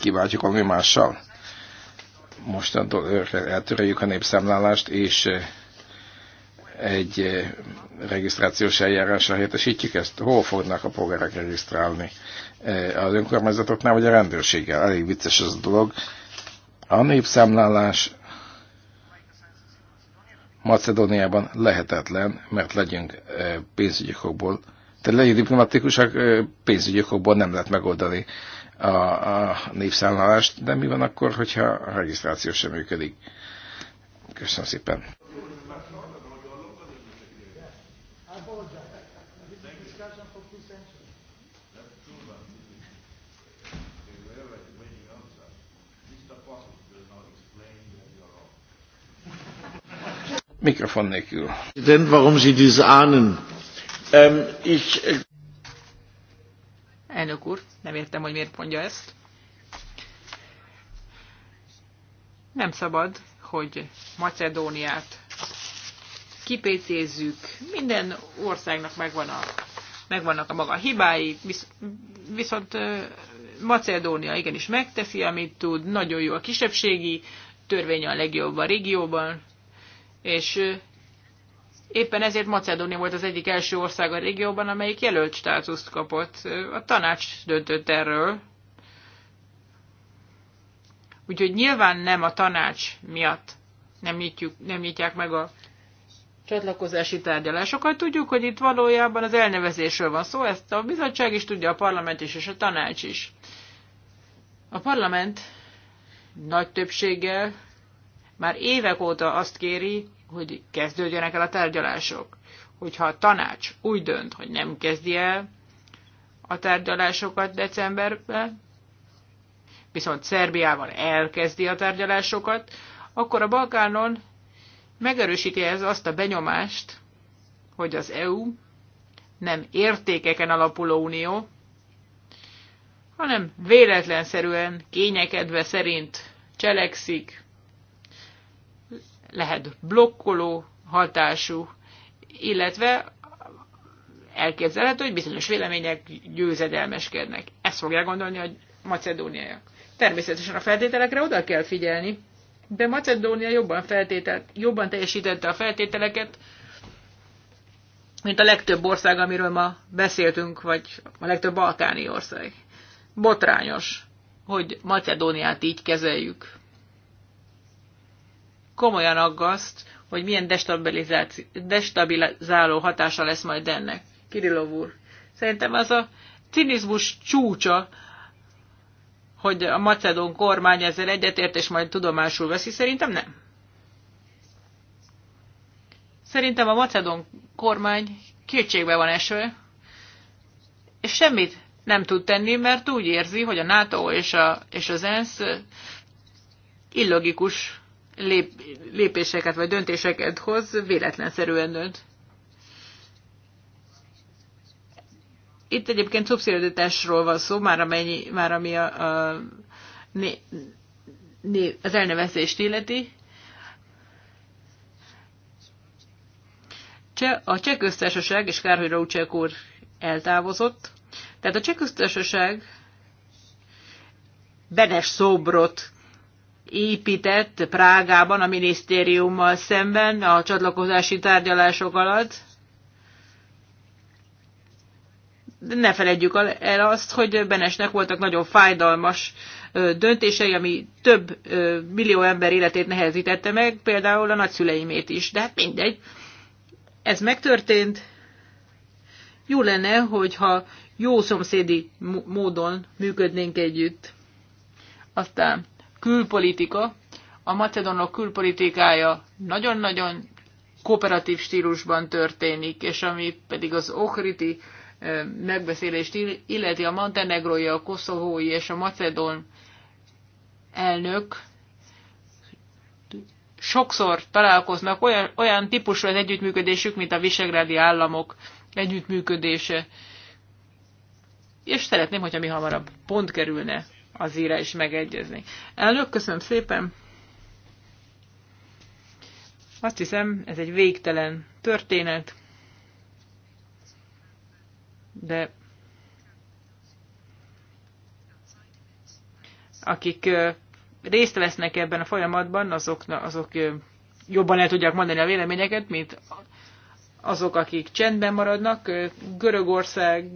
kiváltjuk valami mással? Mostantól eltöröljük a népszámlálást, és egy regisztrációs eljárásra helyettesítjük ezt? Hol fognak a polgárok regisztrálni? Az önkormányzatoknál vagy a rendőrséggel? Elég vicces az a dolog. A népszámlálás Macedóniában lehetetlen, mert legyünk e, pénzügyi okokból, tehát legyünk diplomatikusak, e, pénzügyi okokból nem lehet megoldani a, a népszámlálást, de mi van akkor, hogyha a regisztráció sem működik? Köszönöm szépen. Mikrofon nélkül. Denn warum Sie dies ahnen?
Ähm, ich... Äh, Elnök úr, nem értem, hogy miért mondja ezt. Nem szabad, hogy Macedóniát kipécézzük. Minden országnak megvan a, megvannak a maga hibái, visz, viszont Macedónia igenis megteszi, amit tud, nagyon jó a kisebbségi törvény a legjobb a régióban, és éppen ezért Macedónia volt az egyik első ország a régióban, amelyik jelölt státuszt kapott. A tanács döntött erről, Úgyhogy nyilván nem a tanács miatt nem, nyitjuk, nem nyitják meg a csatlakozási tárgyalásokat. Tudjuk, hogy itt valójában az elnevezésről van szó, ezt a bizottság is tudja, a parlament is, és a tanács is. A parlament nagy többséggel már évek óta azt kéri, hogy kezdődjenek el a tárgyalások. Hogyha a tanács úgy dönt, hogy nem kezdi el a tárgyalásokat decemberben, viszont Szerbiával elkezdi a tárgyalásokat, akkor a Balkánon megerősíti ez azt a benyomást, hogy az EU nem értékeken alapuló unió, hanem véletlenszerűen, kényekedve szerint cselekszik, lehet blokkoló hatású, illetve elképzelhető, hogy bizonyos vélemények győzedelmeskednek. Ezt fogják gondolni a macedóniaiak. Természetesen a feltételekre oda kell figyelni, de Macedónia jobban, feltételt, jobban teljesítette a feltételeket, mint a legtöbb ország, amiről ma beszéltünk, vagy a legtöbb balkáni ország. Botrányos, hogy Macedóniát így kezeljük komolyan aggaszt, hogy milyen destabilizáló hatása lesz majd ennek. Kirillov úr. Szerintem az a cinizmus csúcsa, hogy a macedón kormány ezzel egyetért, és majd tudomásul veszi, szerintem nem. Szerintem a macedón kormány kétségbe van eső, és semmit nem tud tenni, mert úgy érzi, hogy a NATO és, a, és az ENSZ illogikus lép, lépéseket vagy döntéseket hoz, véletlenszerűen dönt. Itt egyébként szubszidiaritásról van szó, már, amennyi, már ami a, a, né, né, az elnevezést illeti. Cseh, a cseh köztársaság, és kár, hogy úr eltávozott, tehát a cseh köztársaság Benes Szobrot épített Prágában a minisztériummal szemben a csatlakozási tárgyalások alatt. De ne feledjük el azt, hogy Benesnek voltak nagyon fájdalmas döntései, ami több millió ember életét nehezítette meg, például a nagyszüleimét is. De hát mindegy, ez megtörtént. Jó lenne, hogyha jó szomszédi módon működnénk együtt. Aztán külpolitika, a macedonok külpolitikája nagyon-nagyon kooperatív stílusban történik, és ami pedig az okriti megbeszélést illeti a montenegrói, a koszovói és a macedon elnök sokszor találkoznak olyan, olyan típusú az együttműködésük, mint a visegrádi államok együttműködése. És szeretném, hogyha mi hamarabb pont kerülne az íre is megegyezni. Elnök, köszönöm szépen! Azt hiszem, ez egy végtelen történet, de akik részt vesznek ebben a folyamatban, azok, azok jobban el tudják mondani a véleményeket, mint azok, akik csendben maradnak. Görögország,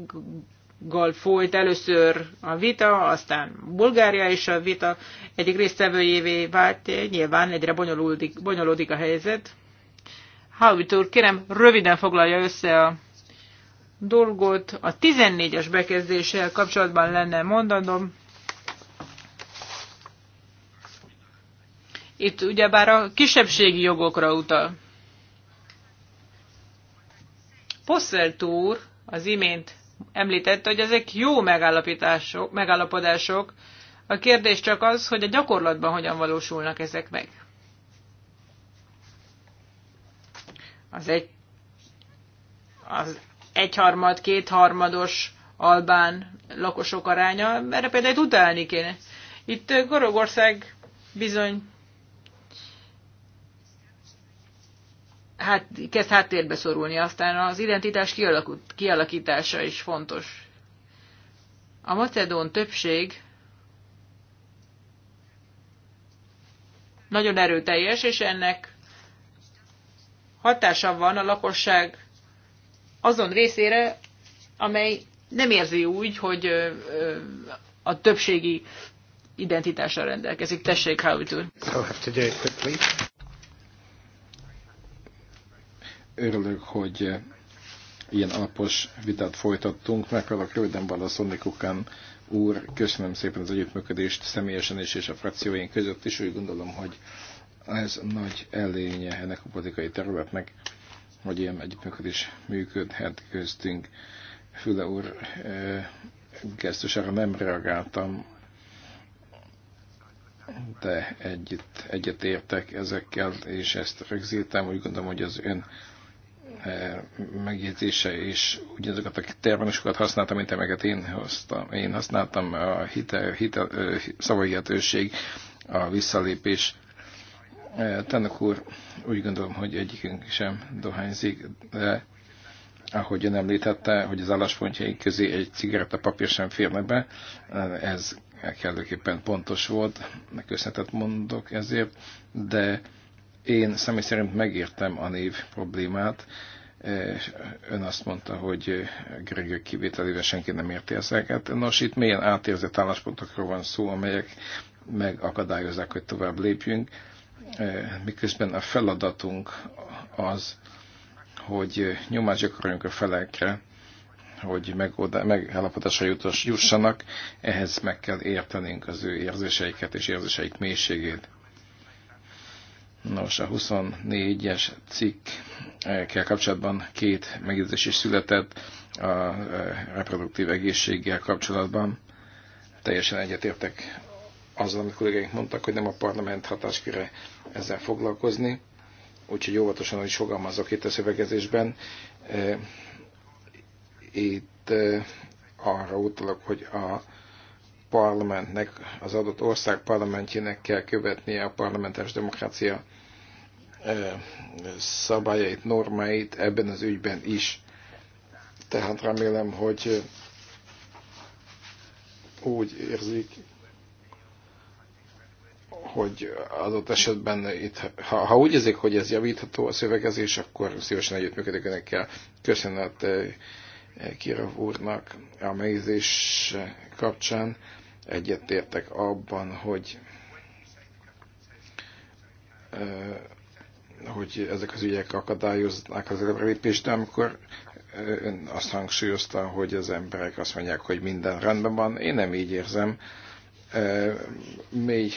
gal folyt először a vita, aztán Bulgária is a vita egyik résztvevőjévé vált, nyilván egyre bonyolódik, bonyolódik a helyzet. Howitt úr, kérem, röviden foglalja össze a dolgot. A 14-es bekezdéssel kapcsolatban lenne mondanom. Itt ugyebár a kisebbségi jogokra utal. Posselt úr az imént említette, hogy ezek jó megállapítások, megállapodások. A kérdés csak az, hogy a gyakorlatban hogyan valósulnak ezek meg. Az egy az egyharmad, kétharmados albán lakosok aránya, erre például utálni kéne. Itt Gorogország bizony hát, kezd háttérbe szorulni. Aztán az identitás kialakítása is fontos. A macedón többség nagyon erőteljes, és ennek hatása van a lakosság azon részére, amely nem érzi úgy, hogy a többségi identitással rendelkezik. Tessék, Howard
Örülök, hogy ilyen alapos vitát folytattunk. Megpróbálok röviden válaszolni Kukán úr. Köszönöm szépen az együttműködést személyesen is és a frakcióink között is. Úgy gondolom, hogy ez nagy elénye ennek a politikai területnek, hogy ilyen együttműködés működhet köztünk. Füle úr gesztusára nem reagáltam, de együtt, egyetértek ezekkel, és ezt rögzítem. Úgy gondolom, hogy az ön E, megjegyzése, és ugyanazokat a terminusokat használtam, mint amiket én, hoztam, én használtam, a hite, hite, szavaihetőség, a visszalépés. E, Tannak úr, úgy gondolom, hogy egyikünk sem dohányzik, de ahogy ön említette, hogy az álláspontjaink közé egy cigarettapapír sem férne be, e, ez kellőképpen pontos volt, köszönetet mondok ezért, de én személy szerint megértem a név problémát, Eh, ön azt mondta, hogy eh, Gregő kivételével senki nem érti ezeket. Nos, itt milyen átérzett álláspontokról van szó, amelyek megakadályozzák, hogy tovább lépjünk, eh, miközben a feladatunk az, hogy nyomást gyakoroljunk a felekre, hogy megállapodásra jussanak, ehhez meg kell értenünk az ő érzéseiket és érzéseik mélységét. Nos, a 24-es cikkkel eh, kapcsolatban két megjegyzés is született a eh, reproduktív egészséggel kapcsolatban. Teljesen egyetértek azzal, amit kollégáink mondtak, hogy nem a parlament hatásköre ezzel foglalkozni, úgyhogy óvatosan is fogalmazok itt a szövegezésben. Eh, itt arra utalok, hogy a parlamentnek, az adott ország parlamentjének kell követnie a parlamentes demokrácia szabályait, normáit ebben az ügyben is. Tehát remélem, hogy úgy érzik, hogy adott esetben itt, ha, ha úgy érzik, hogy ez javítható a szövegezés, akkor szívesen együttműködik önökkel. Köszönet Kirov úrnak a megjegyzés kapcsán. Egyetértek abban, hogy hogy ezek az ügyek akadályoznák az előrelépést, de amikor ön azt hangsúlyozta, hogy az emberek azt mondják, hogy minden rendben van, én nem így érzem. pár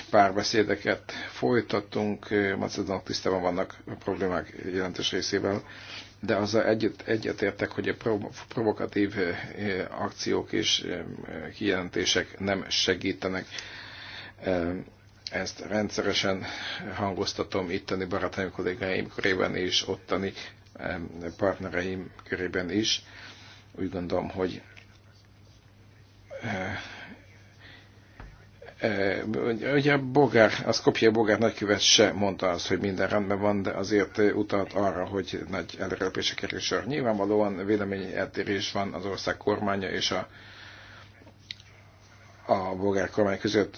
párbeszédeket folytatunk, macedonok tisztában vannak a problémák jelentős részével, de azzal egyet, egyetértek, hogy a provokatív akciók és kijelentések nem segítenek ezt rendszeresen hangoztatom itteni barátaim kollégáim körében és ottani partnereim körében is. Úgy gondolom, hogy eh, eh, Ugye bogár, a Skopje bogár nagykövet se mondta azt, hogy minden rendben van, de azért utalt arra, hogy nagy előrelépése kerül sor. Nyilvánvalóan véleményeltérés van az ország kormánya és a a bolgár kormány között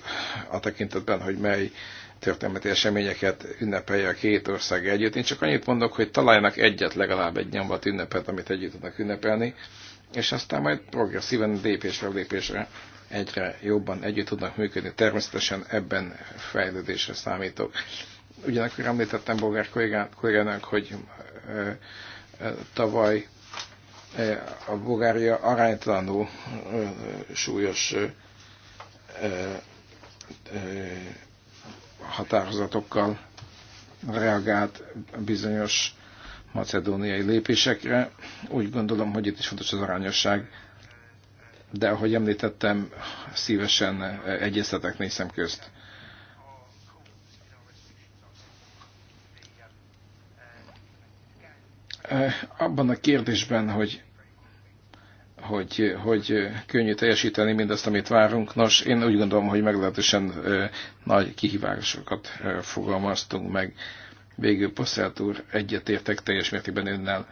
a tekintetben, hogy mely történeti eseményeket ünnepelje a két ország együtt. Én csak annyit mondok, hogy találjanak egyet legalább egy nyomvat ünnepet, amit együtt tudnak ünnepelni, és aztán majd progresszíven lépésre lépésre egyre jobban együtt tudnak működni. Természetesen ebben fejlődésre számítok. Ugyanakkor említettem bolgár kollégának, hogy ö, ö, tavaly a Bulgária aránytalanul súlyos határozatokkal reagált bizonyos macedóniai lépésekre. Úgy gondolom, hogy itt is fontos az arányosság, de ahogy említettem, szívesen egyeztetek négy szem közt. Abban a kérdésben, hogy hogy, hogy könnyű teljesíteni mindazt, amit várunk. Nos, én úgy gondolom, hogy meglehetősen nagy kihívásokat fogalmaztunk meg. Végül Passzelt úr egyetértek teljes mértékben önnel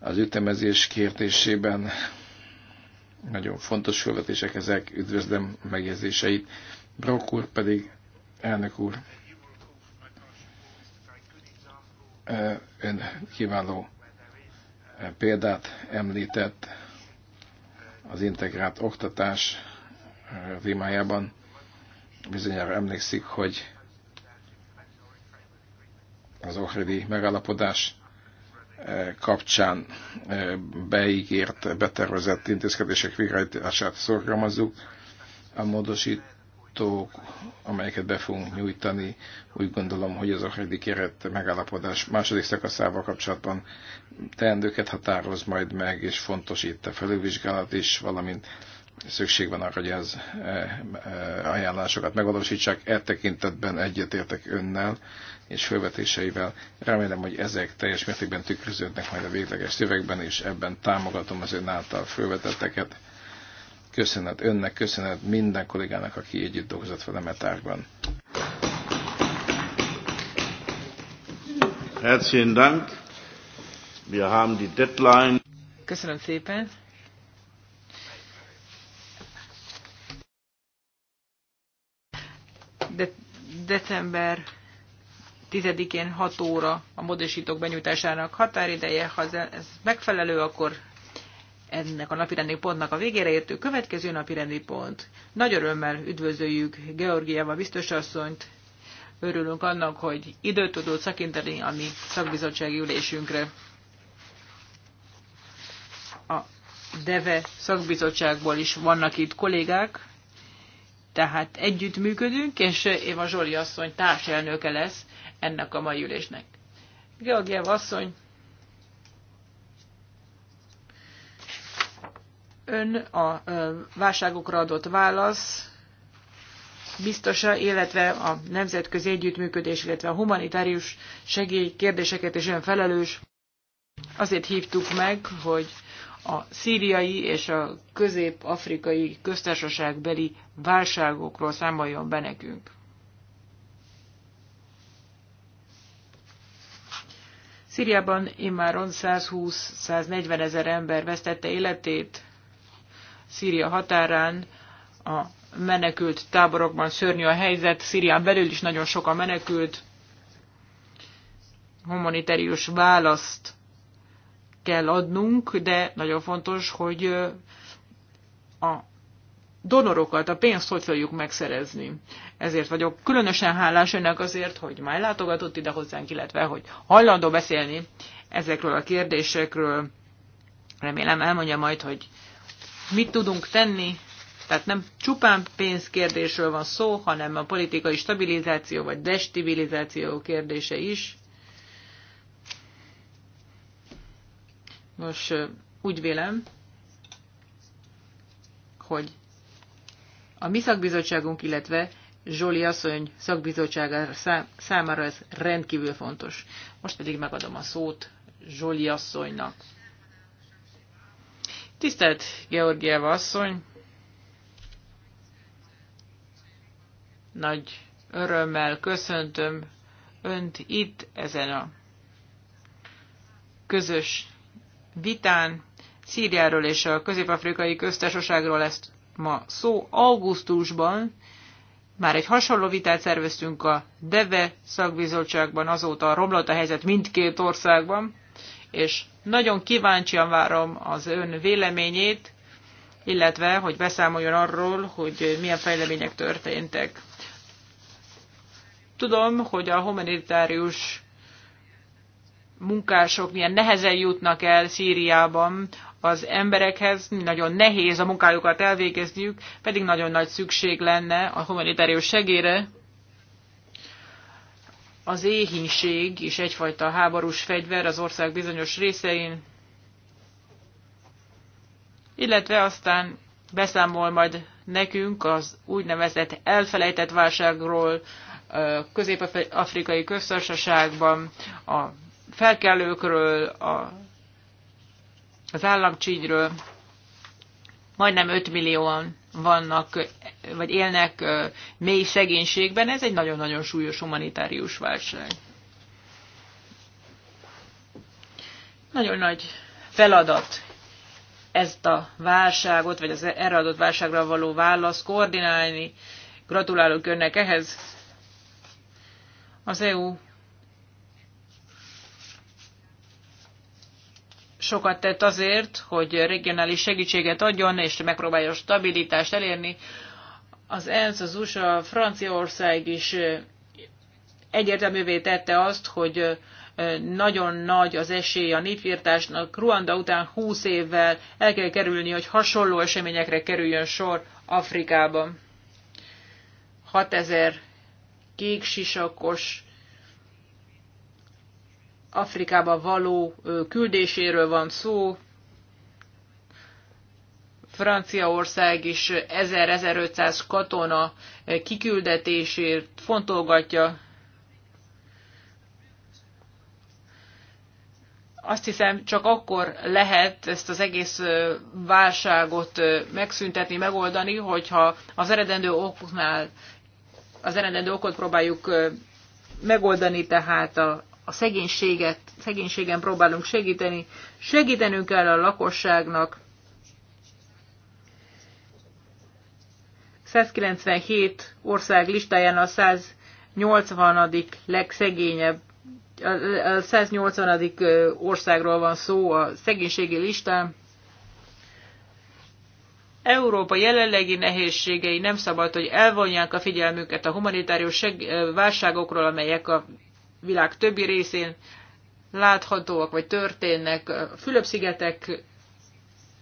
az ütemezés kérdésében. Nagyon fontos felvetések ezek, üdvözlöm megjegyzéseit. Brock úr pedig, elnök úr, ön kiváló példát említett az integrált oktatás eh, témájában bizonyára emlékszik, hogy az ohridi megállapodás eh, kapcsán eh, beígért, betervezett intézkedések végrehajtását szorgalmazzuk. A módosít, módosítók, amelyeket be fogunk nyújtani, úgy gondolom, hogy az ahrendi keret megállapodás második szakaszával kapcsolatban teendőket határoz majd meg, és fontos itt a felülvizsgálat is, valamint szükség van arra, hogy az e, e, ajánlásokat megvalósítsák. E tekintetben egyetértek önnel és felvetéseivel. Remélem, hogy ezek teljes mértékben tükröződnek majd a végleges szövegben, és ebben támogatom az ön által felvetetteket Köszönet önnek, köszönet minden kollégának, aki együtt dolgozott velem a e tárgyban. Herzlichen Dank. Wir haben die Deadline.
Köszönöm szépen. De december 10-én 6 óra a módosítók benyújtásának határideje, ha ez megfelelő, akkor ennek a napirendi pontnak a végére értő következő napirendi pont. Nagy örömmel üdvözöljük Georgiáva biztos asszonyt. Örülünk annak, hogy időt tudott szakinteni a mi szakbizottsági ülésünkre. A DEVE szakbizottságból is vannak itt kollégák, tehát együttműködünk, és Éva Zsoli asszony társelnöke lesz ennek a mai ülésnek. Georgiáva asszony, Ön a válságokra adott válasz biztosa, illetve a nemzetközi együttműködés, illetve a humanitárius segély kérdéseket is ön felelős. Azért hívtuk meg, hogy a szíriai és a közép-afrikai köztársaságbeli válságokról számoljon be nekünk. Szíriában immáron 120-140 ezer ember vesztette életét, Szíria határán, a menekült táborokban szörnyű a helyzet, Szírián belül is nagyon sok a menekült, humanitárius választ kell adnunk, de nagyon fontos, hogy a donorokat, a pénzt hogy fogjuk megszerezni. Ezért vagyok különösen hálás önnek azért, hogy már látogatott ide hozzánk, illetve hogy hajlandó beszélni ezekről a kérdésekről. Remélem elmondja majd, hogy mit tudunk tenni. Tehát nem csupán pénzkérdésről van szó, hanem a politikai stabilizáció vagy destabilizáció kérdése is. Most úgy vélem, hogy a mi szakbizottságunk, illetve Zsoli asszony szakbizottsága számára ez rendkívül fontos. Most pedig megadom a szót Zsoli asszonynak. Tisztelt Georgieva asszony! Nagy örömmel köszöntöm Önt itt ezen a közös vitán. Szíriáról és a közép-afrikai köztársaságról lesz ma szó. Augusztusban már egy hasonló vitát szerveztünk a DEVE szakbizottságban, azóta romlott a helyzet mindkét országban és nagyon kíváncsian várom az ön véleményét, illetve hogy beszámoljon arról, hogy milyen fejlemények történtek. Tudom, hogy a humanitárius munkások milyen nehezen jutnak el Szíriában az emberekhez, nagyon nehéz a munkájukat elvégezniük, pedig nagyon nagy szükség lenne a humanitárius segére. Az éhínség is egyfajta háborús fegyver az ország bizonyos részein, illetve aztán beszámol majd nekünk az úgynevezett elfelejtett válságról közép-afrikai köztársaságban, a felkelőkről, a, az államcsígyről. Majdnem 5 millióan vannak, vagy élnek mély szegénységben, ez egy nagyon-nagyon súlyos humanitárius válság. Nagyon nagy feladat ezt a válságot, vagy az erre adott válságra való választ koordinálni. Gratulálok önnek ehhez. Az EU sokat tett azért, hogy regionális segítséget adjon, és megpróbálja a stabilitást elérni. Az ENSZ, az USA, Franciaország is egyértelművé tette azt, hogy nagyon nagy az esély a népírtásnak. Ruanda után 20 évvel el kell kerülni, hogy hasonló eseményekre kerüljön sor Afrikában. 6000 kék sisakos Afrikába való küldéséről van szó. Franciaország is 1500 katona kiküldetésért fontolgatja. Azt hiszem, csak akkor lehet ezt az egész válságot megszüntetni, megoldani, hogyha az eredendő oknál az eredendő okot próbáljuk megoldani, tehát a, a szegénységet, szegénységen próbálunk segíteni, segítenünk kell a lakosságnak. 197 ország listáján a 180. legszegényebb, a 180. országról van szó a szegénységi listán. Európa jelenlegi nehézségei nem szabad, hogy elvonják a figyelmüket a humanitárius válságokról, amelyek a világ többi részén láthatóak vagy történnek. A Fülöp-szigetek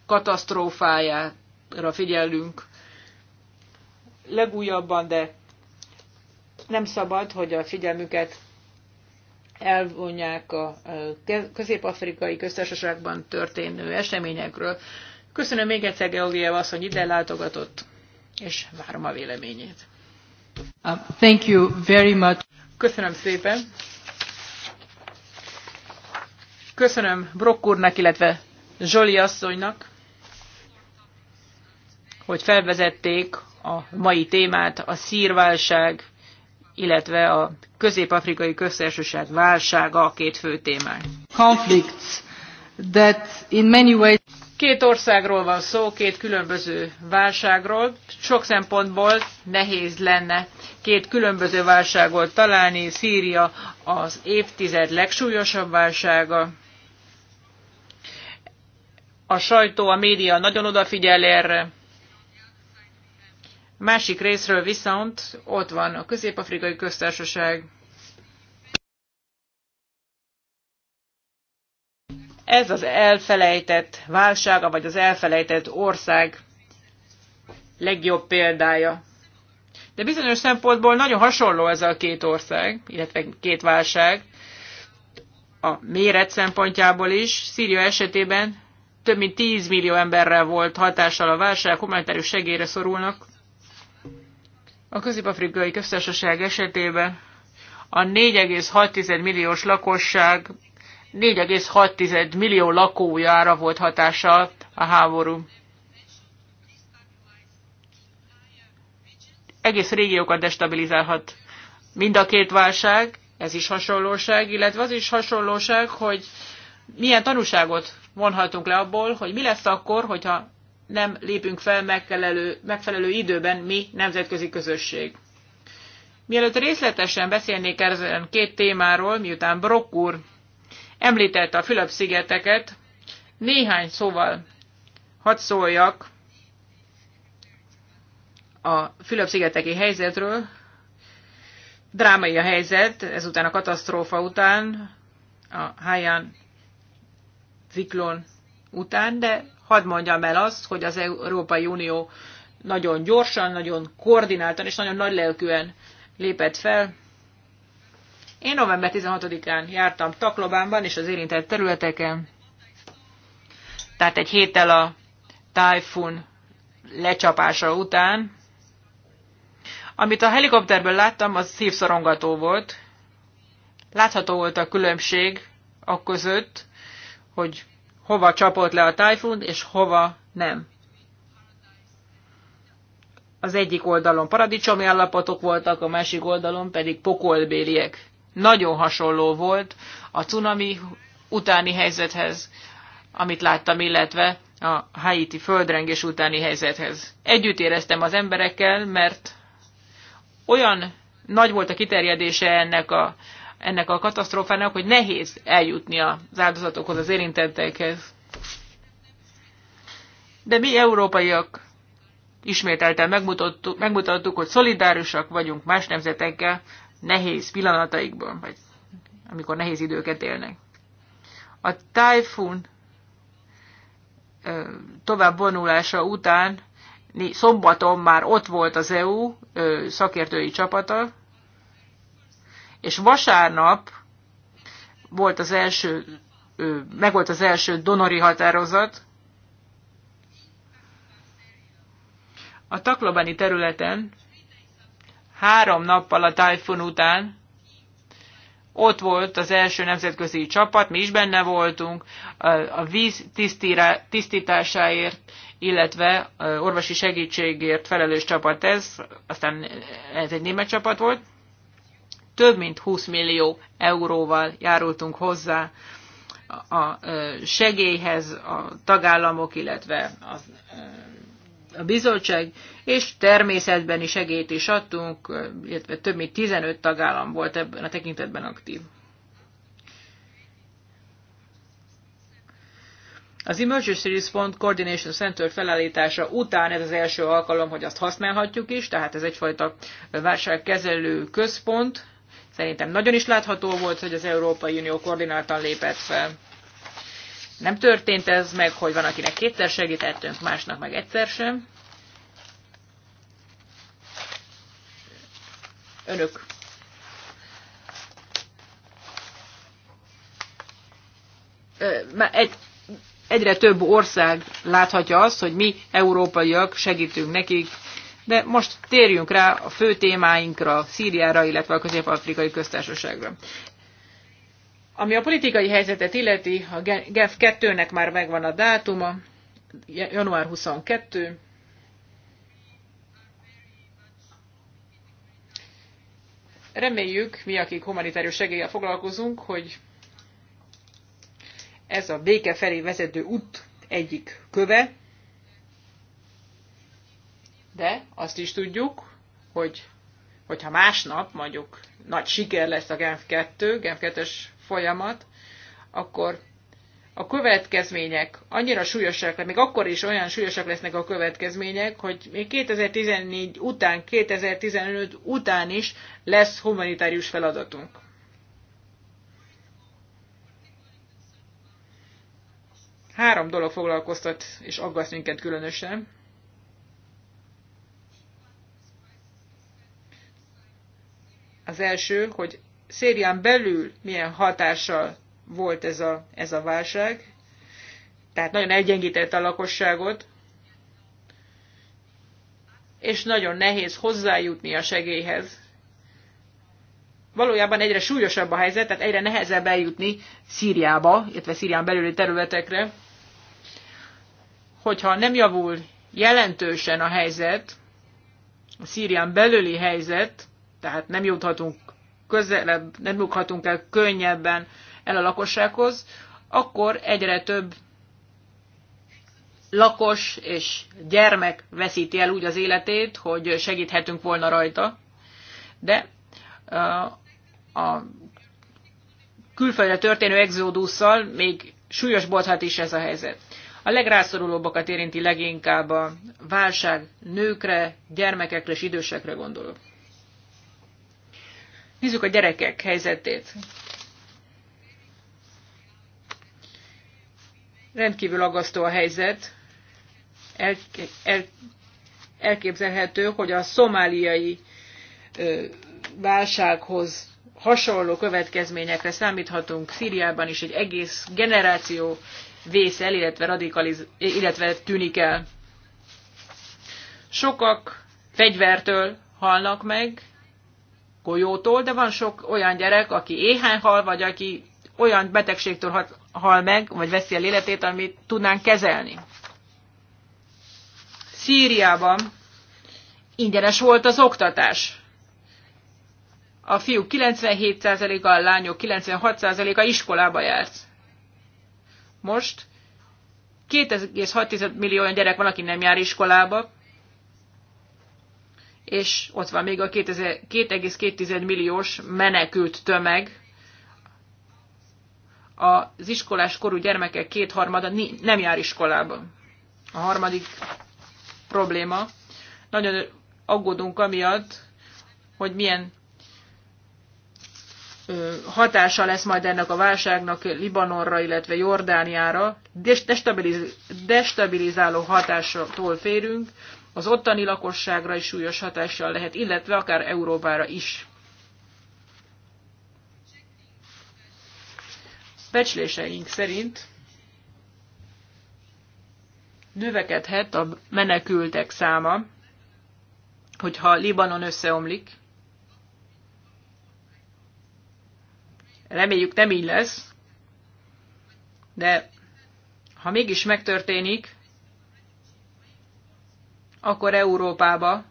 katasztrófájára figyelünk legújabban, de nem szabad, hogy a figyelmüket elvonják a közép-afrikai köztársaságban történő eseményekről. Köszönöm még egyszer Georgiev azt, hogy ide látogatott, és várom a véleményét. Uh, thank you very much. Köszönöm szépen. Köszönöm Brock úrnak, illetve Zsoli asszonynak, hogy felvezették a mai témát, a szírválság, illetve a közép-afrikai köztársaság válsága a két fő témánk. Conflicts that in many ways Két országról van szó, két különböző válságról. Sok szempontból nehéz lenne két különböző válságot találni. Szíria az évtized legsúlyosabb válsága. A sajtó, a média nagyon odafigyel erre. Másik részről viszont ott van a Közép-Afrikai Köztársaság, Ez az elfelejtett válsága, vagy az elfelejtett ország legjobb példája. De bizonyos szempontból nagyon hasonló ez a két ország, illetve két válság. A méret szempontjából is. Szíria esetében több mint 10 millió emberrel volt hatással a válság, humanitárius segélyre szorulnak. A közép-afrikai köztársaság esetében a 4,6 milliós lakosság 4,6 millió lakójára volt hatása a háború. Egész régiókat destabilizálhat mind a két válság, ez is hasonlóság, illetve az is hasonlóság, hogy milyen tanúságot vonhatunk le abból, hogy mi lesz akkor, hogyha nem lépünk fel megfelelő, megfelelő időben mi nemzetközi közösség. Mielőtt részletesen beszélnék ezen két témáról, miután Brock úr Említette a Fülöp-szigeteket. Néhány szóval hadd szóljak a Fülöp-szigeteki helyzetről. Drámai a helyzet, ezután a katasztrófa után, a Haiyan ciklon után, de hadd mondjam el azt, hogy az Európai Unió nagyon gyorsan, nagyon koordináltan és nagyon nagylelkűen lépett fel. Én november 16-án jártam Taklobánban és az érintett területeken, tehát egy héttel a tájfun lecsapása után. Amit a helikopterből láttam, az szívszorongató volt. Látható volt a különbség a között, hogy hova csapott le a tájfun, és hova nem. Az egyik oldalon paradicsomi állapotok voltak, a másik oldalon pedig pokolbéliek nagyon hasonló volt a cunami utáni helyzethez, amit láttam, illetve a haiti földrengés utáni helyzethez. Együtt éreztem az emberekkel, mert olyan nagy volt a kiterjedése ennek a, ennek a katasztrófának, hogy nehéz eljutni az áldozatokhoz, az érintettekhez. De mi európaiak ismételten megmutattuk, megmutattuk, hogy szolidárisak vagyunk más nemzetekkel, nehéz pillanataikban, vagy amikor nehéz időket élnek. A tájfun tovább vonulása után szombaton már ott volt az EU szakértői csapata, és vasárnap volt az első, meg volt az első donori határozat. A taklobani területen három nappal a tájfun után ott volt az első nemzetközi csapat, mi is benne voltunk, a víz tisztításáért, illetve orvosi segítségért felelős csapat ez, aztán ez egy német csapat volt. Több mint 20 millió euróval járultunk hozzá a segélyhez a tagállamok, illetve az a bizottság, és természetben is segélyt is adtunk, illetve több mint 15 tagállam volt ebben a tekintetben aktív. Az Emergency Response Coordination Center felállítása után ez az első alkalom, hogy azt használhatjuk is, tehát ez egyfajta válságkezelő központ. Szerintem nagyon is látható volt, hogy az Európai Unió koordináltan lépett fel nem történt ez meg, hogy van akinek kétszer segítettünk, másnak meg egyszer sem. Önök egy, egyre több ország láthatja azt, hogy mi európaiak segítünk nekik, de most térjünk rá a fő témáinkra, Szíriára, illetve a Közép-Afrikai Köztársaságra. Ami a politikai helyzetet illeti, a GEF 2-nek már megvan a dátuma, január 22. Reméljük, mi, akik humanitárius segéllyel foglalkozunk, hogy ez a béke felé vezető út egyik köve, de azt is tudjuk, hogy hogyha másnap mondjuk nagy siker lesz a Genf 2, Genf 2-es folyamat, akkor a következmények annyira súlyosak, még akkor is olyan súlyosak lesznek a következmények, hogy még 2014 után, 2015 után is lesz humanitárius feladatunk. Három dolog foglalkoztat és aggaszt minket különösen. Az első, hogy Szérián belül milyen hatással volt ez a, ez a válság, tehát nagyon elgyengítette a lakosságot, és nagyon nehéz hozzájutni a segélyhez. Valójában egyre súlyosabb a helyzet, tehát egyre nehezebb eljutni Szíriába, illetve Szírián belüli területekre. Hogyha nem javul jelentősen a helyzet, a Szírián belüli helyzet, tehát nem juthatunk közelebb, nem juthatunk el könnyebben el a lakossághoz, akkor egyre több lakos és gyermek veszíti el úgy az életét, hogy segíthetünk volna rajta. De a külföldre történő exodusszal még bolthat is ez a helyzet. A legrászorulóbbakat érinti leginkább a válság nőkre, gyermekekre és idősekre gondolok. Nézzük a gyerekek helyzetét. Rendkívül aggasztó a helyzet. El, el, elképzelhető, hogy a szomáliai ö, válsághoz hasonló következményekre számíthatunk Szíriában is egy egész generáció vész el, illetve, radikaliz- illetve tűnik el. Sokak fegyvertől halnak meg, golyótól, de van sok olyan gyerek, aki éhen hal, vagy aki olyan betegségtől hal meg, vagy veszi el életét, amit tudnánk kezelni. Szíriában ingyenes volt az oktatás. A fiú 97%-a, a lányok 96%-a iskolába járt. Most 2,6 millió olyan gyerek van, aki nem jár iskolába, és ott van még a 2,2 milliós menekült tömeg. Az iskolás korú gyermekek kétharmada nem jár iskolába. A harmadik probléma. Nagyon aggódunk amiatt, hogy milyen hatása lesz majd ennek a válságnak Libanonra, illetve Jordániára, destabilizáló hatástól férünk, az ottani lakosságra is súlyos hatással lehet, illetve akár Európára is. Becsléseink szerint növekedhet a menekültek száma, hogyha Libanon összeomlik. Reméljük nem így lesz, de ha mégis megtörténik, akkor Európába,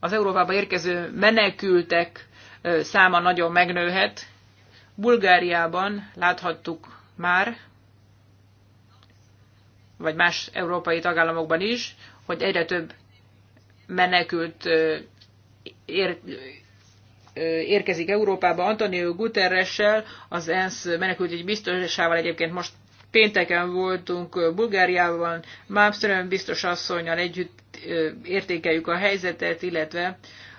az Európába érkező menekültek száma nagyon megnőhet. Bulgáriában láthattuk már, vagy más európai tagállamokban is, hogy egyre több menekült ér, érkezik Európába. Antonio Guterressel, az ENSZ menekültügyi biztosával egyébként most Pénteken voltunk Bulgáriában, Malmström biztos asszonynal együtt értékeljük a helyzetet, illetve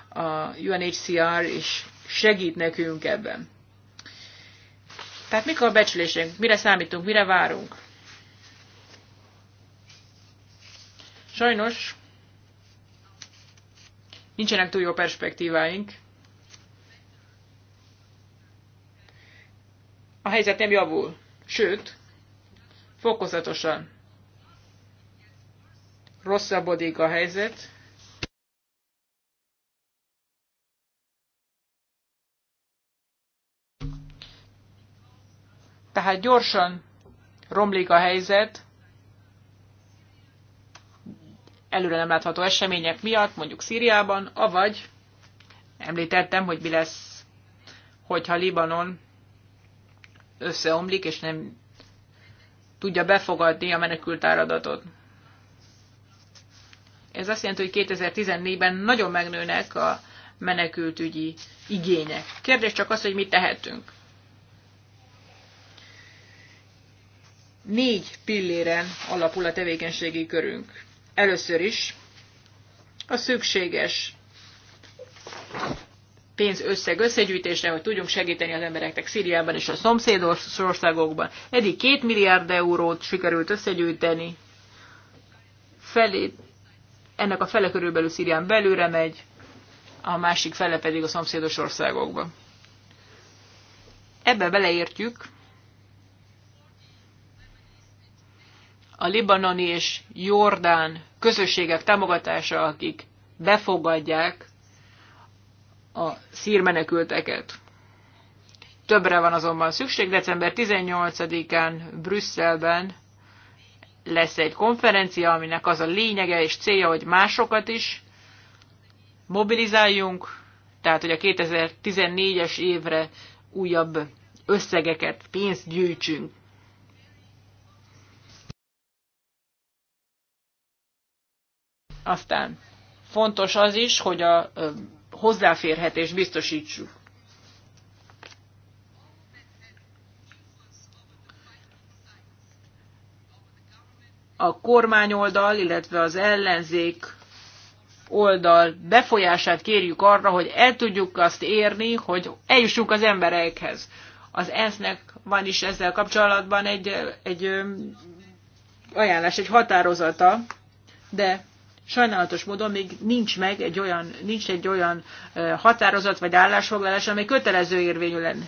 a UNHCR is segít nekünk ebben. Tehát mik a becslésünk, mire számítunk, mire várunk? Sajnos nincsenek túl jó perspektíváink. A helyzet nem javul, sőt, Fokozatosan rosszabbodik a helyzet, tehát gyorsan romlik a helyzet, előre nem látható események miatt, mondjuk Szíriában, avagy említettem, hogy mi lesz, hogyha Libanon összeomlik, és nem tudja befogadni a menekült áradatot. Ez azt jelenti, hogy 2014-ben nagyon megnőnek a menekültügyi igények. Kérdés csak az, hogy mit tehetünk. Négy pilléren alapul a tevékenységi körünk. Először is a szükséges pénzösszeg összegyűjtésre, hogy tudjunk segíteni az embereknek Szíriában és a szomszédos országokban. Eddig két milliárd eurót sikerült összegyűjteni, felé, ennek a fele körülbelül Szírián belőre megy, a másik fele pedig a szomszédos országokba. Ebbe beleértjük a libanoni és jordán közösségek támogatása, akik befogadják a szírmenekülteket. Többre van azonban szükség. December 18-án Brüsszelben lesz egy konferencia, aminek az a lényege és célja, hogy másokat is mobilizáljunk, tehát hogy a 2014-es évre újabb összegeket, pénzt gyűjtsünk. Aztán fontos az is, hogy a hozzáférhetés biztosítsuk. A kormányoldal, illetve az ellenzék oldal befolyását kérjük arra, hogy el tudjuk azt érni, hogy eljussunk az emberekhez. Az ENSZ-nek van is ezzel kapcsolatban egy, egy ajánlás, egy határozata, de sajnálatos módon még nincs meg egy olyan, nincs egy olyan határozat vagy állásfoglalás, amely kötelező érvényű lenne.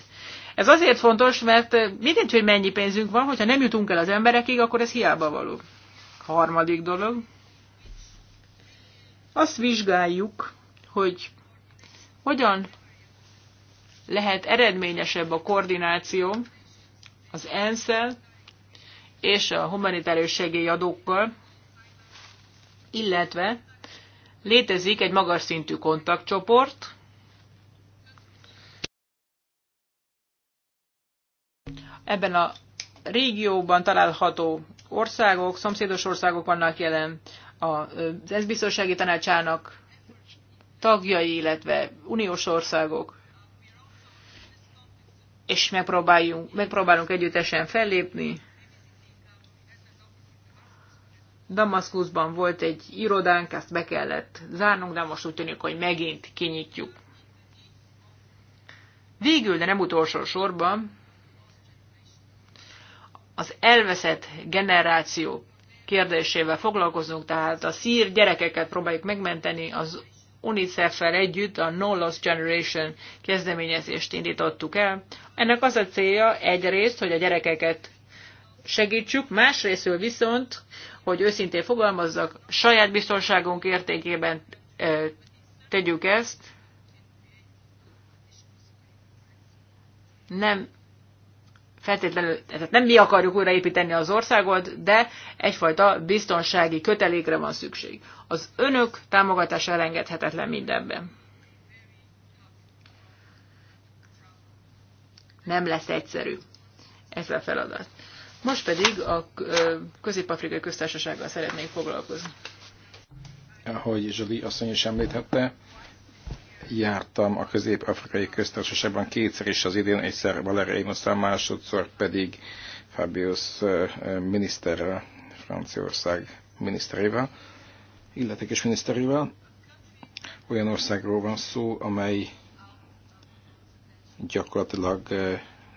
Ez azért fontos, mert mindent, hogy mennyi pénzünk van, hogyha nem jutunk el az emberekig, akkor ez hiába való. Harmadik dolog. Azt vizsgáljuk, hogy hogyan lehet eredményesebb a koordináció az ensz és a humanitárius segélyadókkal, illetve létezik egy magas szintű kontaktcsoport, ebben a régióban található országok, szomszédos országok vannak jelen, az ENSZ biztonsági tanácsának tagjai, illetve uniós országok, és megpróbáljunk, megpróbálunk együttesen fellépni, Damaszkuszban volt egy irodánk, ezt be kellett zárnunk, de most úgy tűnik, hogy megint kinyitjuk. Végül, de nem utolsó sorban, az elveszett generáció kérdésével foglalkozunk, tehát a szír gyerekeket próbáljuk megmenteni, az UNICEF-fel együtt a No Lost Generation kezdeményezést indítottuk el. Ennek az a célja egyrészt, hogy a gyerekeket segítsük, másrésztől viszont, hogy őszintén fogalmazzak, saját biztonságunk értékében tegyük ezt, nem feltétlenül, tehát nem mi akarjuk újraépíteni az országot, de egyfajta biztonsági kötelékre van szükség. Az önök támogatása elengedhetetlen mindenben. Nem lesz egyszerű ez a feladat. Most pedig a Közép-Afrikai Köztársasággal szeretnék foglalkozni.
Ahogy Zsoli asszony is említette, jártam a Közép-Afrikai Köztársaságban kétszer is az idén, egyszer Valeriano másodszor pedig Fabius miniszterrel, Franciaország miniszterével, illetékes miniszterével. Olyan országról van szó, amely gyakorlatilag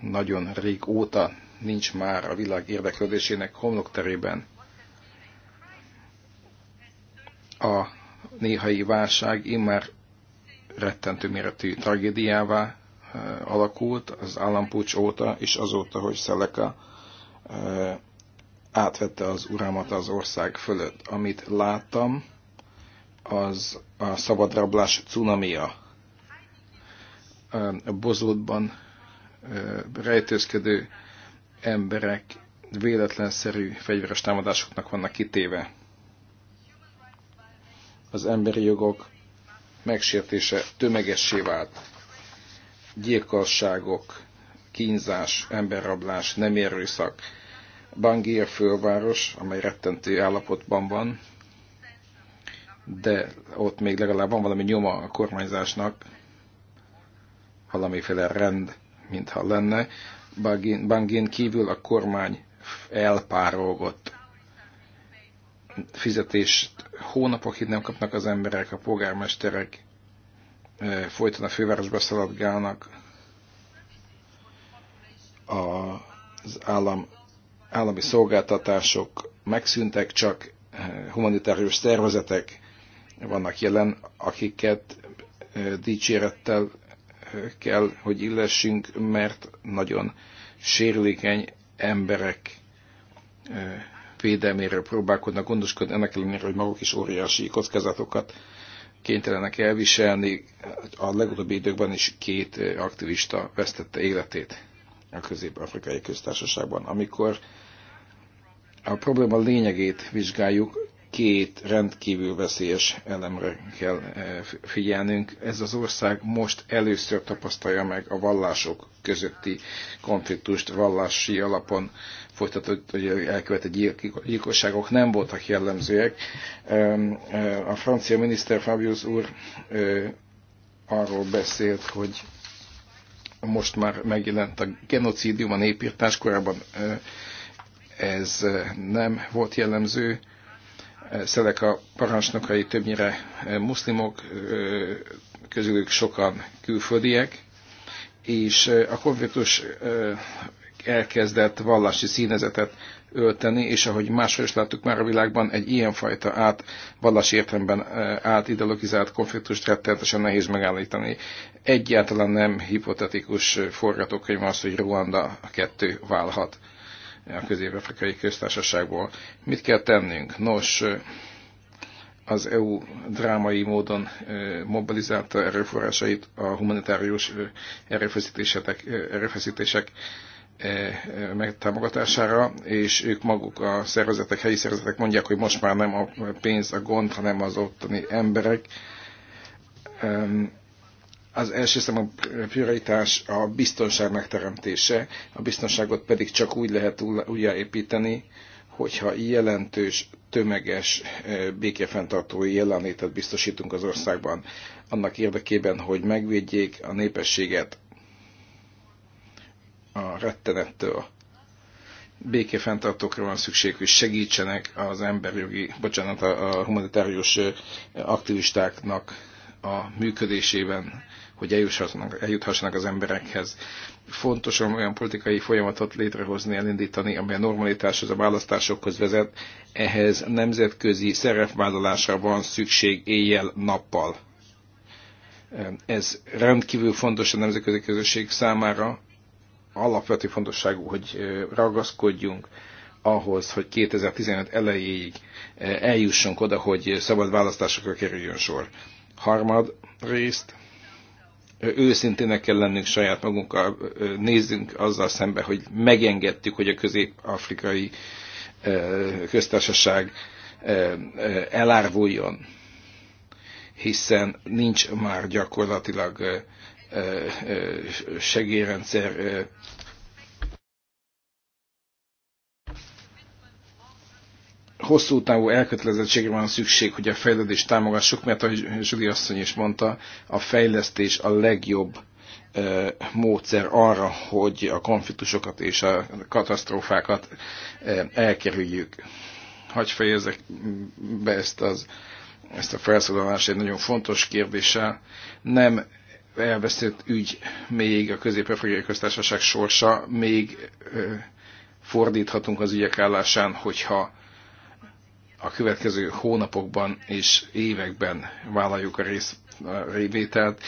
nagyon rég óta nincs már a világ érdeklődésének homlokterében. A néhai válság immár rettentő méretű tragédiává eh, alakult az állampúcs óta, és azóta, hogy Szeleka eh, átvette az urámat az ország fölött. Amit láttam, az a szabadrablás cunamia. Eh, a bozótban rejtőzködő emberek véletlenszerű fegyveres támadásoknak vannak kitéve. Az emberi jogok megsértése tömegessé vált. Gyilkosságok, kínzás, emberrablás, nem érőszak. Bangir főváros, amely rettentő állapotban van, de ott még legalább van valami nyoma a kormányzásnak, valamiféle rend, mintha lenne. Bangin, kívül a kormány elpárolgott fizetést hónapokig nem kapnak az emberek, a polgármesterek folyton a fővárosba szaladgálnak, az állam, állami szolgáltatások megszűntek, csak humanitárius szervezetek vannak jelen, akiket dicsérettel kell, hogy illessünk, mert nagyon sérülékeny emberek eh, védelmére próbálkodnak gondoskodni, ennek ellenére, hogy maguk is óriási kockázatokat kénytelenek elviselni. A legutóbbi időkben is két eh, aktivista vesztette életét a közép-afrikai köztársaságban. Amikor a probléma lényegét vizsgáljuk, két rendkívül veszélyes elemre kell eh, figyelnünk. Ez az ország most először tapasztalja meg a vallások közötti konfliktust vallási alapon folytatott, hogy elkövetett gyilkosságok nem voltak jellemzőek. Eh, a francia miniszter Fabius úr eh, arról beszélt, hogy most már megjelent a genocidium, a népírtás, korában ez nem volt jellemző, a parancsnokai többnyire eh, muszlimok, eh, közülük sokan külföldiek, és eh, a konfliktus elkezdett vallási színezetet ölteni, és ahogy máshol is láttuk már a világban, egy ilyenfajta át, vallási értelemben ideologizált konfliktust rettenetesen nehéz megállítani. Egyáltalán nem hipotetikus forgatókönyv az, hogy Ruanda a kettő válhat a közép-afrikai köztársaságból. Mit kell tennünk? Nos, az EU drámai módon mobilizálta erőforrásait a humanitárius erőfeszítések, erőfeszítések megtámogatására, és ők maguk a szervezetek, helyi szervezetek mondják, hogy most már nem a pénz a gond, hanem az ottani emberek az első a prioritás a biztonság megteremtése, a biztonságot pedig csak úgy lehet újjáépíteni, hogyha jelentős, tömeges eh, békefenntartói jelenlétet biztosítunk az országban, annak érdekében, hogy megvédjék a népességet a rettenettől. Békefenntartókra van szükség, hogy segítsenek az emberjogi, bocsánat, a humanitárius eh, aktivistáknak a működésében, hogy eljuthassanak az emberekhez. Fontos olyan politikai folyamatot létrehozni, elindítani, amely a normalitáshoz, a választásokhoz vezet. Ehhez nemzetközi szerepvállalásra van szükség éjjel-nappal. Ez rendkívül fontos a nemzetközi közösség számára, alapvető fontosságú, hogy ragaszkodjunk ahhoz, hogy 2015 elejéig eljussunk oda, hogy szabad választásokra kerüljön sor. Harmad részt, őszintének kell lennünk saját magunkkal, nézzünk azzal szembe, hogy megengedtük, hogy a közép-afrikai köztársaság elárvuljon, hiszen nincs már gyakorlatilag segélyrendszer hosszú távú elkötelezettségre van szükség, hogy a fejlődést támogassuk, mert ahogy Zsuli asszony is mondta, a fejlesztés a legjobb módszer arra, hogy a konfliktusokat és a katasztrófákat elkerüljük. Hagy fejezek be ezt, az, ezt a felszólalást egy nagyon fontos kérdéssel. Nem elveszett ügy még a közép-afrikai köztársaság sorsa, még fordíthatunk az ügyek állásán, hogyha a következő hónapokban és években vállaljuk a rész révételt.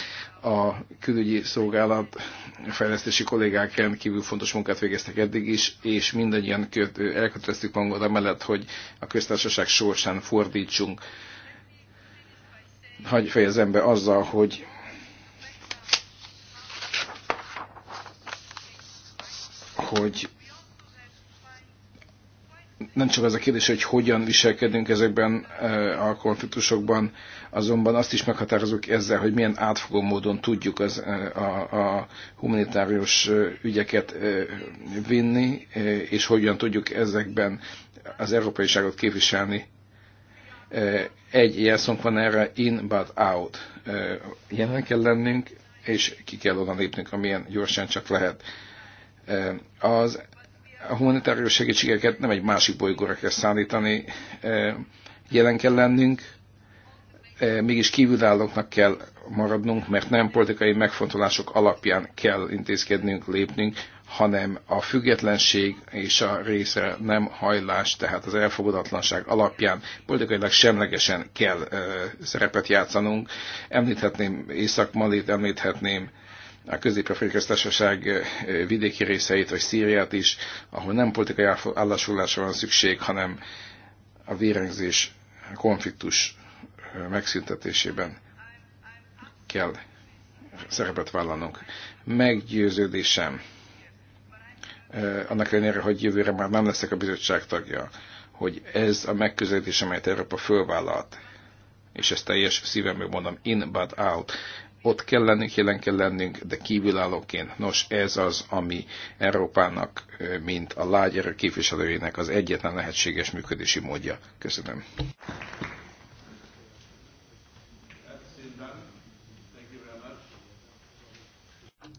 A külügyi szolgálat fejlesztési kollégák rendkívül fontos munkát végeztek eddig is, és mindannyian elköteleztük magunkat amellett, hogy a köztársaság sorsán fordítsunk. Hagy fejezem be azzal, hogy hogy nem csak az a kérdés, hogy hogyan viselkedünk ezekben e, a konfliktusokban, azonban azt is meghatározunk ezzel, hogy milyen átfogó módon tudjuk az, e, a, a humanitárius e, ügyeket vinni, és hogyan tudjuk ezekben az európai ságot képviselni. Egy jelszónk van erre, in but out. Jelen kell lennünk, és ki kell oda lépnünk, amilyen gyorsan csak lehet. Az a humanitárius segítségeket nem egy másik bolygóra kell szállítani, e, jelen kell lennünk, e, mégis kívülállóknak kell maradnunk, mert nem politikai megfontolások alapján kell intézkednünk, lépnünk, hanem a függetlenség és a részre nem hajlás, tehát az elfogadatlanság alapján politikailag semlegesen kell ö, e, szerepet játszanunk. Említhetném Észak-Malit, említhetném a közép-afrikai köztársaság vidéki részeit, vagy Szíriát is, ahol nem politikai állásulásra van szükség, hanem a vérengzés, a konfliktus megszüntetésében kell szerepet vállalnunk. Meggyőződésem, annak ellenére, hogy jövőre már nem leszek a bizottság tagja, hogy ez a megközelítés, amelyet Európa fölvállalt, és ezt teljes szívemből mondom, in but out, ott kell lennünk, jelen kell lennünk, de kívülállóként. Nos, ez az, ami Európának, mint a lágy erő képviselőjének az egyetlen lehetséges működési módja. Köszönöm.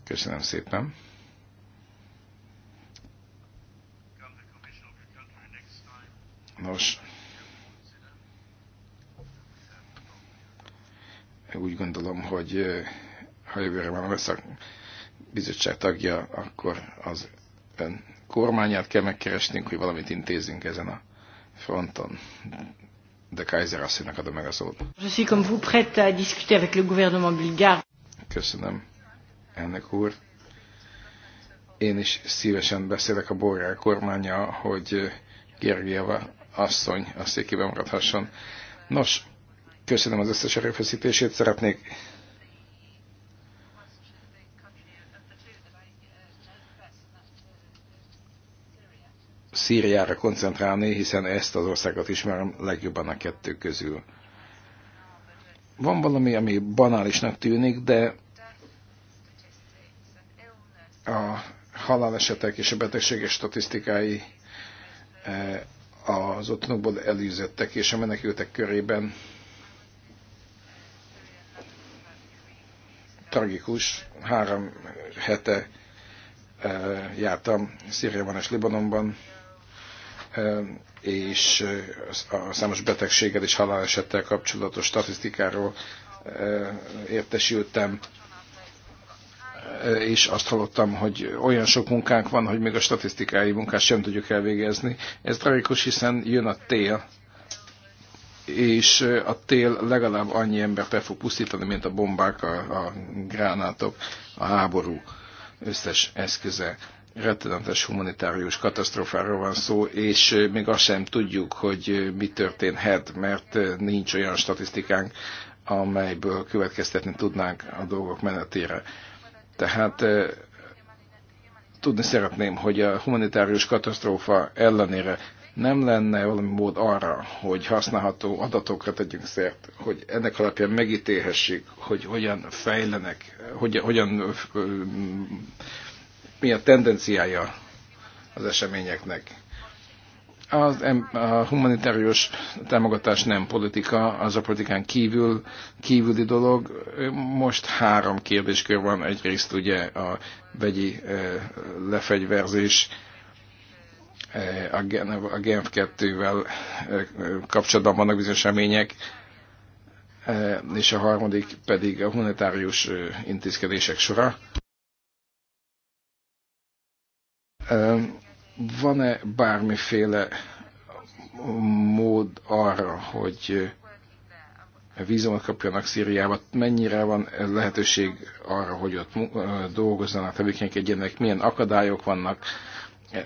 Köszönöm szépen. Nos, úgy gondolom, hogy ha jövőre már lesz a bizottság tagja, akkor az ön kormányát kell megkeresnünk, hogy valamit intézzünk ezen a fronton. De Kaiser asszonynak adom meg a szót.
Je suis comme vous prête à discuter avec le gouvernement bulgare.
Köszönöm, elnök úr. Én is szívesen beszélek a bolgár kormánya, hogy Gergieva asszony a székében maradhasson. Nos, Köszönöm az összes erőfeszítését, szeretnék Szíriára koncentrálni, hiszen ezt az országot ismerem legjobban a kettő közül. Van valami, ami banálisnak tűnik, de a halálesetek és a betegségek statisztikái eh, az otthonokból elűzöttek és a menekültek körében tragikus. Három hete e, jártam Szíriában és Libanonban, e, és e, a számos betegséggel és halálesettel kapcsolatos statisztikáról értesültem, és azt hallottam, hogy olyan sok munkánk van, hogy még a statisztikai munkát sem tudjuk elvégezni. Ez tragikus, hiszen jön a tél, és a tél legalább annyi ember fel fog pusztítani, mint a bombák, a, a gránátok, a háború összes eszköze. Rettenetes humanitárius katasztrófáról van szó, és még azt sem tudjuk, hogy mi történhet, mert nincs olyan statisztikánk, amelyből következtetni tudnánk a dolgok menetére. Tehát tudni szeretném, hogy a humanitárius katasztrófa ellenére nem lenne valami mód arra, hogy használható adatokra tegyünk szert, hogy ennek alapján megítélhessék, hogy hogyan fejlenek, hogy, hogyan, mi a tendenciája az eseményeknek. Az, a humanitárius támogatás nem politika, az a politikán kívül, kívüli dolog. Most három kérdéskör van. Egyrészt ugye a vegyi lefegyverzés, a Genf 2-vel kapcsolatban vannak bizonyos remények, és a harmadik pedig a humanitárius intézkedések sora. Van-e bármiféle mód arra, hogy vízumot kapjanak Szíriába, mennyire van lehetőség arra, hogy ott dolgozzanak, tevékenykedjenek, milyen akadályok vannak,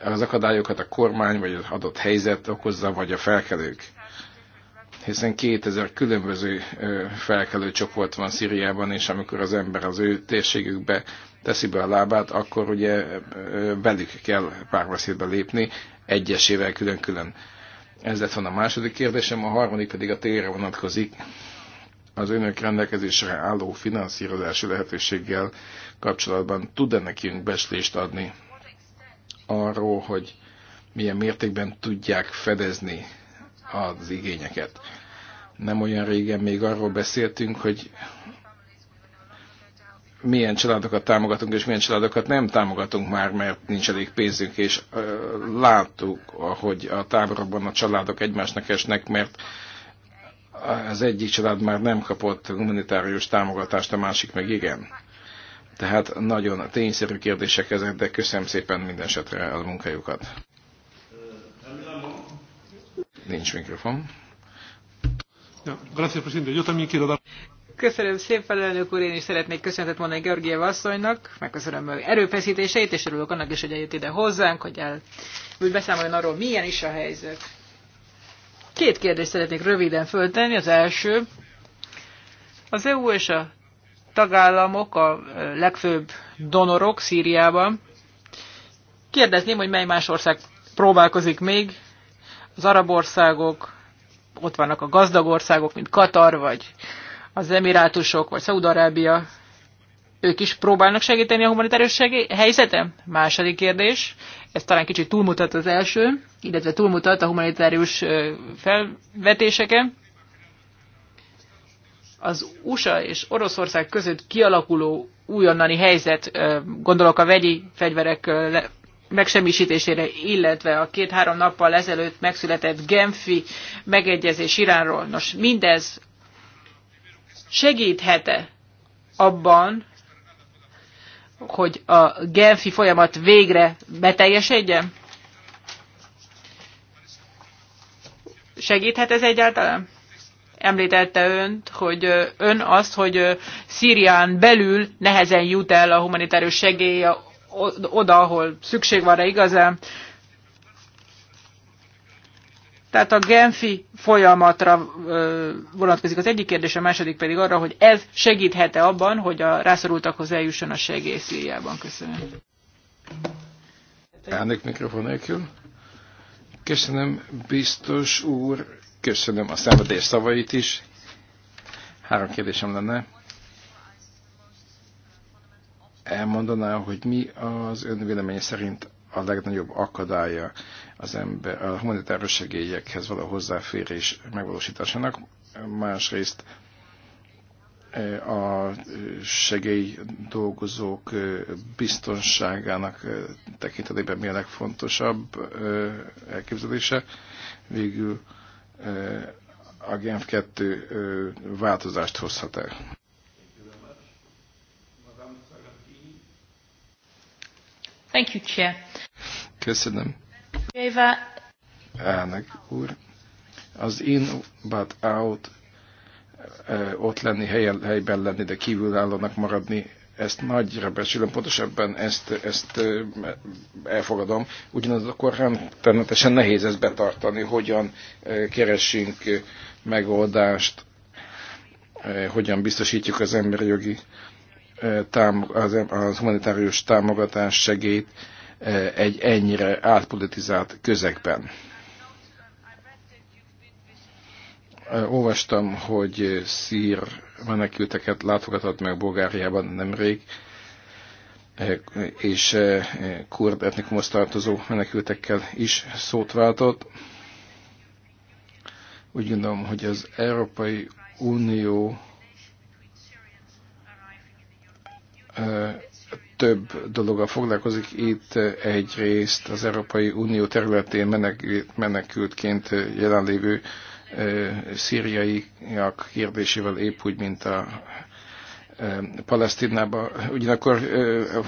az akadályokat a kormány vagy az adott helyzet okozza, vagy a felkelők. Hiszen 2000 különböző felkelő csoport van Szíriában, és amikor az ember az ő térségükbe teszi be a lábát, akkor ugye velük kell párbeszédbe lépni, egyesével külön-külön. Ez lett volna a második kérdésem, a harmadik pedig a térre vonatkozik. Az önök rendelkezésre álló finanszírozási lehetőséggel kapcsolatban tud-e nekünk beszélést adni arról, hogy milyen mértékben tudják fedezni az igényeket. Nem olyan régen még arról beszéltünk, hogy milyen családokat támogatunk, és milyen családokat nem támogatunk már, mert nincs elég pénzünk, és láttuk, hogy a táborokban a családok egymásnak esnek, mert az egyik család már nem kapott humanitárius támogatást, a másik meg igen. Tehát nagyon tényszerű kérdések ezek, de köszönöm szépen minden esetre a munkájukat. Nincs mikrofon.
Köszönöm szépen, elnök úr, én is szeretnék köszönetet mondani Georgie asszonynak, megköszönöm erőfeszítéseit, és örülök annak is, hogy eljött ide hozzánk, hogy, el, hogy beszámoljon arról, milyen is a helyzet. Két kérdést szeretnék röviden föltenni, az első, az EU és a tagállamok a legfőbb donorok Szíriában. Kérdezném, hogy mely más ország próbálkozik még. Az arab országok, ott vannak a gazdag országok, mint Katar, vagy az Emirátusok, vagy Szaudarábia. Ők is próbálnak segíteni a humanitárius segé- helyzetem? Második kérdés. Ez talán kicsit túlmutat az első, illetve túlmutat a humanitárius felvetéseken az USA és Oroszország között kialakuló újonnani helyzet, gondolok a vegyi fegyverek megsemmisítésére, illetve a két-három nappal ezelőtt megszületett Genfi megegyezés Iránról. Nos, mindez segíthete abban, hogy a Genfi folyamat végre beteljesedjen? Segíthet ez egyáltalán? említette önt, hogy ön azt, hogy Szírián belül nehezen jut el a humanitárius segély oda, ahol szükség van rá igazán. Tehát a Genfi folyamatra vonatkozik az egyik kérdés, a második pedig arra, hogy ez segíthet-e abban, hogy a rászorultakhoz eljusson a segély Szíriában. Köszönöm.
Elnök mikrofon nélkül. Köszönöm, biztos úr Köszönöm a szenvedés szavait is. Három kérdésem lenne. Elmondaná, hogy mi az ön véleménye szerint a legnagyobb akadálya az ember, a humanitárius segélyekhez való hozzáférés megvalósításának, másrészt e, a segély dolgozók e, biztonságának e, tekintetében mi a legfontosabb elképzelése. Végül a Genf 2 változást hozhat el.
Thank you, Chair. Köszönöm. Éva.
Elnök úr. Az in, but out, ott lenni, helyben lenni, de kívülállónak maradni ezt nagyra becsülöm, pontosabban ezt, ezt elfogadom. akkor rendetesen nehéz ezt betartani, hogyan keresünk megoldást, hogyan biztosítjuk az emberi jogi az, az humanitárius támogatás segélyt egy ennyire átpolitizált közegben. Olvastam, hogy szír menekülteket látogatott meg Bulgáriában nemrég, eh, és eh, kurd etnikumhoz tartozó menekültekkel is szót váltott. Úgy gondolom, hogy az Európai Unió eh, több dologgal foglalkozik. Itt egyrészt az Európai Unió területén menekültként jelenlévő szíriaiak kérdésével épp úgy, mint a Palesztinában. Ugyanakkor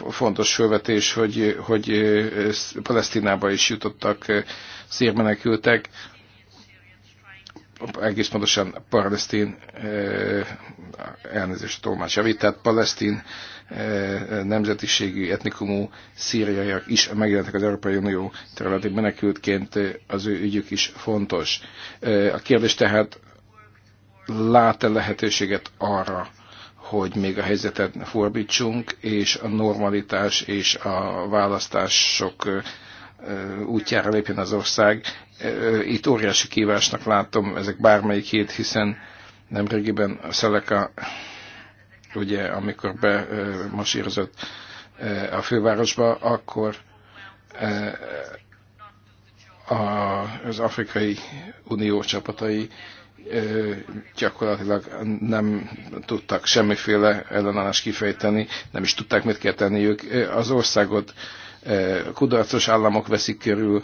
fontos felvetés, hogy, hogy Palesztinába is jutottak szírmenekültek, egész pontosan palesztin, eh, elnézést a tolmács javít, tehát palesztin eh, nemzetiségű, etnikumú szíriaiak is megjelentek az Európai Unió területén menekültként, eh, az ő ügyük is fontos. A kérdés tehát, lát-e lehetőséget arra, hogy még a helyzetet fordítsunk, és a normalitás és a választások útjára lépjen az ország, itt óriási kívásnak látom ezek bármelyikét, hiszen nemrégiben a Szeleka, ugye, amikor bemasírozott a fővárosba, akkor az Afrikai Unió csapatai gyakorlatilag nem tudtak semmiféle ellenállást kifejteni, nem is tudták, mit kell ők Az országot kudarcos államok veszik körül,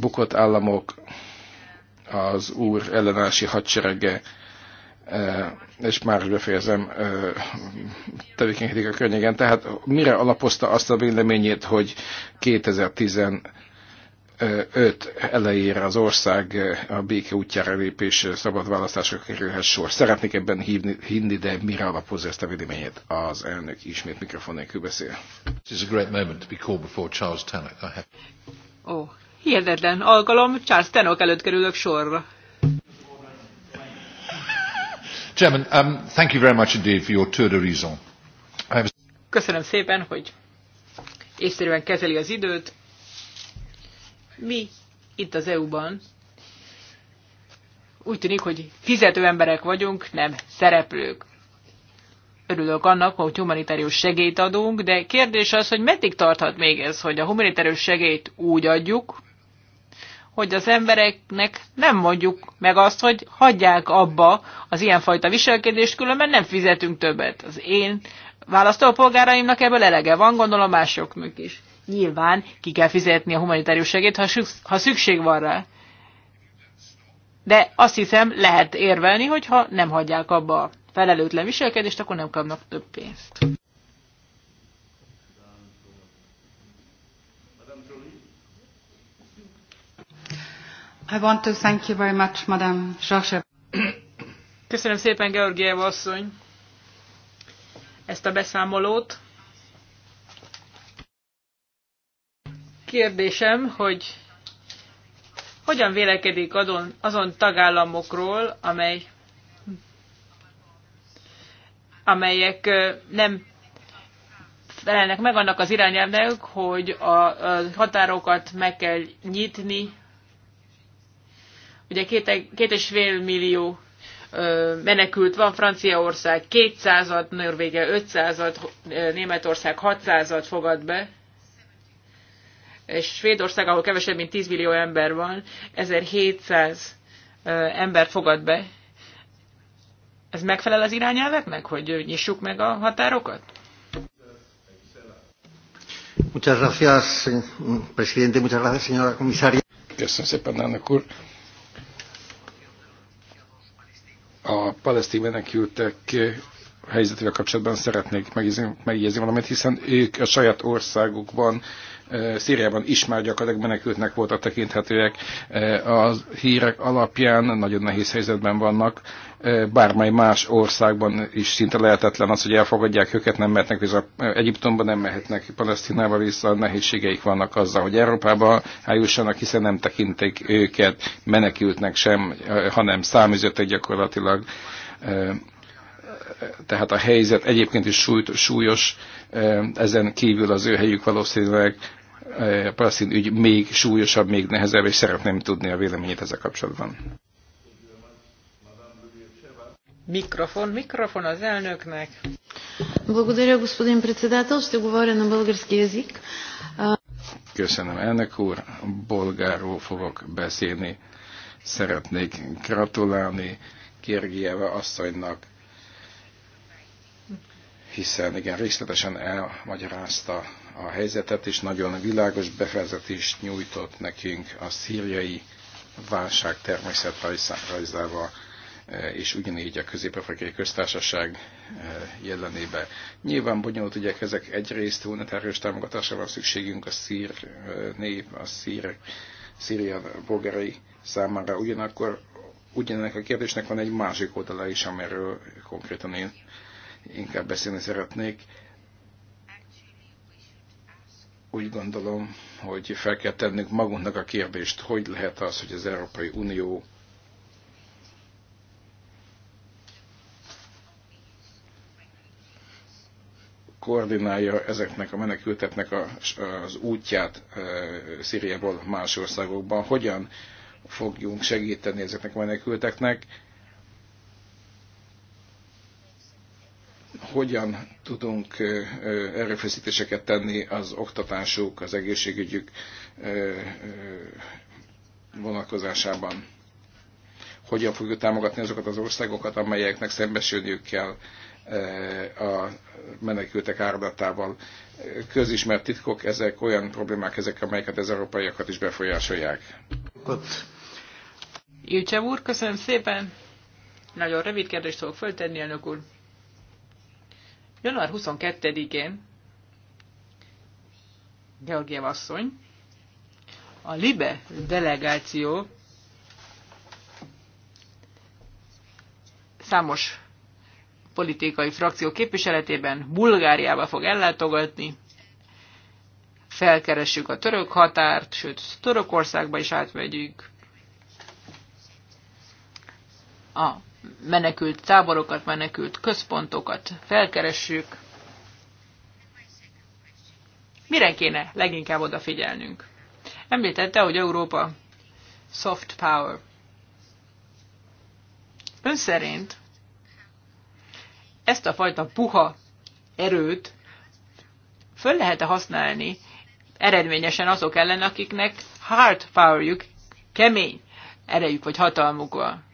bukott államok, az úr ellenállási hadserege, e, és már is befejezem, e, tevékenykedik a környéken. Tehát mire alapozta azt a véleményét, hogy 2015 elejére az ország a béke útjára lépés szabad választásra kerülhet sor. Szeretnék ebben hívni, hinni, de mire alapozza ezt a véleményét az elnök ismét mikrofon nélkül beszél. This is a great moment to be called before Charles Tannock. I
have... Hihetetlen alkalom, Charles Tenok előtt kerülök sorra.
Chairman, um, thank you very much indeed for your tour de raison. Was...
Köszönöm szépen, hogy észszerűen kezeli az időt. Mi itt az EU-ban úgy tűnik, hogy fizető emberek vagyunk, nem szereplők. Örülök annak, hogy humanitárius segélyt adunk, de kérdés az, hogy meddig tarthat még ez, hogy a humanitárius segélyt úgy adjuk, hogy az embereknek nem mondjuk meg azt, hogy hagyják abba az ilyenfajta viselkedést, különben nem fizetünk többet. Az én választópolgáraimnak ebből elege van, gondolom másoknak is. Nyilván ki kell fizetni a humanitárius segét, ha szükség van rá. De azt hiszem, lehet érvelni, hogyha nem hagyják abba a felelőtlen viselkedést, akkor nem kapnak több pénzt. I want to thank you very much, Madam Köszönöm szépen, Georgiev asszony, ezt a beszámolót. Kérdésem, hogy hogyan vélekedik azon, azon tagállamokról, amely, amelyek nem felelnek meg annak az irányelvnek, hogy a határokat meg kell nyitni Ugye két, két és fél millió menekült van, Franciaország 200-at, Norvégia 500-at, Németország 600-at fogad be, és Svédország, ahol kevesebb, mint 10 millió ember van, 1700 ember fogad be. Ez megfelel az irányelveknek, hogy nyissuk meg a határokat?
Muchas gracias, presidente. Muchas gracias, señora comisaria. Köszönöm szépen, elnök úr. a palesztin menekültek helyzetével kapcsolatban szeretnék megjegyezni valamit, hiszen ők a saját országukban, e, Szíriában is már gyakorlatilag menekültnek voltak tekinthetőek. E, a hírek alapján nagyon nehéz helyzetben vannak bármely más országban is szinte lehetetlen az, hogy elfogadják őket, nem mehetnek vissza Egyiptomba, nem mehetnek Palesztinába vissza, nehézségeik vannak azzal, hogy Európába eljussanak, hiszen nem tekintik őket menekültnek sem, hanem számüzetek gyakorlatilag. Tehát a helyzet egyébként is súlyos, ezen kívül az ő helyük valószínűleg a palesztin ügy még súlyosabb, még nehezebb, és szeretném tudni a véleményét ezzel kapcsolatban.
Микрофон, микрофон az
Благодаря, господин председател. Ще говоря на български язик.
Köszönöm, elnök úr. Bolgárul fogok beszélni. Szeretnék gratulálni Kirgieva asszonynak, hiszen igen, részletesen elmagyarázta a helyzetet, és nagyon világos befezetést nyújtott nekünk a szíriai válság természetrajzával Eh, és ugyanígy a közép-afrikai köztársaság eh, jelenébe. Nyilván bonyolult ügyek ezek egyrészt humanitárius támogatásra van szükségünk a szír eh, nép, a szír, szírián polgárai számára. Ugyanakkor ugyanek a kérdésnek van egy másik oldala is, amiről konkrétan én inkább beszélni szeretnék. Úgy gondolom, hogy fel kell tennünk magunknak a kérdést, hogy lehet az, hogy az Európai Unió koordinálja ezeknek a menekülteknek az útját e, Szíriából más országokban. Hogyan fogjunk segíteni ezeknek a menekülteknek? Hogyan tudunk e, e, erőfeszítéseket tenni az oktatásuk, az egészségügyük vonatkozásában? Hogyan fogjuk támogatni azokat az országokat, amelyeknek szembesülniük kell Eh, a menekültek áradatával. Közismert titkok, ezek olyan problémák, ezek, amelyeket az európaiakat is befolyásolják.
Ilcsev úr, köszönöm szépen! Nagyon rövid kérdést fogok föltenni, elnök úr. Január 22-én Georgiev asszony, a Libe delegáció számos politikai frakció képviseletében Bulgáriába fog ellátogatni. Felkeressük a török határt, sőt, Törökországba is átvegyük. A menekült táborokat, menekült központokat felkeressük. Mire kéne leginkább odafigyelnünk? Említette, hogy Európa soft power. Ön szerint ezt a fajta puha erőt föl lehet -e használni eredményesen azok ellen, akiknek hard powerjük, kemény erejük vagy van.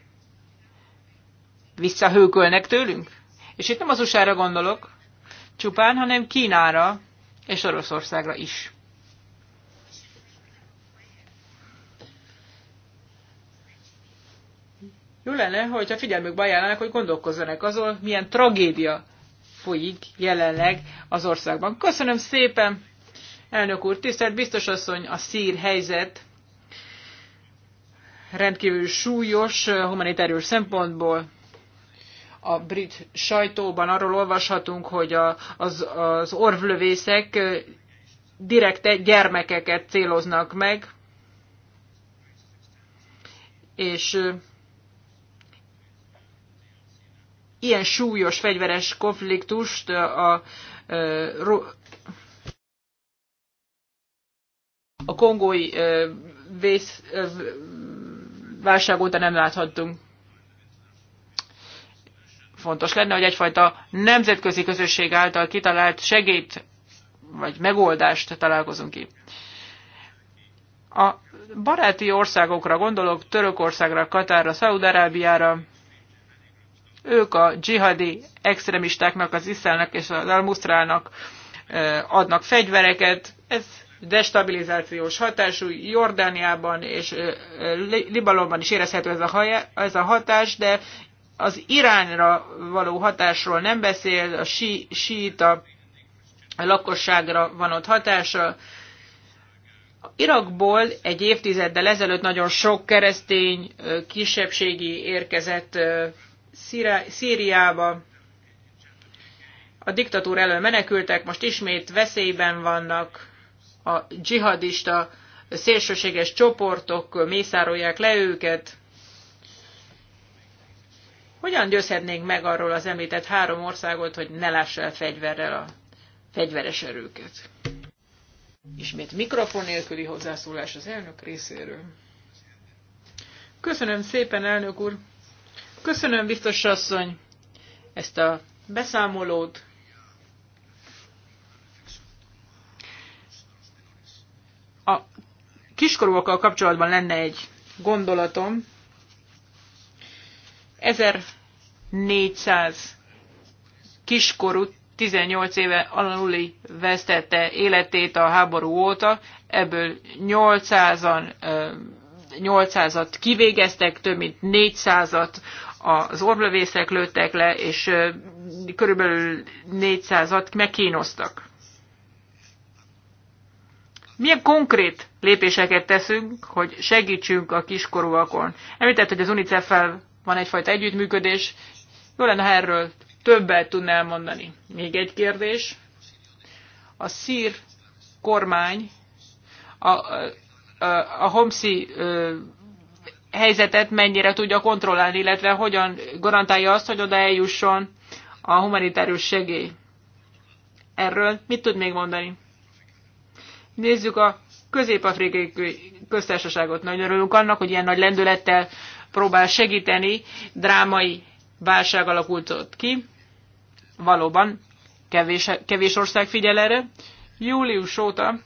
Visszahőkölnek tőlünk? És itt nem az usa gondolok, csupán, hanem Kínára és Oroszországra is. Jó lenne, hogyha figyelmükbe ajánlanak, hogy gondolkozzanak azon, milyen tragédia folyik jelenleg az országban. Köszönöm szépen, elnök úr, tisztelt biztos asszony, a szír helyzet rendkívül súlyos humanitárius szempontból. A brit sajtóban arról olvashatunk, hogy a, az, az orvlövészek direkte gyermekeket céloznak meg, és ilyen súlyos fegyveres konfliktust a, a, a kongói vész, válság óta nem láthattunk. Fontos lenne, hogy egyfajta nemzetközi közösség által kitalált segít vagy megoldást találkozunk ki. A baráti országokra gondolok, Törökországra, Katára, Szaudarábiára, ők a dzsihadi extremistáknak, az iszelnek és az almusztrának adnak fegyvereket. Ez destabilizációs hatású Jordániában és Libanonban is érezhető ez a, haja, ez a hatás, de az Iránra való hatásról nem beszél, a sí, síita a lakosságra van ott hatása. Irakból egy évtizeddel ezelőtt nagyon sok keresztény kisebbségi érkezett Szíriába a diktatúr elől menekültek, most ismét veszélyben vannak a dzsihadista szélsőséges csoportok, mészárolják le őket. Hogyan győzhetnénk meg arról az említett három országot, hogy ne lássa el fegyverrel a fegyveres erőket? Ismét mikrofon nélküli hozzászólás az elnök részéről. Köszönöm szépen, elnök úr! Köszönöm, biztos asszony, ezt a beszámolót. A kiskorúakkal kapcsolatban lenne egy gondolatom. 1400 kiskorú 18 éve aluli vesztette életét a háború óta, ebből 800-an 800-at kivégeztek, több mint 400-at az orvlövészek lőttek le, és körülbelül 400-at megkínoztak. Milyen konkrét lépéseket teszünk, hogy segítsünk a kiskorúakon? Említett, hogy az UNICEF-fel van egyfajta együttműködés. Jó lenne, ha erről többet tudnál mondani. Még egy kérdés. A szír kormány a, a, a Homszi helyzetet mennyire tudja kontrollálni, illetve hogyan garantálja azt, hogy oda eljusson a humanitárius segély. Erről mit tud még mondani? Nézzük a közép-afrikai köztársaságot. Nagyon örülünk annak, hogy ilyen nagy lendülettel próbál segíteni, drámai válság alakult ott ki. Valóban kevés, kevés ország figyel erre. Július óta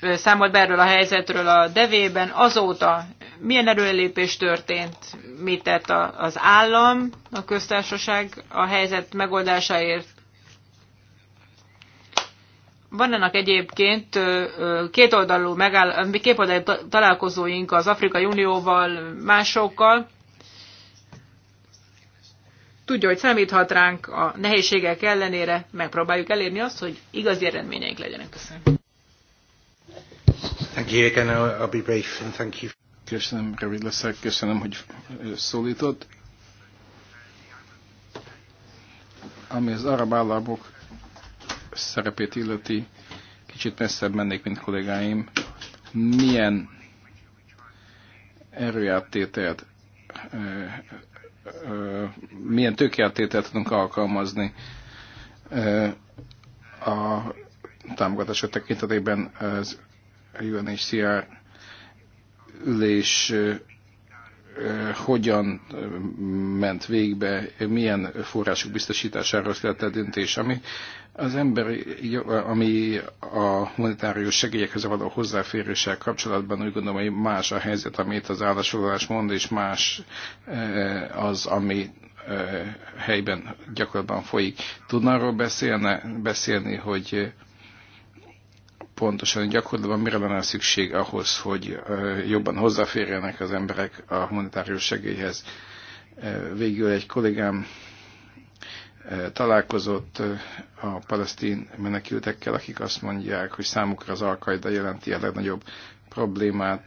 számolt be erről a helyzetről a devében, azóta milyen erőlépés történt, mit tett az állam, a köztársaság a helyzet megoldásáért. Van ennek egyébként kétoldalú, megáll, kétoldalú találkozóink az Afrikai Unióval, másokkal. Tudja, hogy számíthat ránk a nehézségek ellenére, megpróbáljuk elérni azt, hogy igazi eredményeink legyenek. Köszönöm.
Köszönöm, rövid leszek. Köszönöm, hogy szólított. Ami az arab államok szerepét illeti, kicsit messzebb mennék, mint kollégáim. Milyen erőjátételt, milyen tökéletételt tudunk alkalmazni a támogatások tekintetében az a UNHCR ülés hogyan ment végbe, milyen források biztosítására született döntés, ami az ember ami a monetárius segélyekhez való hozzáféréssel kapcsolatban úgy gondolom, hogy más a helyzet, amit az állásfoglalás mond, és más az, ami helyben gyakorlatban folyik. Tudna arról beszélni, hogy pontosan gyakorlatban mire lenne szükség ahhoz, hogy jobban hozzáférjenek az emberek a humanitárius segélyhez. Végül egy kollégám találkozott a palesztin menekültekkel, akik azt mondják, hogy számukra az alkaida jelenti a legnagyobb problémát.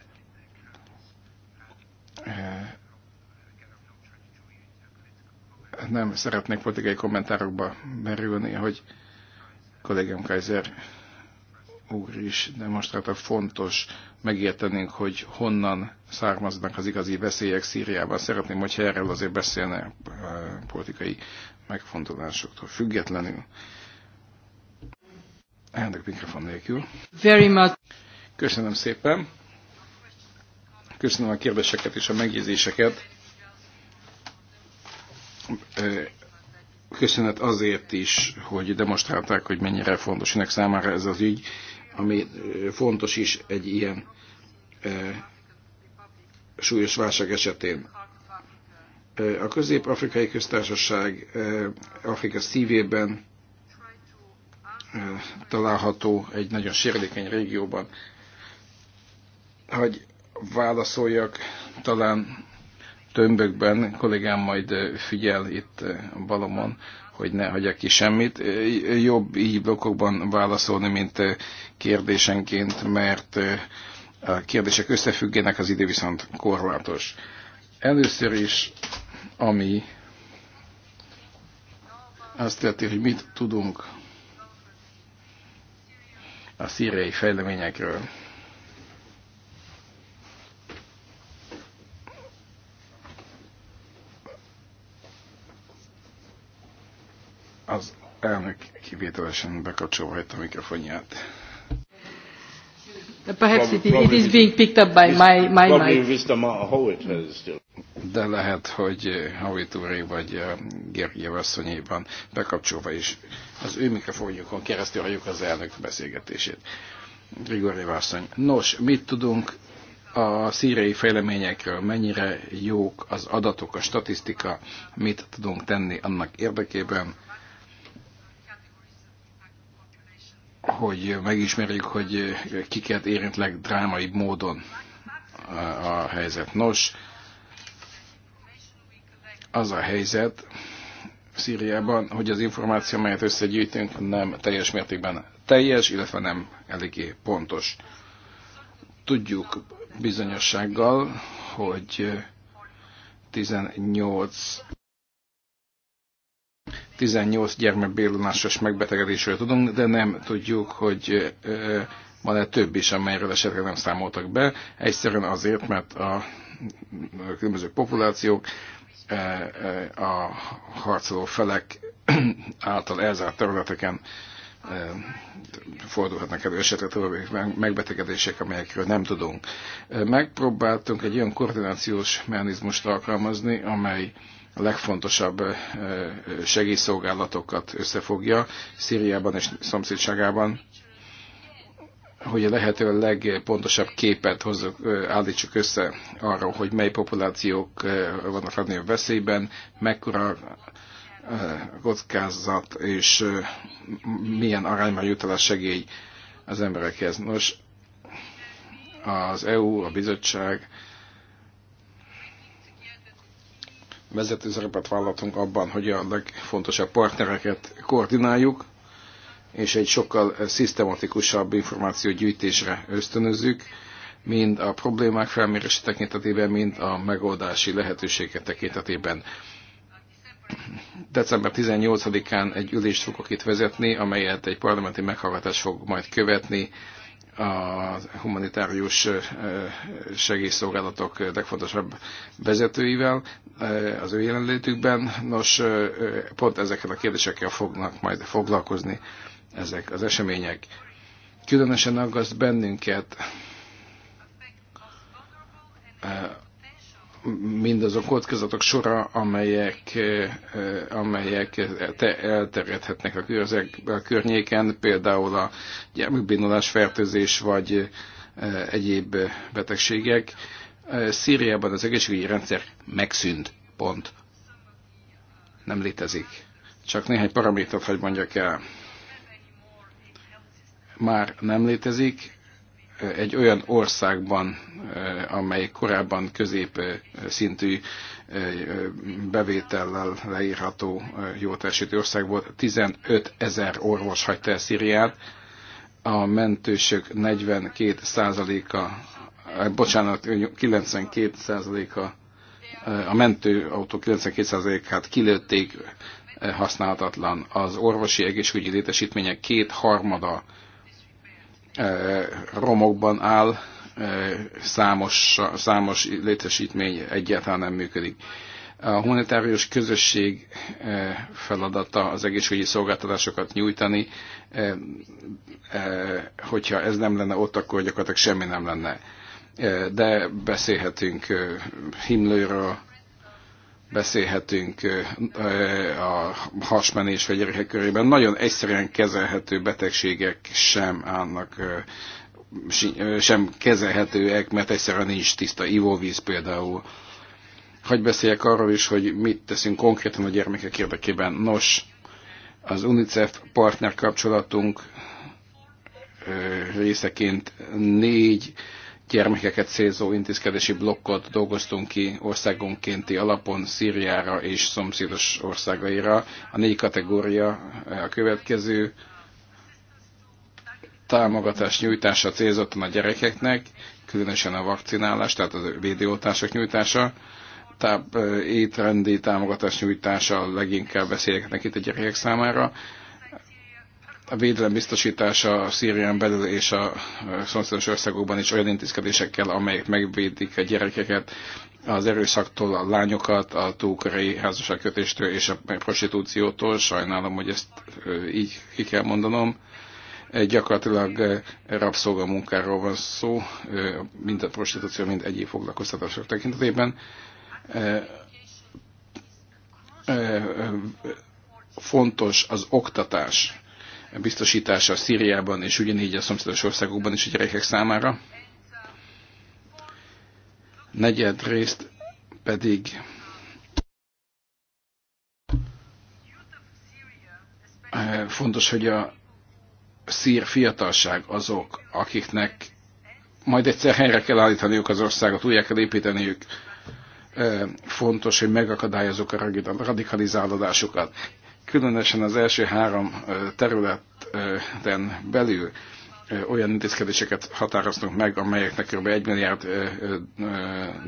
Nem szeretnék politikai kommentárokba merülni, hogy kollégám Kaiser úr is demonstrálta, fontos megértenünk, hogy honnan származnak az igazi veszélyek Szíriában. Szeretném, hogyha erről azért beszélne eh, politikai megfontolásoktól függetlenül. Elnök mikrofon nélkül. Very much. Köszönöm szépen. Köszönöm a kérdéseket és a megjegyzéseket. Eh, köszönet azért is, hogy demonstrálták, hogy mennyire fontos önök számára ez az ügy ami fontos is egy ilyen súlyos válság esetén. A Közép-Afrikai Köztársaság Afrika szívében található egy nagyon sérülékeny régióban. Hogy válaszoljak, talán tömbökben, kollégám majd figyel itt balomon hogy ne hagyja ki semmit. Jobb így blokkokban válaszolni, mint kérdésenként, mert a kérdések összefüggenek, az idő viszont korlátos. Először is, ami azt jelenti, hogy mit tudunk a szíriai fejleményekről. Az elnök kivételesen bekapcsolva hagyta a mikrofonját. Perhaps it, it is being picked up by my, my mic. De lehet, hogy eh, Howitt úré vagy eh, Gergiev asszonyéban bekapcsolva is az ő mikrofonjukon keresztül halljuk az elnök beszélgetését. Grigori asszony. Nos, mit tudunk a szírei fejleményekről, mennyire jók az adatok, a statisztika, mit tudunk tenni annak érdekében, hogy megismerjük, hogy kiket érint legdrámaibb módon a helyzet. Nos, az a helyzet Szíriában, hogy az információ, amelyet összegyűjtünk, nem teljes mértékben teljes, illetve nem eléggé pontos. Tudjuk bizonyossággal, hogy 18 18 gyermek bérlunásos megbetegedésről tudunk, de nem tudjuk, hogy van-e több is, amelyről esetleg nem számoltak be, egyszerűen azért, mert a különböző populációk, a harcoló felek által elzárt területeken fordulhatnak elő esetleg további megbetegedések, amelyekről nem tudunk. Megpróbáltunk egy olyan koordinációs mechanizmust alkalmazni, amely a legfontosabb segélyszolgálatokat összefogja Szíriában és szomszédságában, hogy a lehető legpontosabb képet hozzuk, állítsuk össze arról, hogy mely populációk vannak a veszélyben, mekkora kockázat és milyen arányban jut el a segély az emberekhez. Nos, az EU, a bizottság, vezető szerepet vállaltunk abban, hogy a legfontosabb partnereket koordináljuk, és egy sokkal szisztematikusabb információgyűjtésre ösztönözzük, mind a problémák felmérése tekintetében, mind a megoldási lehetőségek tekintetében. December 18-án egy ülést fogok itt vezetni, amelyet egy parlamenti meghallgatás fog majd követni a humanitárius segélyszolgálatok legfontosabb vezetőivel az ő jelenlétükben. Nos, pont ezekkel a kérdésekkel fognak majd foglalkozni ezek az események. Különösen aggaszt bennünket a kockázatok sora, amelyek, eh, amelyek te, elterjedhetnek a, a környéken, például a gyermekbénulás, fertőzés vagy eh, egyéb betegségek. Eh, Szíriában az egészségügyi rendszer megszűnt, pont. Nem létezik. Csak néhány paramétert hogy mondjak el. Már nem létezik, egy olyan országban, eh, amely korábban közép eh, szintű eh, bevétellel leírható jótelsítő ország volt, 15 ezer orvos hagyta el Szíriát, a mentősök 42%-a, bocsánat, 92%-a, a mentőautó 92%-át kilőtték használhatatlan. Az orvosi egészségügyi létesítmények kétharmada romokban áll, számos, számos létesítmény egyáltalán nem működik. A humanitárius közösség feladata az egészségügyi szolgáltatásokat nyújtani, hogyha ez nem lenne ott, akkor gyakorlatilag semmi nem lenne. De beszélhetünk himlőről, beszélhetünk a hasmenés vagy gyerekek körében. Nagyon egyszerűen kezelhető betegségek sem állnak sem kezelhetőek, mert egyszerűen nincs tiszta ivóvíz például. Hagy beszéljek arról is, hogy mit teszünk konkrétan a gyermekek érdekében. Nos, az UNICEF partner kapcsolatunk részeként négy gyermekeket szélzó intézkedési blokkot dolgoztunk ki országonkénti alapon Szíriára és szomszédos országaira. A négy kategória eh, a következő támogatás nyújtása célzottan a gyerekeknek, különösen a vakcinálás, tehát a védőoltások nyújtása, táp eh, étrendi támogatás nyújtása leginkább veszélyeknek itt a gyerekek számára, a védelem biztosítása a Szírián belül és a szomszédos országokban is olyan intézkedésekkel, amelyek megvédik a gyerekeket az erőszaktól, a lányokat, a túlkörei házasságkötéstől és a prostitúciótól. Sajnálom, hogy ezt így ki kell mondanom. Gyakorlatilag rabszolgamunkáról van szó, mind a prostitúció, mind egyéb foglalkoztatások tekintetében fontos az oktatás biztosítása Szíriában és ugyanígy a szomszédos országokban is a gyerekek számára. Negyed részt pedig fontos, hogy a szír fiatalság azok, akiknek majd egyszer helyre kell állítaniuk az országot, újjá kell építeniük, fontos, hogy megakadályozok a radikalizálódásukat különösen az első három területen belül olyan intézkedéseket határoztunk meg, amelyeknek kb. 1 milliárd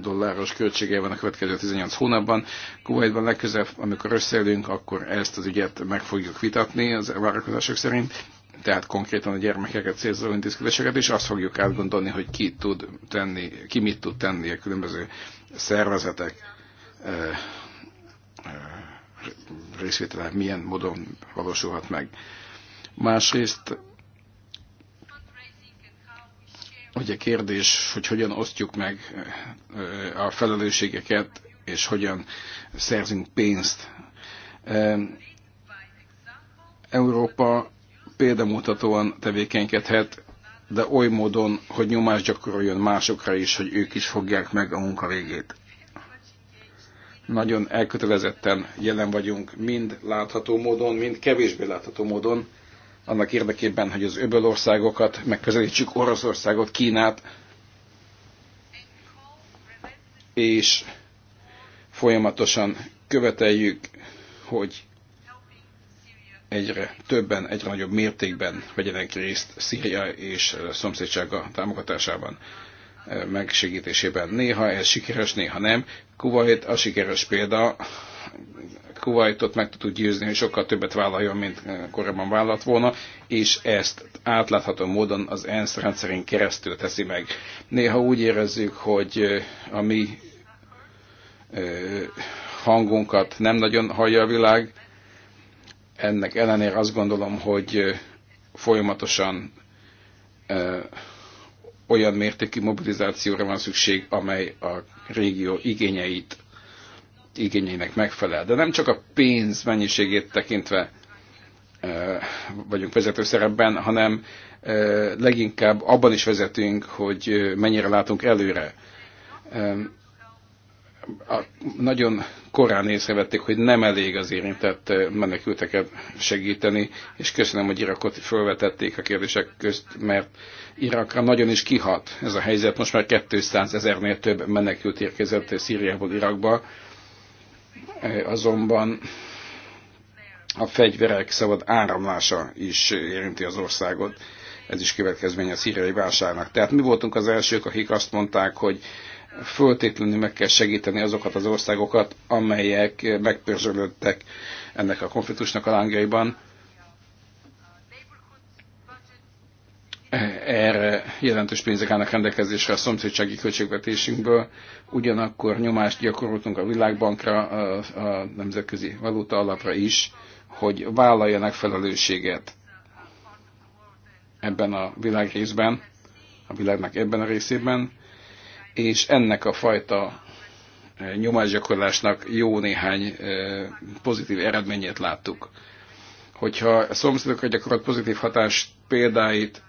dolláros költsége van a következő 18 hónapban. Kuwaitban legközelebb, amikor összeélünk, akkor ezt az ügyet meg fogjuk vitatni az várakozások szerint, tehát konkrétan a gyermekeket célzó intézkedéseket, és azt fogjuk átgondolni, hogy ki, tud tenni, ki mit tud tenni a különböző szervezetek részvétele milyen módon valósulhat meg. Másrészt ugye kérdés, hogy hogyan osztjuk meg eh, a felelősségeket, és hogyan szerzünk pénzt. Eh, Európa példamutatóan tevékenykedhet, de oly módon, hogy nyomást gyakoroljon másokra is, hogy ők is fogják meg a munka végét nagyon elkötelezetten jelen vagyunk mind látható módon, mind kevésbé látható módon, annak érdekében, hogy az országokat megközelítsük, Oroszországot, Kínát, és folyamatosan követeljük, hogy egyre többen, egyre nagyobb mértékben vegyenek részt Szíria és szomszédsága támogatásában megsegítésében. Néha ez sikeres, néha nem. Kuwait a sikeres példa. Kuwaitot meg tud győzni, hogy sokkal többet vállaljon, mint korábban vállalt volna, és ezt átlátható módon az ENSZ rendszerén keresztül teszi meg. Néha úgy érezzük, hogy a mi hangunkat nem nagyon hallja a világ. Ennek ellenére azt gondolom, hogy folyamatosan olyan mértékű mobilizációra van szükség, amely a régió igényeit, igényeinek megfelel. De nem csak a pénz mennyiségét tekintve vagyunk vezető szerepben, hanem leginkább abban is vezetünk, hogy mennyire látunk előre nagyon korán észrevették, hogy nem elég az érintett menekülteket segíteni, és köszönöm, hogy Irakot felvetették a kérdések közt, mert Irakra nagyon is kihat ez a helyzet. Most már 200 ezernél több menekült érkezett Szíriából Irakba, azonban a fegyverek szabad áramlása is érinti az országot. Ez is következménye a szíriai válságnak. Tehát mi voltunk az elsők, akik azt mondták, hogy föltétlenül meg kell segíteni azokat az országokat, amelyek megpörzsölődtek ennek a konfliktusnak a lángjaiban. Erre jelentős pénzek állnak rendelkezésre a szomszédsági költségvetésünkből, ugyanakkor nyomást gyakoroltunk a Világbankra, a, a Nemzetközi Valuta Alapra is, hogy vállaljanak felelősséget ebben a világrészben, a világnak ebben a részében és ennek a fajta eh, nyomásgyakorlásnak jó néhány eh, pozitív eredményét láttuk. Hogyha a szomszédokra gyakorolt pozitív hatás példáit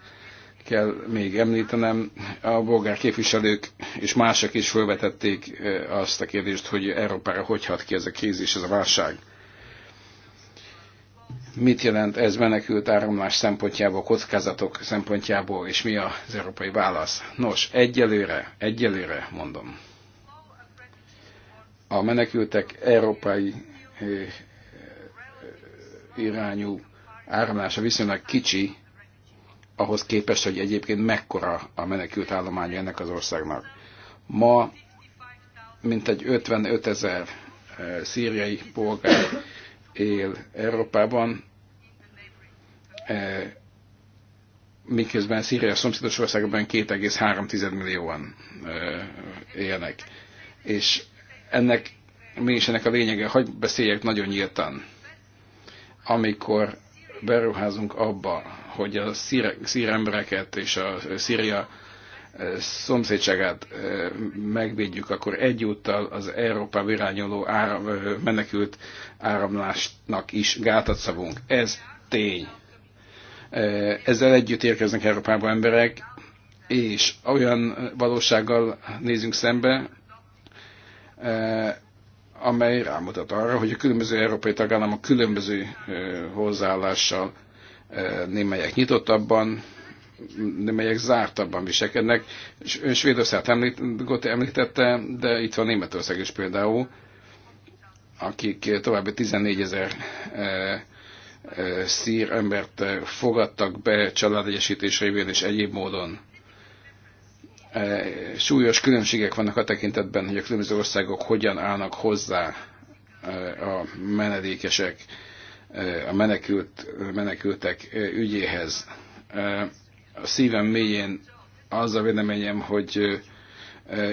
kell még említenem, a bolgár képviselők és mások is felvetették eh, azt a kérdést, hogy Európára hogy hat ki ez a krízis, ez a válság mit jelent ez menekült áramlás szempontjából, kockázatok szempontjából, és mi az európai válasz. Nos, egyelőre, egyelőre mondom. A menekültek európai eh, eh, irányú áramlása viszonylag kicsi, ahhoz képest, hogy egyébként mekkora a menekült állománya ennek az országnak. Ma mintegy 55 ezer eh, szíriai polgár él Európában, e, miközben Szíria szomszédos országokban 2,3 millióan e, élnek. És ennek, mi is ennek a lényege, hogy beszéljek nagyon nyíltan. Amikor beruházunk abba, hogy a szír, szír embereket és a Szíria szomszédságát megvédjük, akkor egyúttal az Európa virányoló áram, menekült áramlásnak is gátat szabunk. Ez tény. Ezzel együtt érkeznek Európába emberek, és olyan valósággal nézünk szembe, amely rámutat arra, hogy a különböző európai tagállamok különböző hozzáállással némelyek nyitottabban, melyek zártabban viselkednek. Ön Svédországot említ, említette, de itt van Németország is például, akik további 14 ezer eh, eh, szír embert eh, fogadtak be révén és egyéb módon. Súlyos különbségek vannak a tekintetben, hogy a különböző országok hogyan állnak hozzá a menedékesek, a menekült, menekültek ügyéhez a szívem mélyén az a véleményem, hogy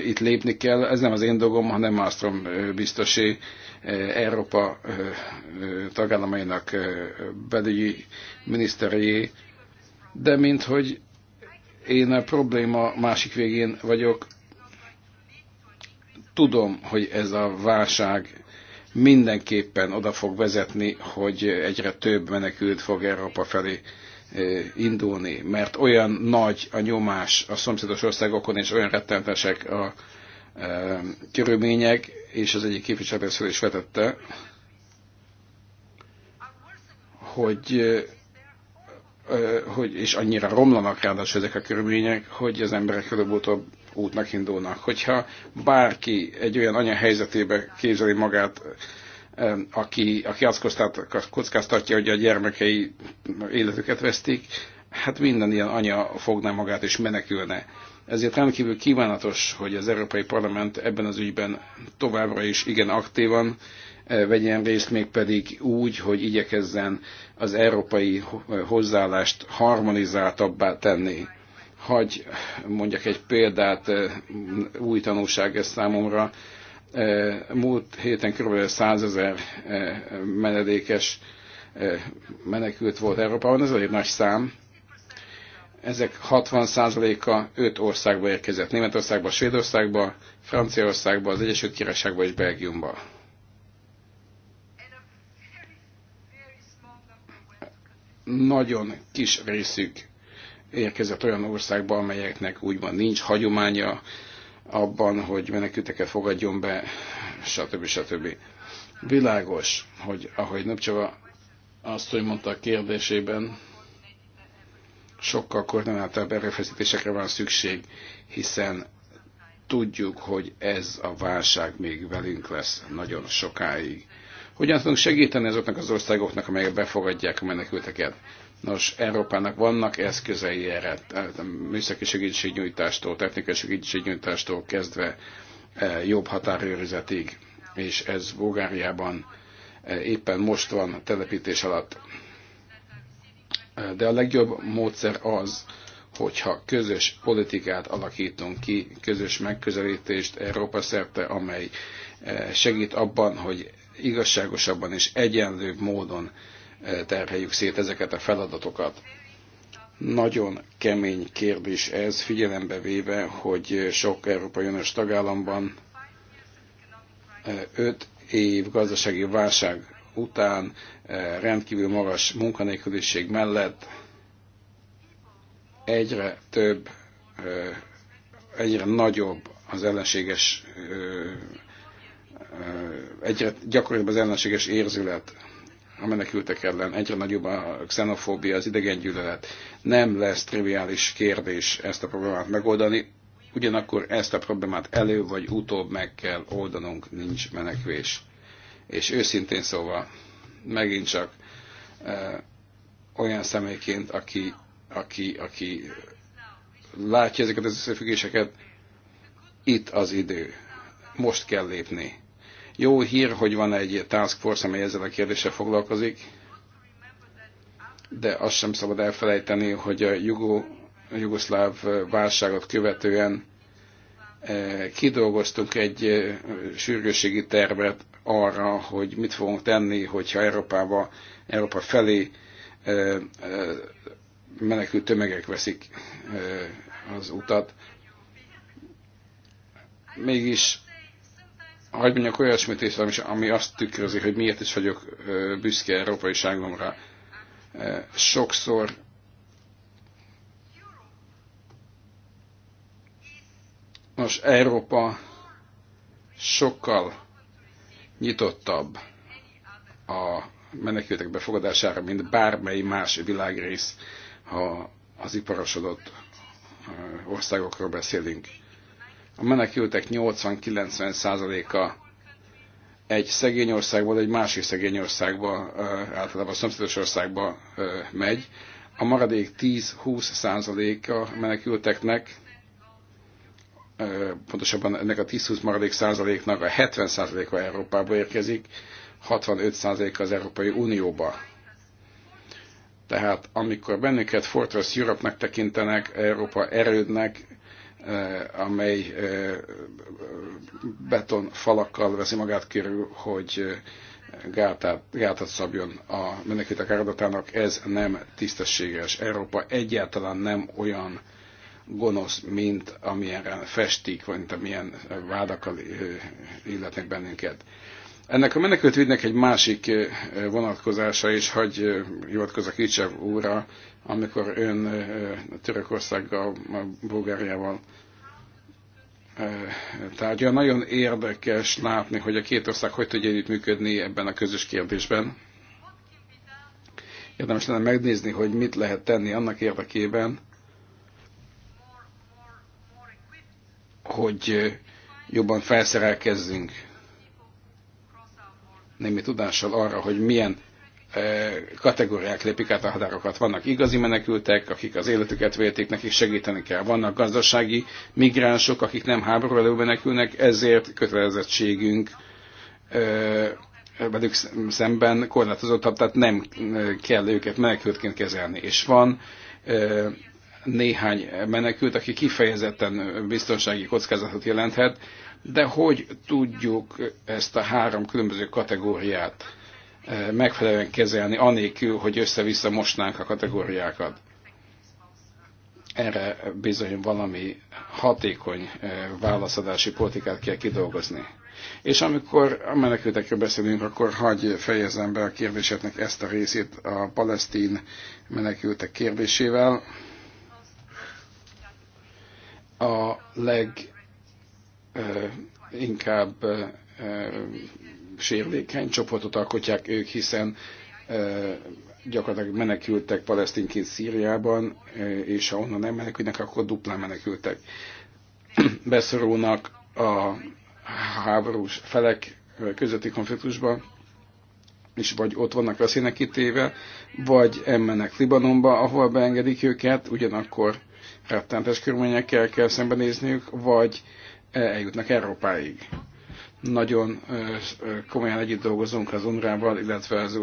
itt lépni kell. Ez nem az én dolgom, hanem Malmström biztosé Európa tagállamainak belügyi miniszterjé, de mint hogy én a probléma másik végén vagyok, tudom, hogy ez a válság mindenképpen oda fog vezetni, hogy egyre több menekült fog Európa felé indulni, mert olyan nagy a nyomás a szomszédos országokon, és olyan rettentesek a körülmények, és az egyik képviselő ezt is vetette, hogy, hogy és annyira romlanak ráadásul ezek a körülmények, hogy az emberek előbb-utóbb útnak indulnak. Hogyha bárki egy olyan anya helyzetébe képzeli magát, Eh, aki, aki azt kockáztatja, hogy a gyermekei életüket vesztik, hát minden ilyen anya fogná magát és menekülne. Ezért rendkívül kívánatos, hogy az Európai Parlament ebben az ügyben továbbra is igen aktívan eh, vegyen részt, mégpedig úgy, hogy igyekezzen az európai hozzáállást harmonizáltabbá tenni. Hagy mondjak egy példát, eh, új tanulság ez számomra, E, múlt héten kb. 100 ezer menedékes e, menekült volt Európában, ez egy nagy szám. Ezek 60%-a 5 országba érkezett. Németországba, Svédországba, Franciaországba, az Egyesült Királyságba és Belgiumba. Nagyon kis részük érkezett olyan országba, amelyeknek úgymond nincs hagyománya, abban, hogy menekülteket fogadjon be, stb. stb. Világos, hogy ahogy Nöpcsava azt, hogy mondta a kérdésében, sokkal koordináltabb erőfeszítésekre van szükség, hiszen tudjuk, hogy ez a válság még velünk lesz nagyon sokáig. Hogyan tudunk segíteni azoknak az országoknak, amelyek befogadják a menekülteket? Nos, Európának vannak eszközei erre, műszaki segítségnyújtástól, technikai segítségnyújtástól kezdve e, jobb határőrizetig, és ez Bulgáriában e, éppen most van telepítés alatt. E, de a legjobb módszer az, hogyha közös politikát alakítunk ki, közös megközelítést Európa szerte, amely segít abban, hogy igazságosabban és egyenlőbb módon terheljük szét ezeket a feladatokat. Nagyon kemény kérdés ez, figyelembe véve, hogy sok Európai Uniós tagállamban 5 eh, év gazdasági válság után eh, rendkívül magas munkanélküliség mellett egyre több, eh, egyre nagyobb az ellenséges, egyre gyakoribb az ellenséges érzület a menekültek ellen, egyre nagyobb a xenofóbia, az idegengyűlölet. Nem lesz triviális kérdés ezt a problémát megoldani, ugyanakkor ezt a problémát elő vagy utóbb meg kell oldanunk, nincs menekvés. És őszintén szóval, megint csak ö, e, olyan személyként, aki, aki, aki látja ezeket az összefüggéseket, itt az idő, most kell lépni jó hír, hogy van egy task force, amely ezzel a kérdéssel foglalkozik, de azt sem szabad elfelejteni, hogy a jugo, a jugoszláv válságot követően eh, kidolgoztunk egy eh, sürgőségi tervet arra, hogy mit fogunk tenni, hogyha Európába, Európa felé eh, menekült tömegek veszik az utat. Mégis hogy mondjak olyasmit is, ami azt tükrözi, hogy miért is vagyok büszke európai ságomra. Sokszor Nos, Európa sokkal nyitottabb a menekültek befogadására, mint bármely más világrész, ha az iparosodott országokról beszélünk. A menekültek 80-90%-a egy szegény országból, egy másik szegény országba, általában szomszédos országba megy. A maradék 10-20 százaléka menekülteknek, pontosabban ennek a 10-20 maradék százaléknak a 70 százaléka Európába érkezik, 65 százaléka az Európai Unióba. Tehát amikor bennünket Fortress Europe-nek tekintenek, Európa erődnek, Eh, amely eh, betonfalakkal veszi magát körül, hogy eh, gátát, gátat szabjon a menekültek áradatának. Ez nem tisztességes. Európa egyáltalán nem olyan gonosz, mint amilyen festik, vagy mint amilyen vádakkal illetnek bennünket. Ennek a menekültügynek egy másik eh, vonatkozása is, hogy eh, hivatkozok Icsev úrra, amikor ön eh, Törökországgal, Bulgáriával tárgyal. Nagyon érdekes látni, hogy a két ország hogy tudja működni ebben a közös kérdésben. Érdemes lenne megnézni, hogy mit lehet tenni annak érdekében, hogy jobban felszerelkezzünk némi tudással arra, hogy milyen e, kategóriák lépik át a határokat. Vannak igazi menekültek, akik az életüket vélték, nekik segíteni kell. Vannak gazdasági migránsok, akik nem háború elő menekülnek, ezért kötelezettségünk e, velük szemben korlátozottabb, tehát nem e, kell őket menekültként kezelni. És van néhány menekült, aki kifejezetten biztonsági kockázatot jelenthet, de hogy tudjuk ezt a három különböző kategóriát eh, megfelelően kezelni, anélkül, hogy össze-vissza mosnánk a kategóriákat. Erre bizony valami hatékony eh, válaszadási politikát kell kidolgozni. És amikor a menekültekről beszélünk, akkor hagyj fejezem be a kérdésetnek ezt a részét a palesztin menekültek kérdésével. A leg inkább sérvékeny csoportot alkotják ők, hiszen gyakorlatilag menekültek palesztinként Szíriában, és ha onnan nem menekülnek, akkor duplán menekültek. Beszorulnak a háborús felek közötti konfliktusba, és vagy ott vannak veszélynek kitéve, vagy emmenek Libanonba, ahol beengedik őket, ugyanakkor rettentes körülményekkel kell szembenézniük, vagy eljutnak Európáig. Nagyon komolyan együtt dolgozunk az UNRWA-val, illetve az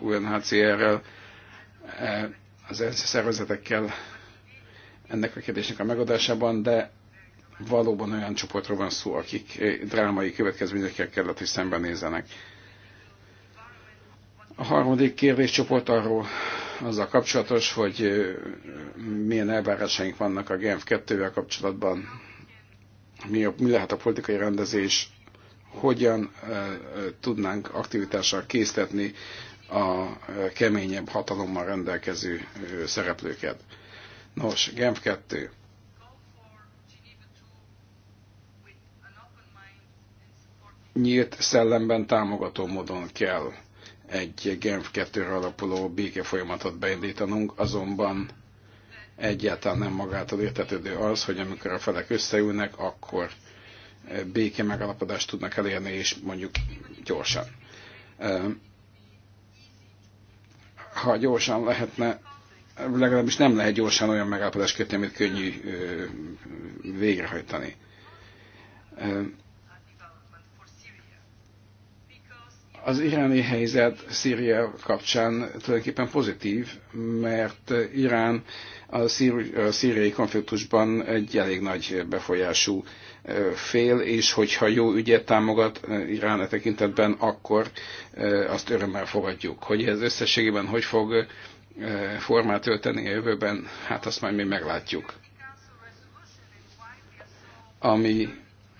UNHCR-rel, az ENSZ szervezetekkel ennek a kérdésnek a megadásában, de valóban olyan csoportról van szó, akik drámai következményekkel kellett, hogy szembenézzenek. A harmadik kérdéscsoport arról azzal kapcsolatos, hogy milyen elvárásaink vannak a Genf 2-vel kapcsolatban, mi, a, mi lehet a politikai rendezés, hogyan tudnánk aktivitással késztetni a keményebb hatalommal rendelkező szereplőket. Nos, Genf 2. Nyílt szellemben támogató módon kell egy Genf 2-re alapuló béke folyamatot beindítanunk, azonban Egyáltalán nem magától értetődő az, hogy amikor a felek összeülnek, akkor eh, béke megalapodást tudnak elérni, és mondjuk gyorsan. Eh, ha gyorsan lehetne, legalábbis nem lehet gyorsan olyan megállapodást kötni, amit könnyű eh, végrehajtani Az iráni helyzet Szíria kapcsán tulajdonképpen pozitív, mert Irán a, szír, a szíriai konfliktusban egy elég nagy befolyású fél, és hogyha jó ügyet támogat Irán a e tekintetben, akkor azt örömmel fogadjuk. Hogy ez összességében hogy fog formát ölteni a jövőben, hát azt majd mi meglátjuk. Ami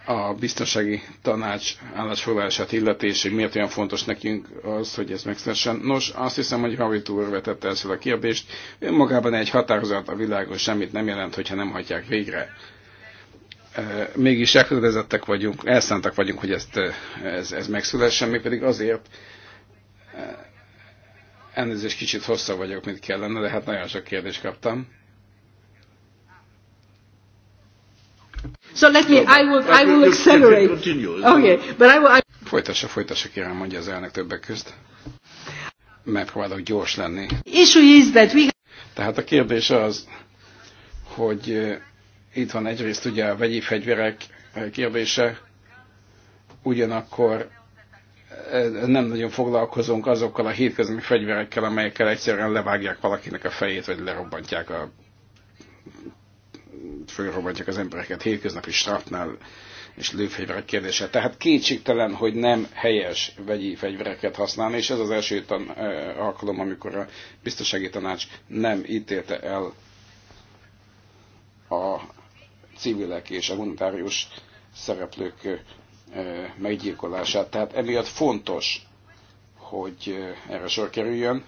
a biztonsági tanács állásfoglalását illeti, és hogy miért olyan fontos nekünk az, hogy ez megszeressen. Nos, azt hiszem, hogy Havit úr vetette ezzel a kérdést. Önmagában egy határozat a világon semmit nem jelent, hogyha nem hagyják végre. Mégis elkötelezettek vagyunk, elszántak vagyunk, hogy ezt, ez, ez megszülessen, még pedig azért, elnézést kicsit hosszabb vagyok, mint kellene, de hát nagyon sok kérdést kaptam
So let me, I will, I will accelerate. Okay, but I will, I...
Folytassa, folytassa, kérem, mondja az elnök többek közt. Megpróbálok gyors lenni. Issue is that we... Tehát a kérdés az, hogy eh, itt van egyrészt ugye a vegyi fegyverek eh, kérdése, ugyanakkor eh, nem nagyon foglalkozunk azokkal a hétköznapi fegyverekkel, amelyekkel egyszerűen levágják valakinek a fejét, vagy lerobbantják a fölrobbantják az embereket hétköznapi strapnál és lőfegyverek kérdése. Tehát kétségtelen, hogy nem helyes vegyi fegyvereket használni, és ez az első tan- alkalom, amikor a biztonsági tanács nem ítélte el a civilek és a humanitárius szereplők meggyilkolását. Tehát emiatt fontos, hogy erre sor kerüljön,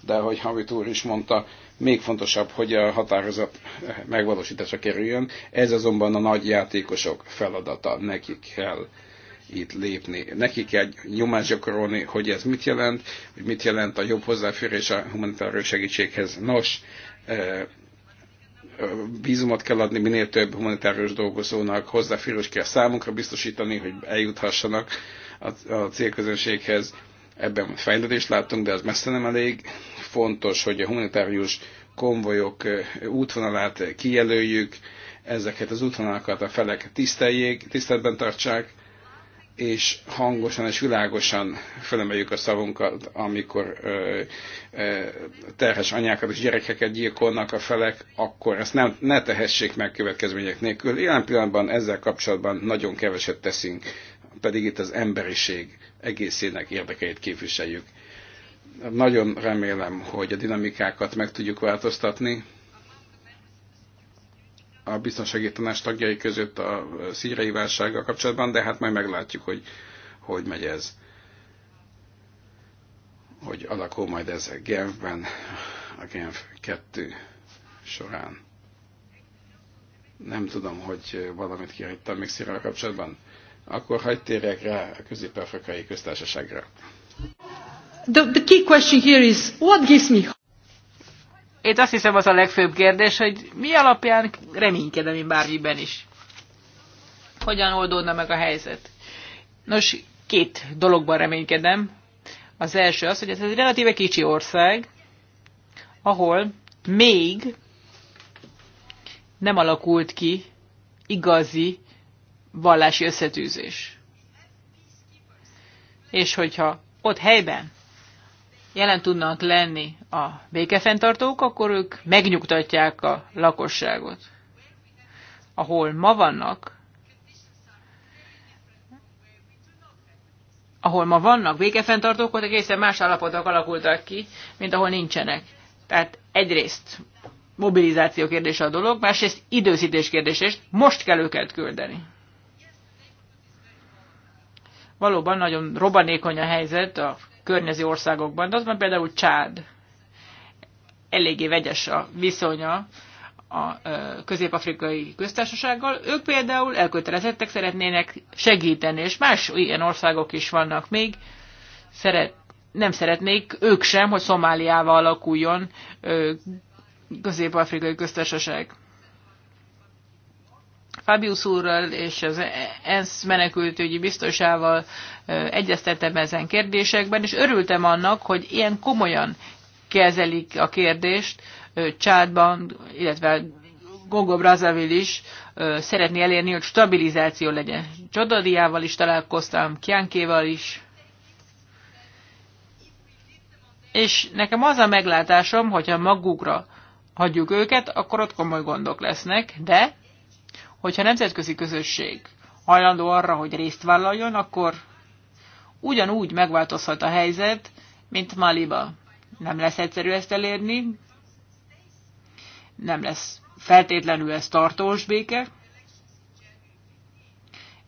de ahogy Havit úr is mondta, még fontosabb, hogy a határozat megvalósítása kerüljön. Ez azonban a nagy játékosok feladata, nekik kell itt lépni. Nekik kell nyomást gyakorolni, hogy ez mit jelent, hogy mit jelent a jobb hozzáférés a humanitárius segítséghez. Nos, e, e, vízumot kell adni minél több humanitárius dolgozónak, hozzáférés kell számunkra biztosítani, hogy eljuthassanak a, a célközönséghez, Ebben fejlődést látunk, de az messze nem elég. Fontos, hogy a humanitárius konvojok útvonalát kijelöljük, ezeket az útvonalakat a felek tiszteljék, tiszteletben tartsák, és hangosan és világosan felemeljük a szavunkat, amikor ö, ö, terhes anyákat és gyerekeket gyilkolnak a felek, akkor ezt nem, ne tehessék meg következmények nélkül. Jelen pillanatban ezzel kapcsolatban nagyon keveset teszünk pedig itt az emberiség egészének érdekeit képviseljük. Nagyon remélem, hogy a dinamikákat meg tudjuk változtatni. A biztonsági tanács tagjai között a szíriai válsággal kapcsolatban, de hát majd meglátjuk, hogy hogy megy ez. Hogy alakul majd ez a Genfben, a Genf 2 során. Nem tudom, hogy valamit kihagytam még szíriai kapcsolatban. Akkor hagyd térjek rá a közép-afrikai köztársaságra.
The, the key question here is, what gives me Én azt hiszem az a legfőbb kérdés, hogy mi alapján reménykedem én bármiben is. Hogyan oldódna meg a helyzet? Nos, két dologban reménykedem. Az első az, hogy ez egy relatíve kicsi ország, ahol még nem alakult ki igazi vallási összetűzés. És hogyha ott helyben jelen tudnak lenni a békefenntartók, akkor ők megnyugtatják a lakosságot. Ahol ma vannak, ahol ma vannak békefenntartók, ott egészen más állapotok alakultak ki, mint ahol nincsenek. Tehát egyrészt mobilizáció kérdése a dolog, másrészt időzítés kérdése, és most kell őket küldeni. Valóban nagyon robanékony a helyzet a környező országokban, de az van például Csád. Eléggé vegyes a viszonya a közép-afrikai köztársasággal. Ők például elkötelezettek, szeretnének segíteni, és más ilyen országok is vannak még. Szeret, nem szeretnék ők sem, hogy Szomáliával alakuljon közép-afrikai köztársaság. Fabius úrral és az ENSZ menekültügyi biztosával egyeztettem ezen kérdésekben, és örültem annak, hogy ilyen komolyan kezelik a kérdést Csádban, illetve Kongo Brazzaville is szeretné elérni, hogy stabilizáció legyen. Csodadiával is találkoztam, Kiánkéval is. És nekem az a meglátásom, hogyha magukra hagyjuk őket, akkor ott komoly gondok lesznek, de Hogyha nemzetközi közösség hajlandó arra, hogy részt vállaljon, akkor ugyanúgy megváltozhat a helyzet, mint Maliba. Nem lesz egyszerű ezt elérni, nem lesz feltétlenül ez tartós béke,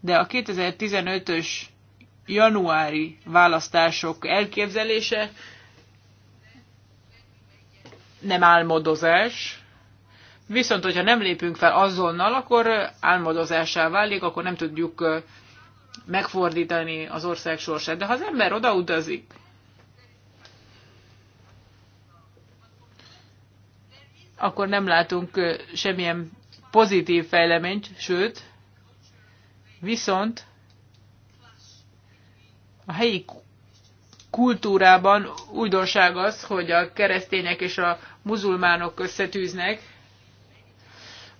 de a 2015-ös januári választások elképzelése nem álmodozás, Viszont, hogyha nem lépünk fel azonnal, akkor álmodozásá válik, akkor nem tudjuk megfordítani az ország sorsát. De ha az ember odautazik, akkor nem látunk semmilyen pozitív fejleményt, sőt, viszont a helyi kultúrában újdonság az, hogy a keresztények és a muzulmánok összetűznek,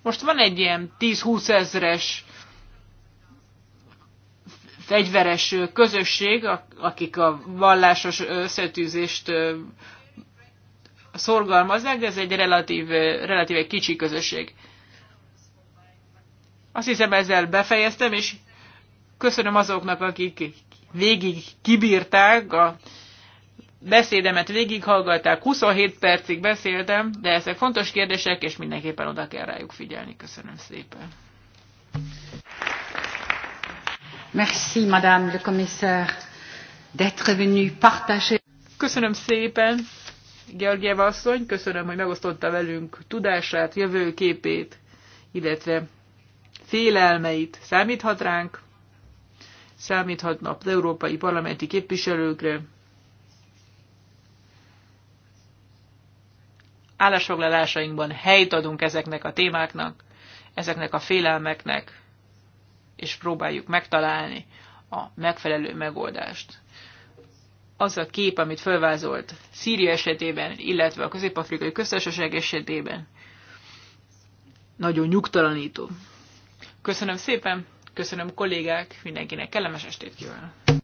most van egy ilyen 10-20 ezres fegyveres közösség, akik a vallásos összetűzést szorgalmazzák, de ez egy relatív, relatív egy kicsi közösség. Azt hiszem ezzel befejeztem, és köszönöm azoknak, akik végig kibírták a beszédemet végighallgatták, 27 percig beszéltem, de ezek fontos kérdések, és mindenképpen oda kell rájuk figyelni. Köszönöm szépen. Merci, Madame le Commissaire, d'être venu partager. Köszönöm szépen, Georgiev asszony, köszönöm, hogy megosztotta velünk tudását, jövőképét, illetve félelmeit. Számíthat ránk, számíthatnak az európai parlamenti képviselőkre, állásfoglalásainkban helyt adunk ezeknek a témáknak, ezeknek a félelmeknek, és próbáljuk megtalálni a megfelelő megoldást. Az a kép, amit felvázolt Szíria esetében, illetve a közép-afrikai köztársaság esetében, nagyon nyugtalanító. Köszönöm szépen, köszönöm kollégák, mindenkinek kellemes estét kívánok!